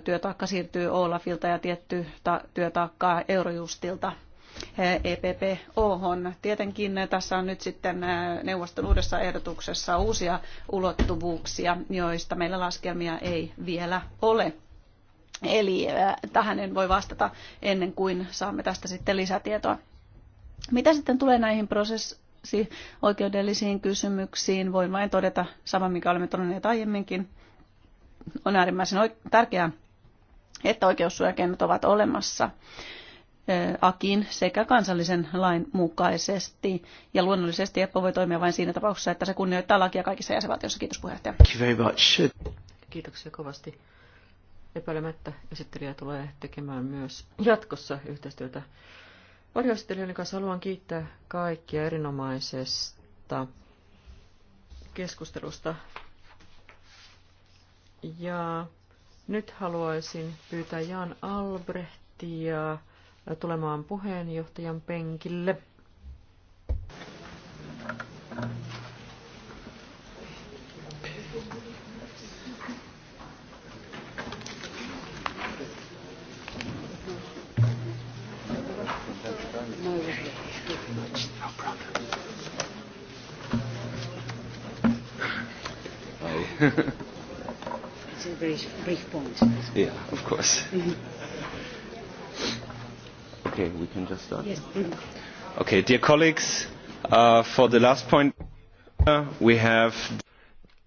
työtaakka siirtyy Olafilta ja tietty työtaakka Eurojustilta. EPPO e on. Tietenkin tässä on nyt sitten neuvoston uudessa ehdotuksessa uusia ulottuvuuksia, joista meillä laskelmia ei vielä ole. Eli äh, tähän en voi vastata ennen kuin saamme tästä sitten lisätietoa. Mitä sitten tulee näihin prosessioikeudellisiin kysymyksiin, voin vain todeta sama, mikä olemme todenneet aiemminkin. On äärimmäisen tärkeää, että oikeussuojakennot ovat olemassa äh, akin sekä kansallisen lain mukaisesti. Ja luonnollisesti EPPO voi toimia vain siinä tapauksessa, että se kunnioittaa lakia kaikissa jäsenvaltioissa. Kiitos puheenjohtaja. Kiitoksia kovasti. Epäilemättä esittelijä tulee tekemään myös jatkossa yhteistyötä varjoesittelijöiden kanssa. Haluan kiittää kaikkia erinomaisesta keskustelusta. Ja nyt haluaisin pyytää Jan Albrehtia tulemaan puheenjohtajan penkille. very brief point. Yeah, of course. Mm-hmm. okay, we can just start. Yes. Mm-hmm. Okay, dear colleagues, uh, for the last point uh, we have...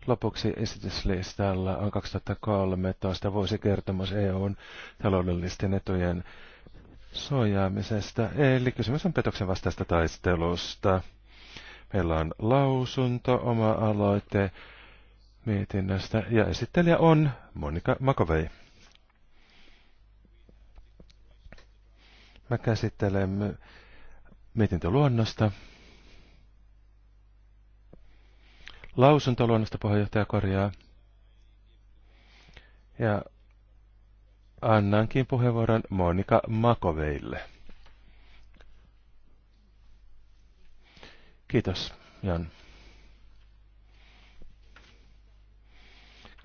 Lopuksi esityslistalla on 2013 vuosikertomus EUn taloudellisten etujen suojaamisesta, eli kysymys on petoksen vastaista taistelusta. Meillä on lausunto, oma aloite, mietinnöstä ja esittelijä on Monika Makovei. Mä käsittelen mietintöluonnosta. Lausuntoluonnosta puheenjohtaja korjaa. Ja annankin puheenvuoron Monika Makoveille. Kiitos, Jan.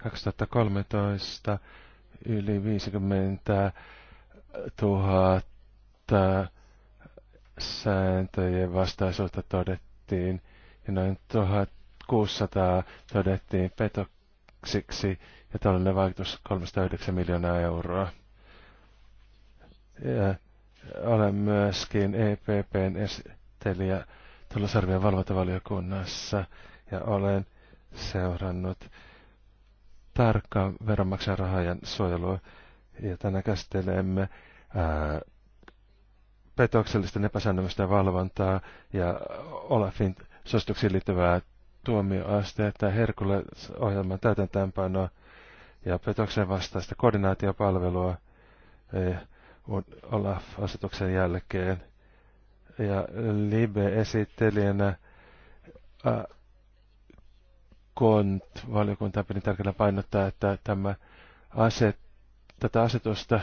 2013 yli 50 000 sääntöjen vastaisuutta todettiin ja noin 1600 todettiin petoksiksi ja tällainen vaikutus 309 miljoonaa euroa. Ja olen myöskin EPPn esittelijä talousarvion valvontavaliokunnassa ja olen seurannut tarkkaan veronmaksajan rahojen suojelua. Ja tänään käsittelemme ää, petoksellisten epäsäännöllisten valvontaa ja Olafin suosituksiin liittyvää tuomioasteetta ja Herkules-ohjelman täytäntäänpanoa ja petoksen vastaista koordinaatiopalvelua ää, Olaf-asetuksen jälkeen. Ja Libe esittelijänä ää, KONT-valiokuntaa pidin tärkeänä painottaa, että tämä aset, tätä asetusta,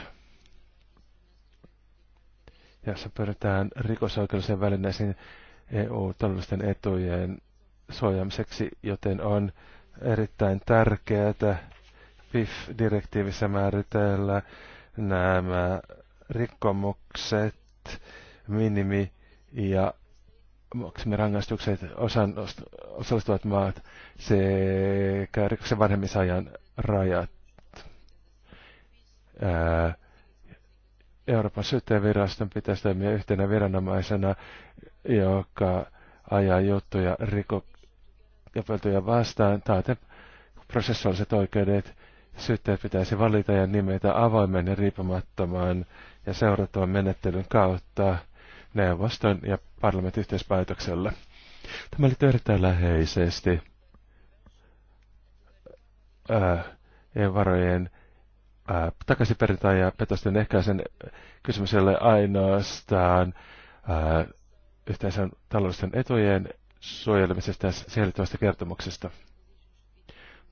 jossa pyritään rikosoikeudelliseen välineisiin EU-taloudellisten etujen suojaamiseksi, joten on erittäin tärkeää että PIF-direktiivissä määritellä nämä rikkomukset, minimi- ja maksimirangaistukset osan osallistuvat maat sekä rikoksen vanhemmisajan rajat. Ää, Euroopan syyttäjäviraston pitäisi toimia yhtenä viranomaisena, joka ajaa juttuja rikoksia vastaan, Taate prosessuaaliset oikeudet. Syyttäjät pitäisi valita ja nimetä avoimen ja riippumattoman ja seurattavan menettelyn kautta neuvoston ja parlamentin yhteispäätöksellä. Tämä oli erittäin läheisesti EU-varojen takaisinperintään ja petosten ehkäisen kysymyselle ainoastaan ää, yhteisen taloudellisten etujen suojelemisesta ja selittävästä kertomuksesta.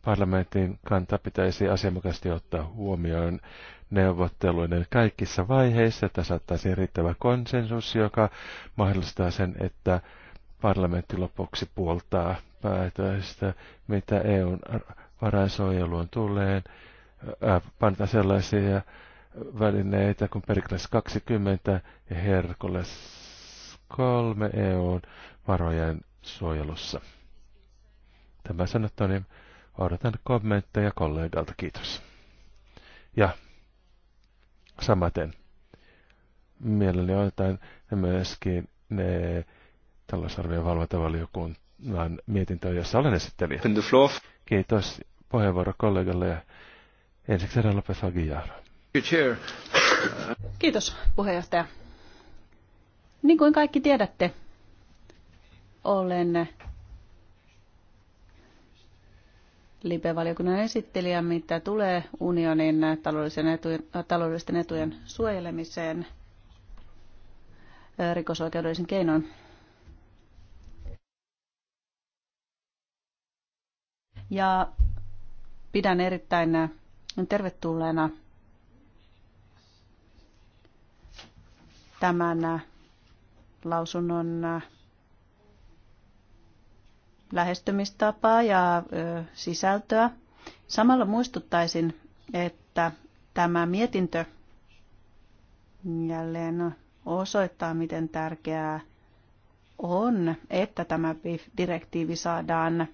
Parlamentin kanta pitäisi asianmukaisesti ottaa huomioon neuvotteluiden kaikissa vaiheissa, että saattaisiin riittävä konsensus, joka mahdollistaa sen, että parlamentti lopuksi puoltaa päätöstä, mitä EUn varainsuojeluun tulee, äh, panta sellaisia välineitä kuin Perikles 20 ja Herkules 3 EUn varojen suojelussa. Tämä sanottu, niin odotan kommentteja kollegalta. Kiitos. Ja samaten. Mielelläni otetaan myöskin ne eh, talousarvion valvontavaliokunnan mietintö, jossa olen esittelijä. Kiitos puheenvuoro kollegalle ja ensiksi herra Lopez Aguiar. Kiitos puheenjohtaja. Niin kuin kaikki tiedätte, olen Libe-valiokunnan esittelijä, mitä tulee unionin taloudellisten etujen, taloudellisten etujen suojelemiseen rikosoikeudellisen keinoin. Ja pidän erittäin tervetulleena tämän lausunnon lähestymistapaa ja sisältöä. Samalla muistuttaisin, että tämä mietintö jälleen osoittaa, miten tärkeää on, että tämä direktiivi saadaan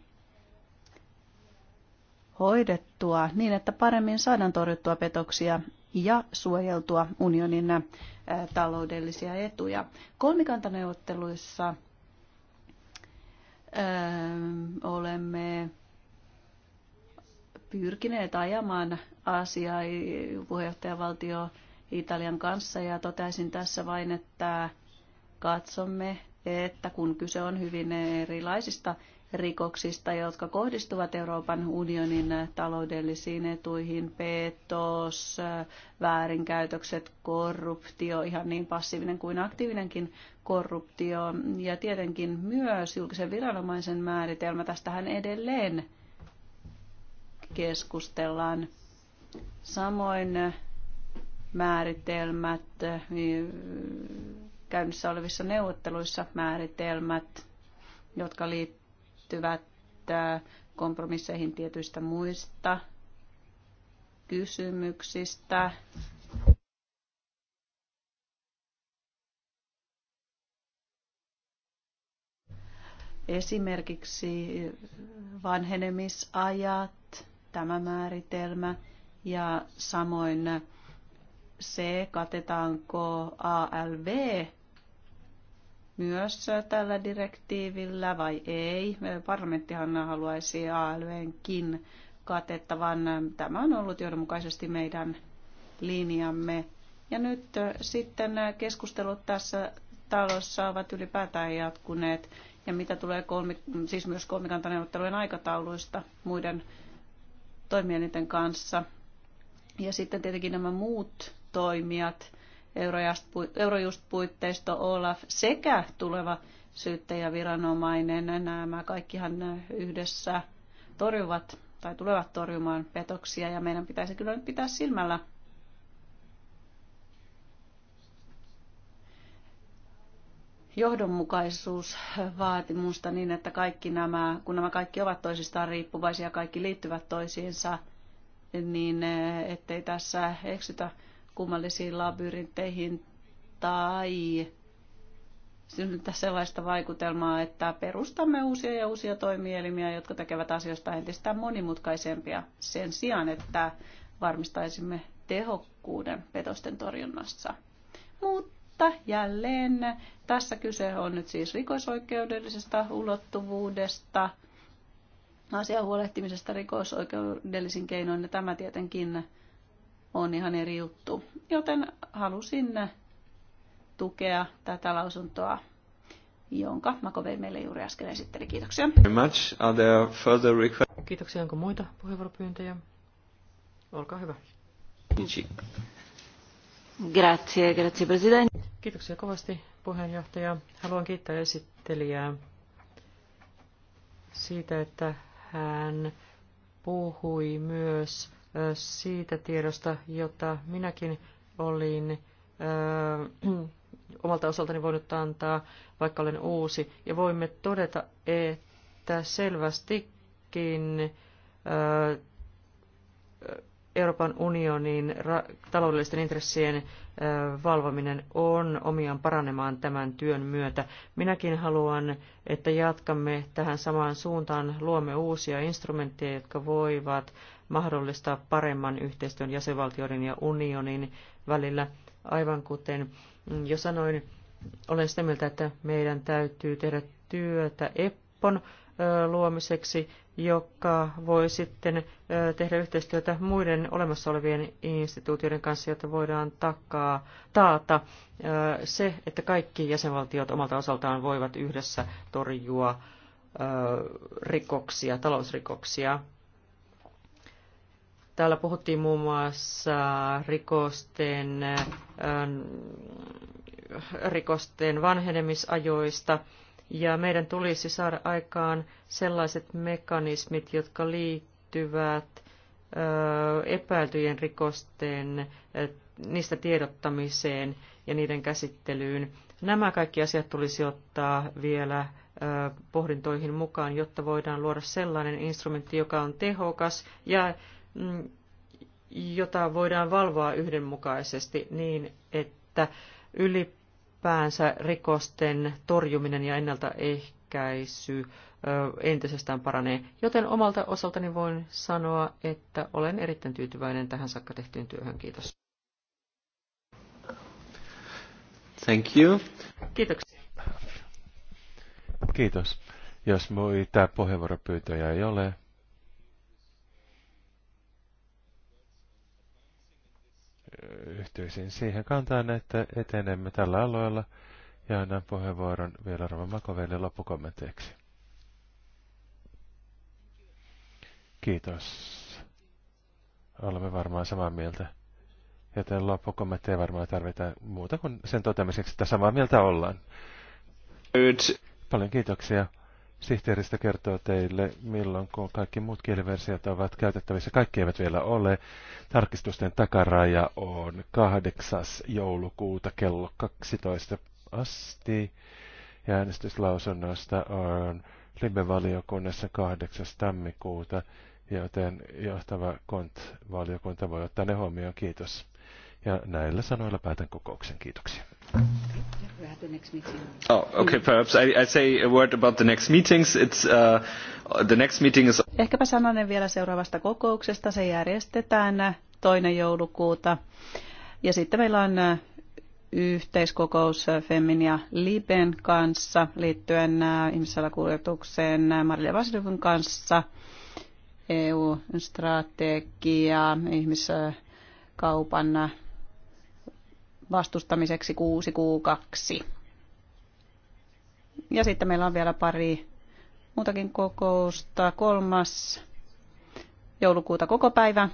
hoidettua niin, että paremmin saadaan torjuttua petoksia ja suojeltua unionin taloudellisia etuja. Kolmikantaneuvotteluissa Öö, olemme pyrkineet ajamaan asiaa puheenjohtajavaltio Italian kanssa ja totesin tässä vain, että katsomme, että kun kyse on hyvin erilaisista rikoksista, jotka kohdistuvat Euroopan unionin taloudellisiin etuihin, petos, väärinkäytökset, korruptio, ihan niin passiivinen kuin aktiivinenkin korruptio ja tietenkin myös julkisen viranomaisen määritelmä. Tästähän edelleen keskustellaan. Samoin määritelmät, käynnissä olevissa neuvotteluissa määritelmät, jotka liittyvät liittyvät äh, kompromisseihin tietyistä muista kysymyksistä. Esimerkiksi vanhenemisajat, tämä määritelmä ja samoin se, katetaanko ALV myös tällä direktiivillä vai ei. Parlamenttihan haluaisi ALVnkin katettavan. Tämä on ollut johdonmukaisesti meidän linjamme. Ja nyt sitten keskustelut tässä talossa ovat ylipäätään jatkuneet. Ja mitä tulee kolmi, siis myös kolmikantaneuvottelujen aikatauluista muiden toimielinten kanssa. Ja sitten tietenkin nämä muut toimijat – Eurojust-puitteisto Olaf sekä tuleva syyttäjäviranomainen. Nämä kaikkihan yhdessä torjuvat tai tulevat torjumaan petoksia ja meidän pitäisi kyllä nyt pitää silmällä johdonmukaisuusvaatimusta niin, että kaikki nämä, kun nämä kaikki ovat toisistaan riippuvaisia, kaikki liittyvät toisiinsa, niin eh, ettei tässä eksytä kummallisiin labyrintteihin tai synnyttää sellaista vaikutelmaa, että perustamme uusia ja uusia toimielimiä, jotka tekevät asioista entistä monimutkaisempia sen sijaan, että varmistaisimme tehokkuuden petosten torjunnassa. Mutta jälleen tässä kyse on nyt siis rikosoikeudellisesta ulottuvuudesta, asian huolehtimisesta rikosoikeudellisin keinoin, ja tämä tietenkin on ihan eri juttu. Joten halusin tukea tätä lausuntoa, jonka Makovei meille juuri äsken esitteli. Kiitoksia. Kiitoksia. Onko muita puheenvuoropyyntöjä? Olkaa hyvä. Grazie, grazie presidente. Kiitoksia kovasti puheenjohtaja. Haluan kiittää esittelijää siitä, että hän puhui myös siitä tiedosta, jota minäkin olin omalta osaltani voinut antaa, vaikka olen uusi, ja voimme todeta, että selvästikin Euroopan unionin taloudellisten intressien valvominen on omiaan paranemaan tämän työn myötä. Minäkin haluan, että jatkamme tähän samaan suuntaan, luomme uusia instrumentteja, jotka voivat mahdollistaa paremman yhteistyön jäsenvaltioiden ja unionin välillä. Aivan kuten jo sanoin, olen sitä mieltä, että meidän täytyy tehdä työtä EPPON luomiseksi, joka voi sitten tehdä yhteistyötä muiden olemassa olevien instituutioiden kanssa, jotta voidaan takaa, taata se, että kaikki jäsenvaltiot omalta osaltaan voivat yhdessä torjua rikoksia, talousrikoksia. Täällä puhuttiin muun muassa rikosten, ähm, rikosten vanhenemisajoista, ja meidän tulisi saada aikaan sellaiset mekanismit, jotka liittyvät äh, epäiltyjen rikosten, äh, niistä tiedottamiseen ja niiden käsittelyyn. Nämä kaikki asiat tulisi ottaa vielä äh, pohdintoihin mukaan, jotta voidaan luoda sellainen instrumentti, joka on tehokas ja Mm, jota voidaan valvoa yhdenmukaisesti niin, että ylipäänsä rikosten torjuminen ja ennaltaehkäisy entisestään paranee. Joten omalta osaltani voin sanoa, että olen erittäin tyytyväinen tähän saakka tehtyyn työhön. Kiitos. Thank you. Kiitoksia. Kiitos. Jos muita puheenvuoropyyntöjä ei ole, yhtyisin siihen kantaan, että etenemme tällä alueella ja annan puheenvuoron vielä Rova Makoveille loppukommenteiksi. Kiitos. Olemme varmaan samaa mieltä. Joten loppukommentteja varmaan tarvitaan muuta kuin sen toteamiseksi, että samaa mieltä ollaan. Paljon kiitoksia. Sihteeristä kertoo teille, milloin kun kaikki muut kieliversiot ovat käytettävissä. Kaikki eivät vielä ole. Tarkistusten takaraja on 8. joulukuuta kello 12 asti. Ja äänestyslausunnosta on Libe-valiokunnassa 8. tammikuuta, joten johtava KONT-valiokunta voi ottaa ne huomioon. Kiitos. Ja näillä sanoilla päätän kokouksen. Kiitoksia. Ehkäpä sanon, perhaps Ehkäpä sananen vielä seuraavasta kokouksesta. Se järjestetään toinen joulukuuta. Ja sitten meillä on uh, yhteiskokous feminia ja Liben kanssa liittyen uh, ihmissalakuljetukseen uh, Marja Vasilivun kanssa. EU-strategia, ihmiskaupan vastustamiseksi 6Q2. Ja sitten meillä on vielä pari muutakin kokousta. Kolmas joulukuuta koko päivä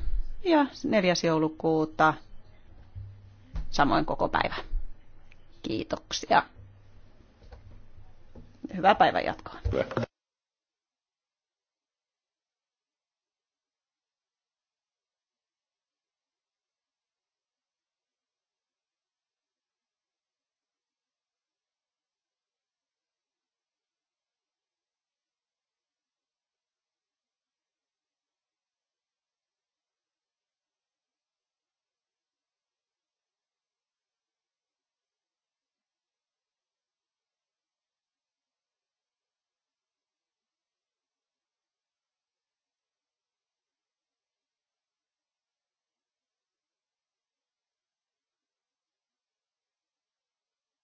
ja neljäs joulukuuta samoin koko päivä. Kiitoksia. Hyvää päivänjatkoa.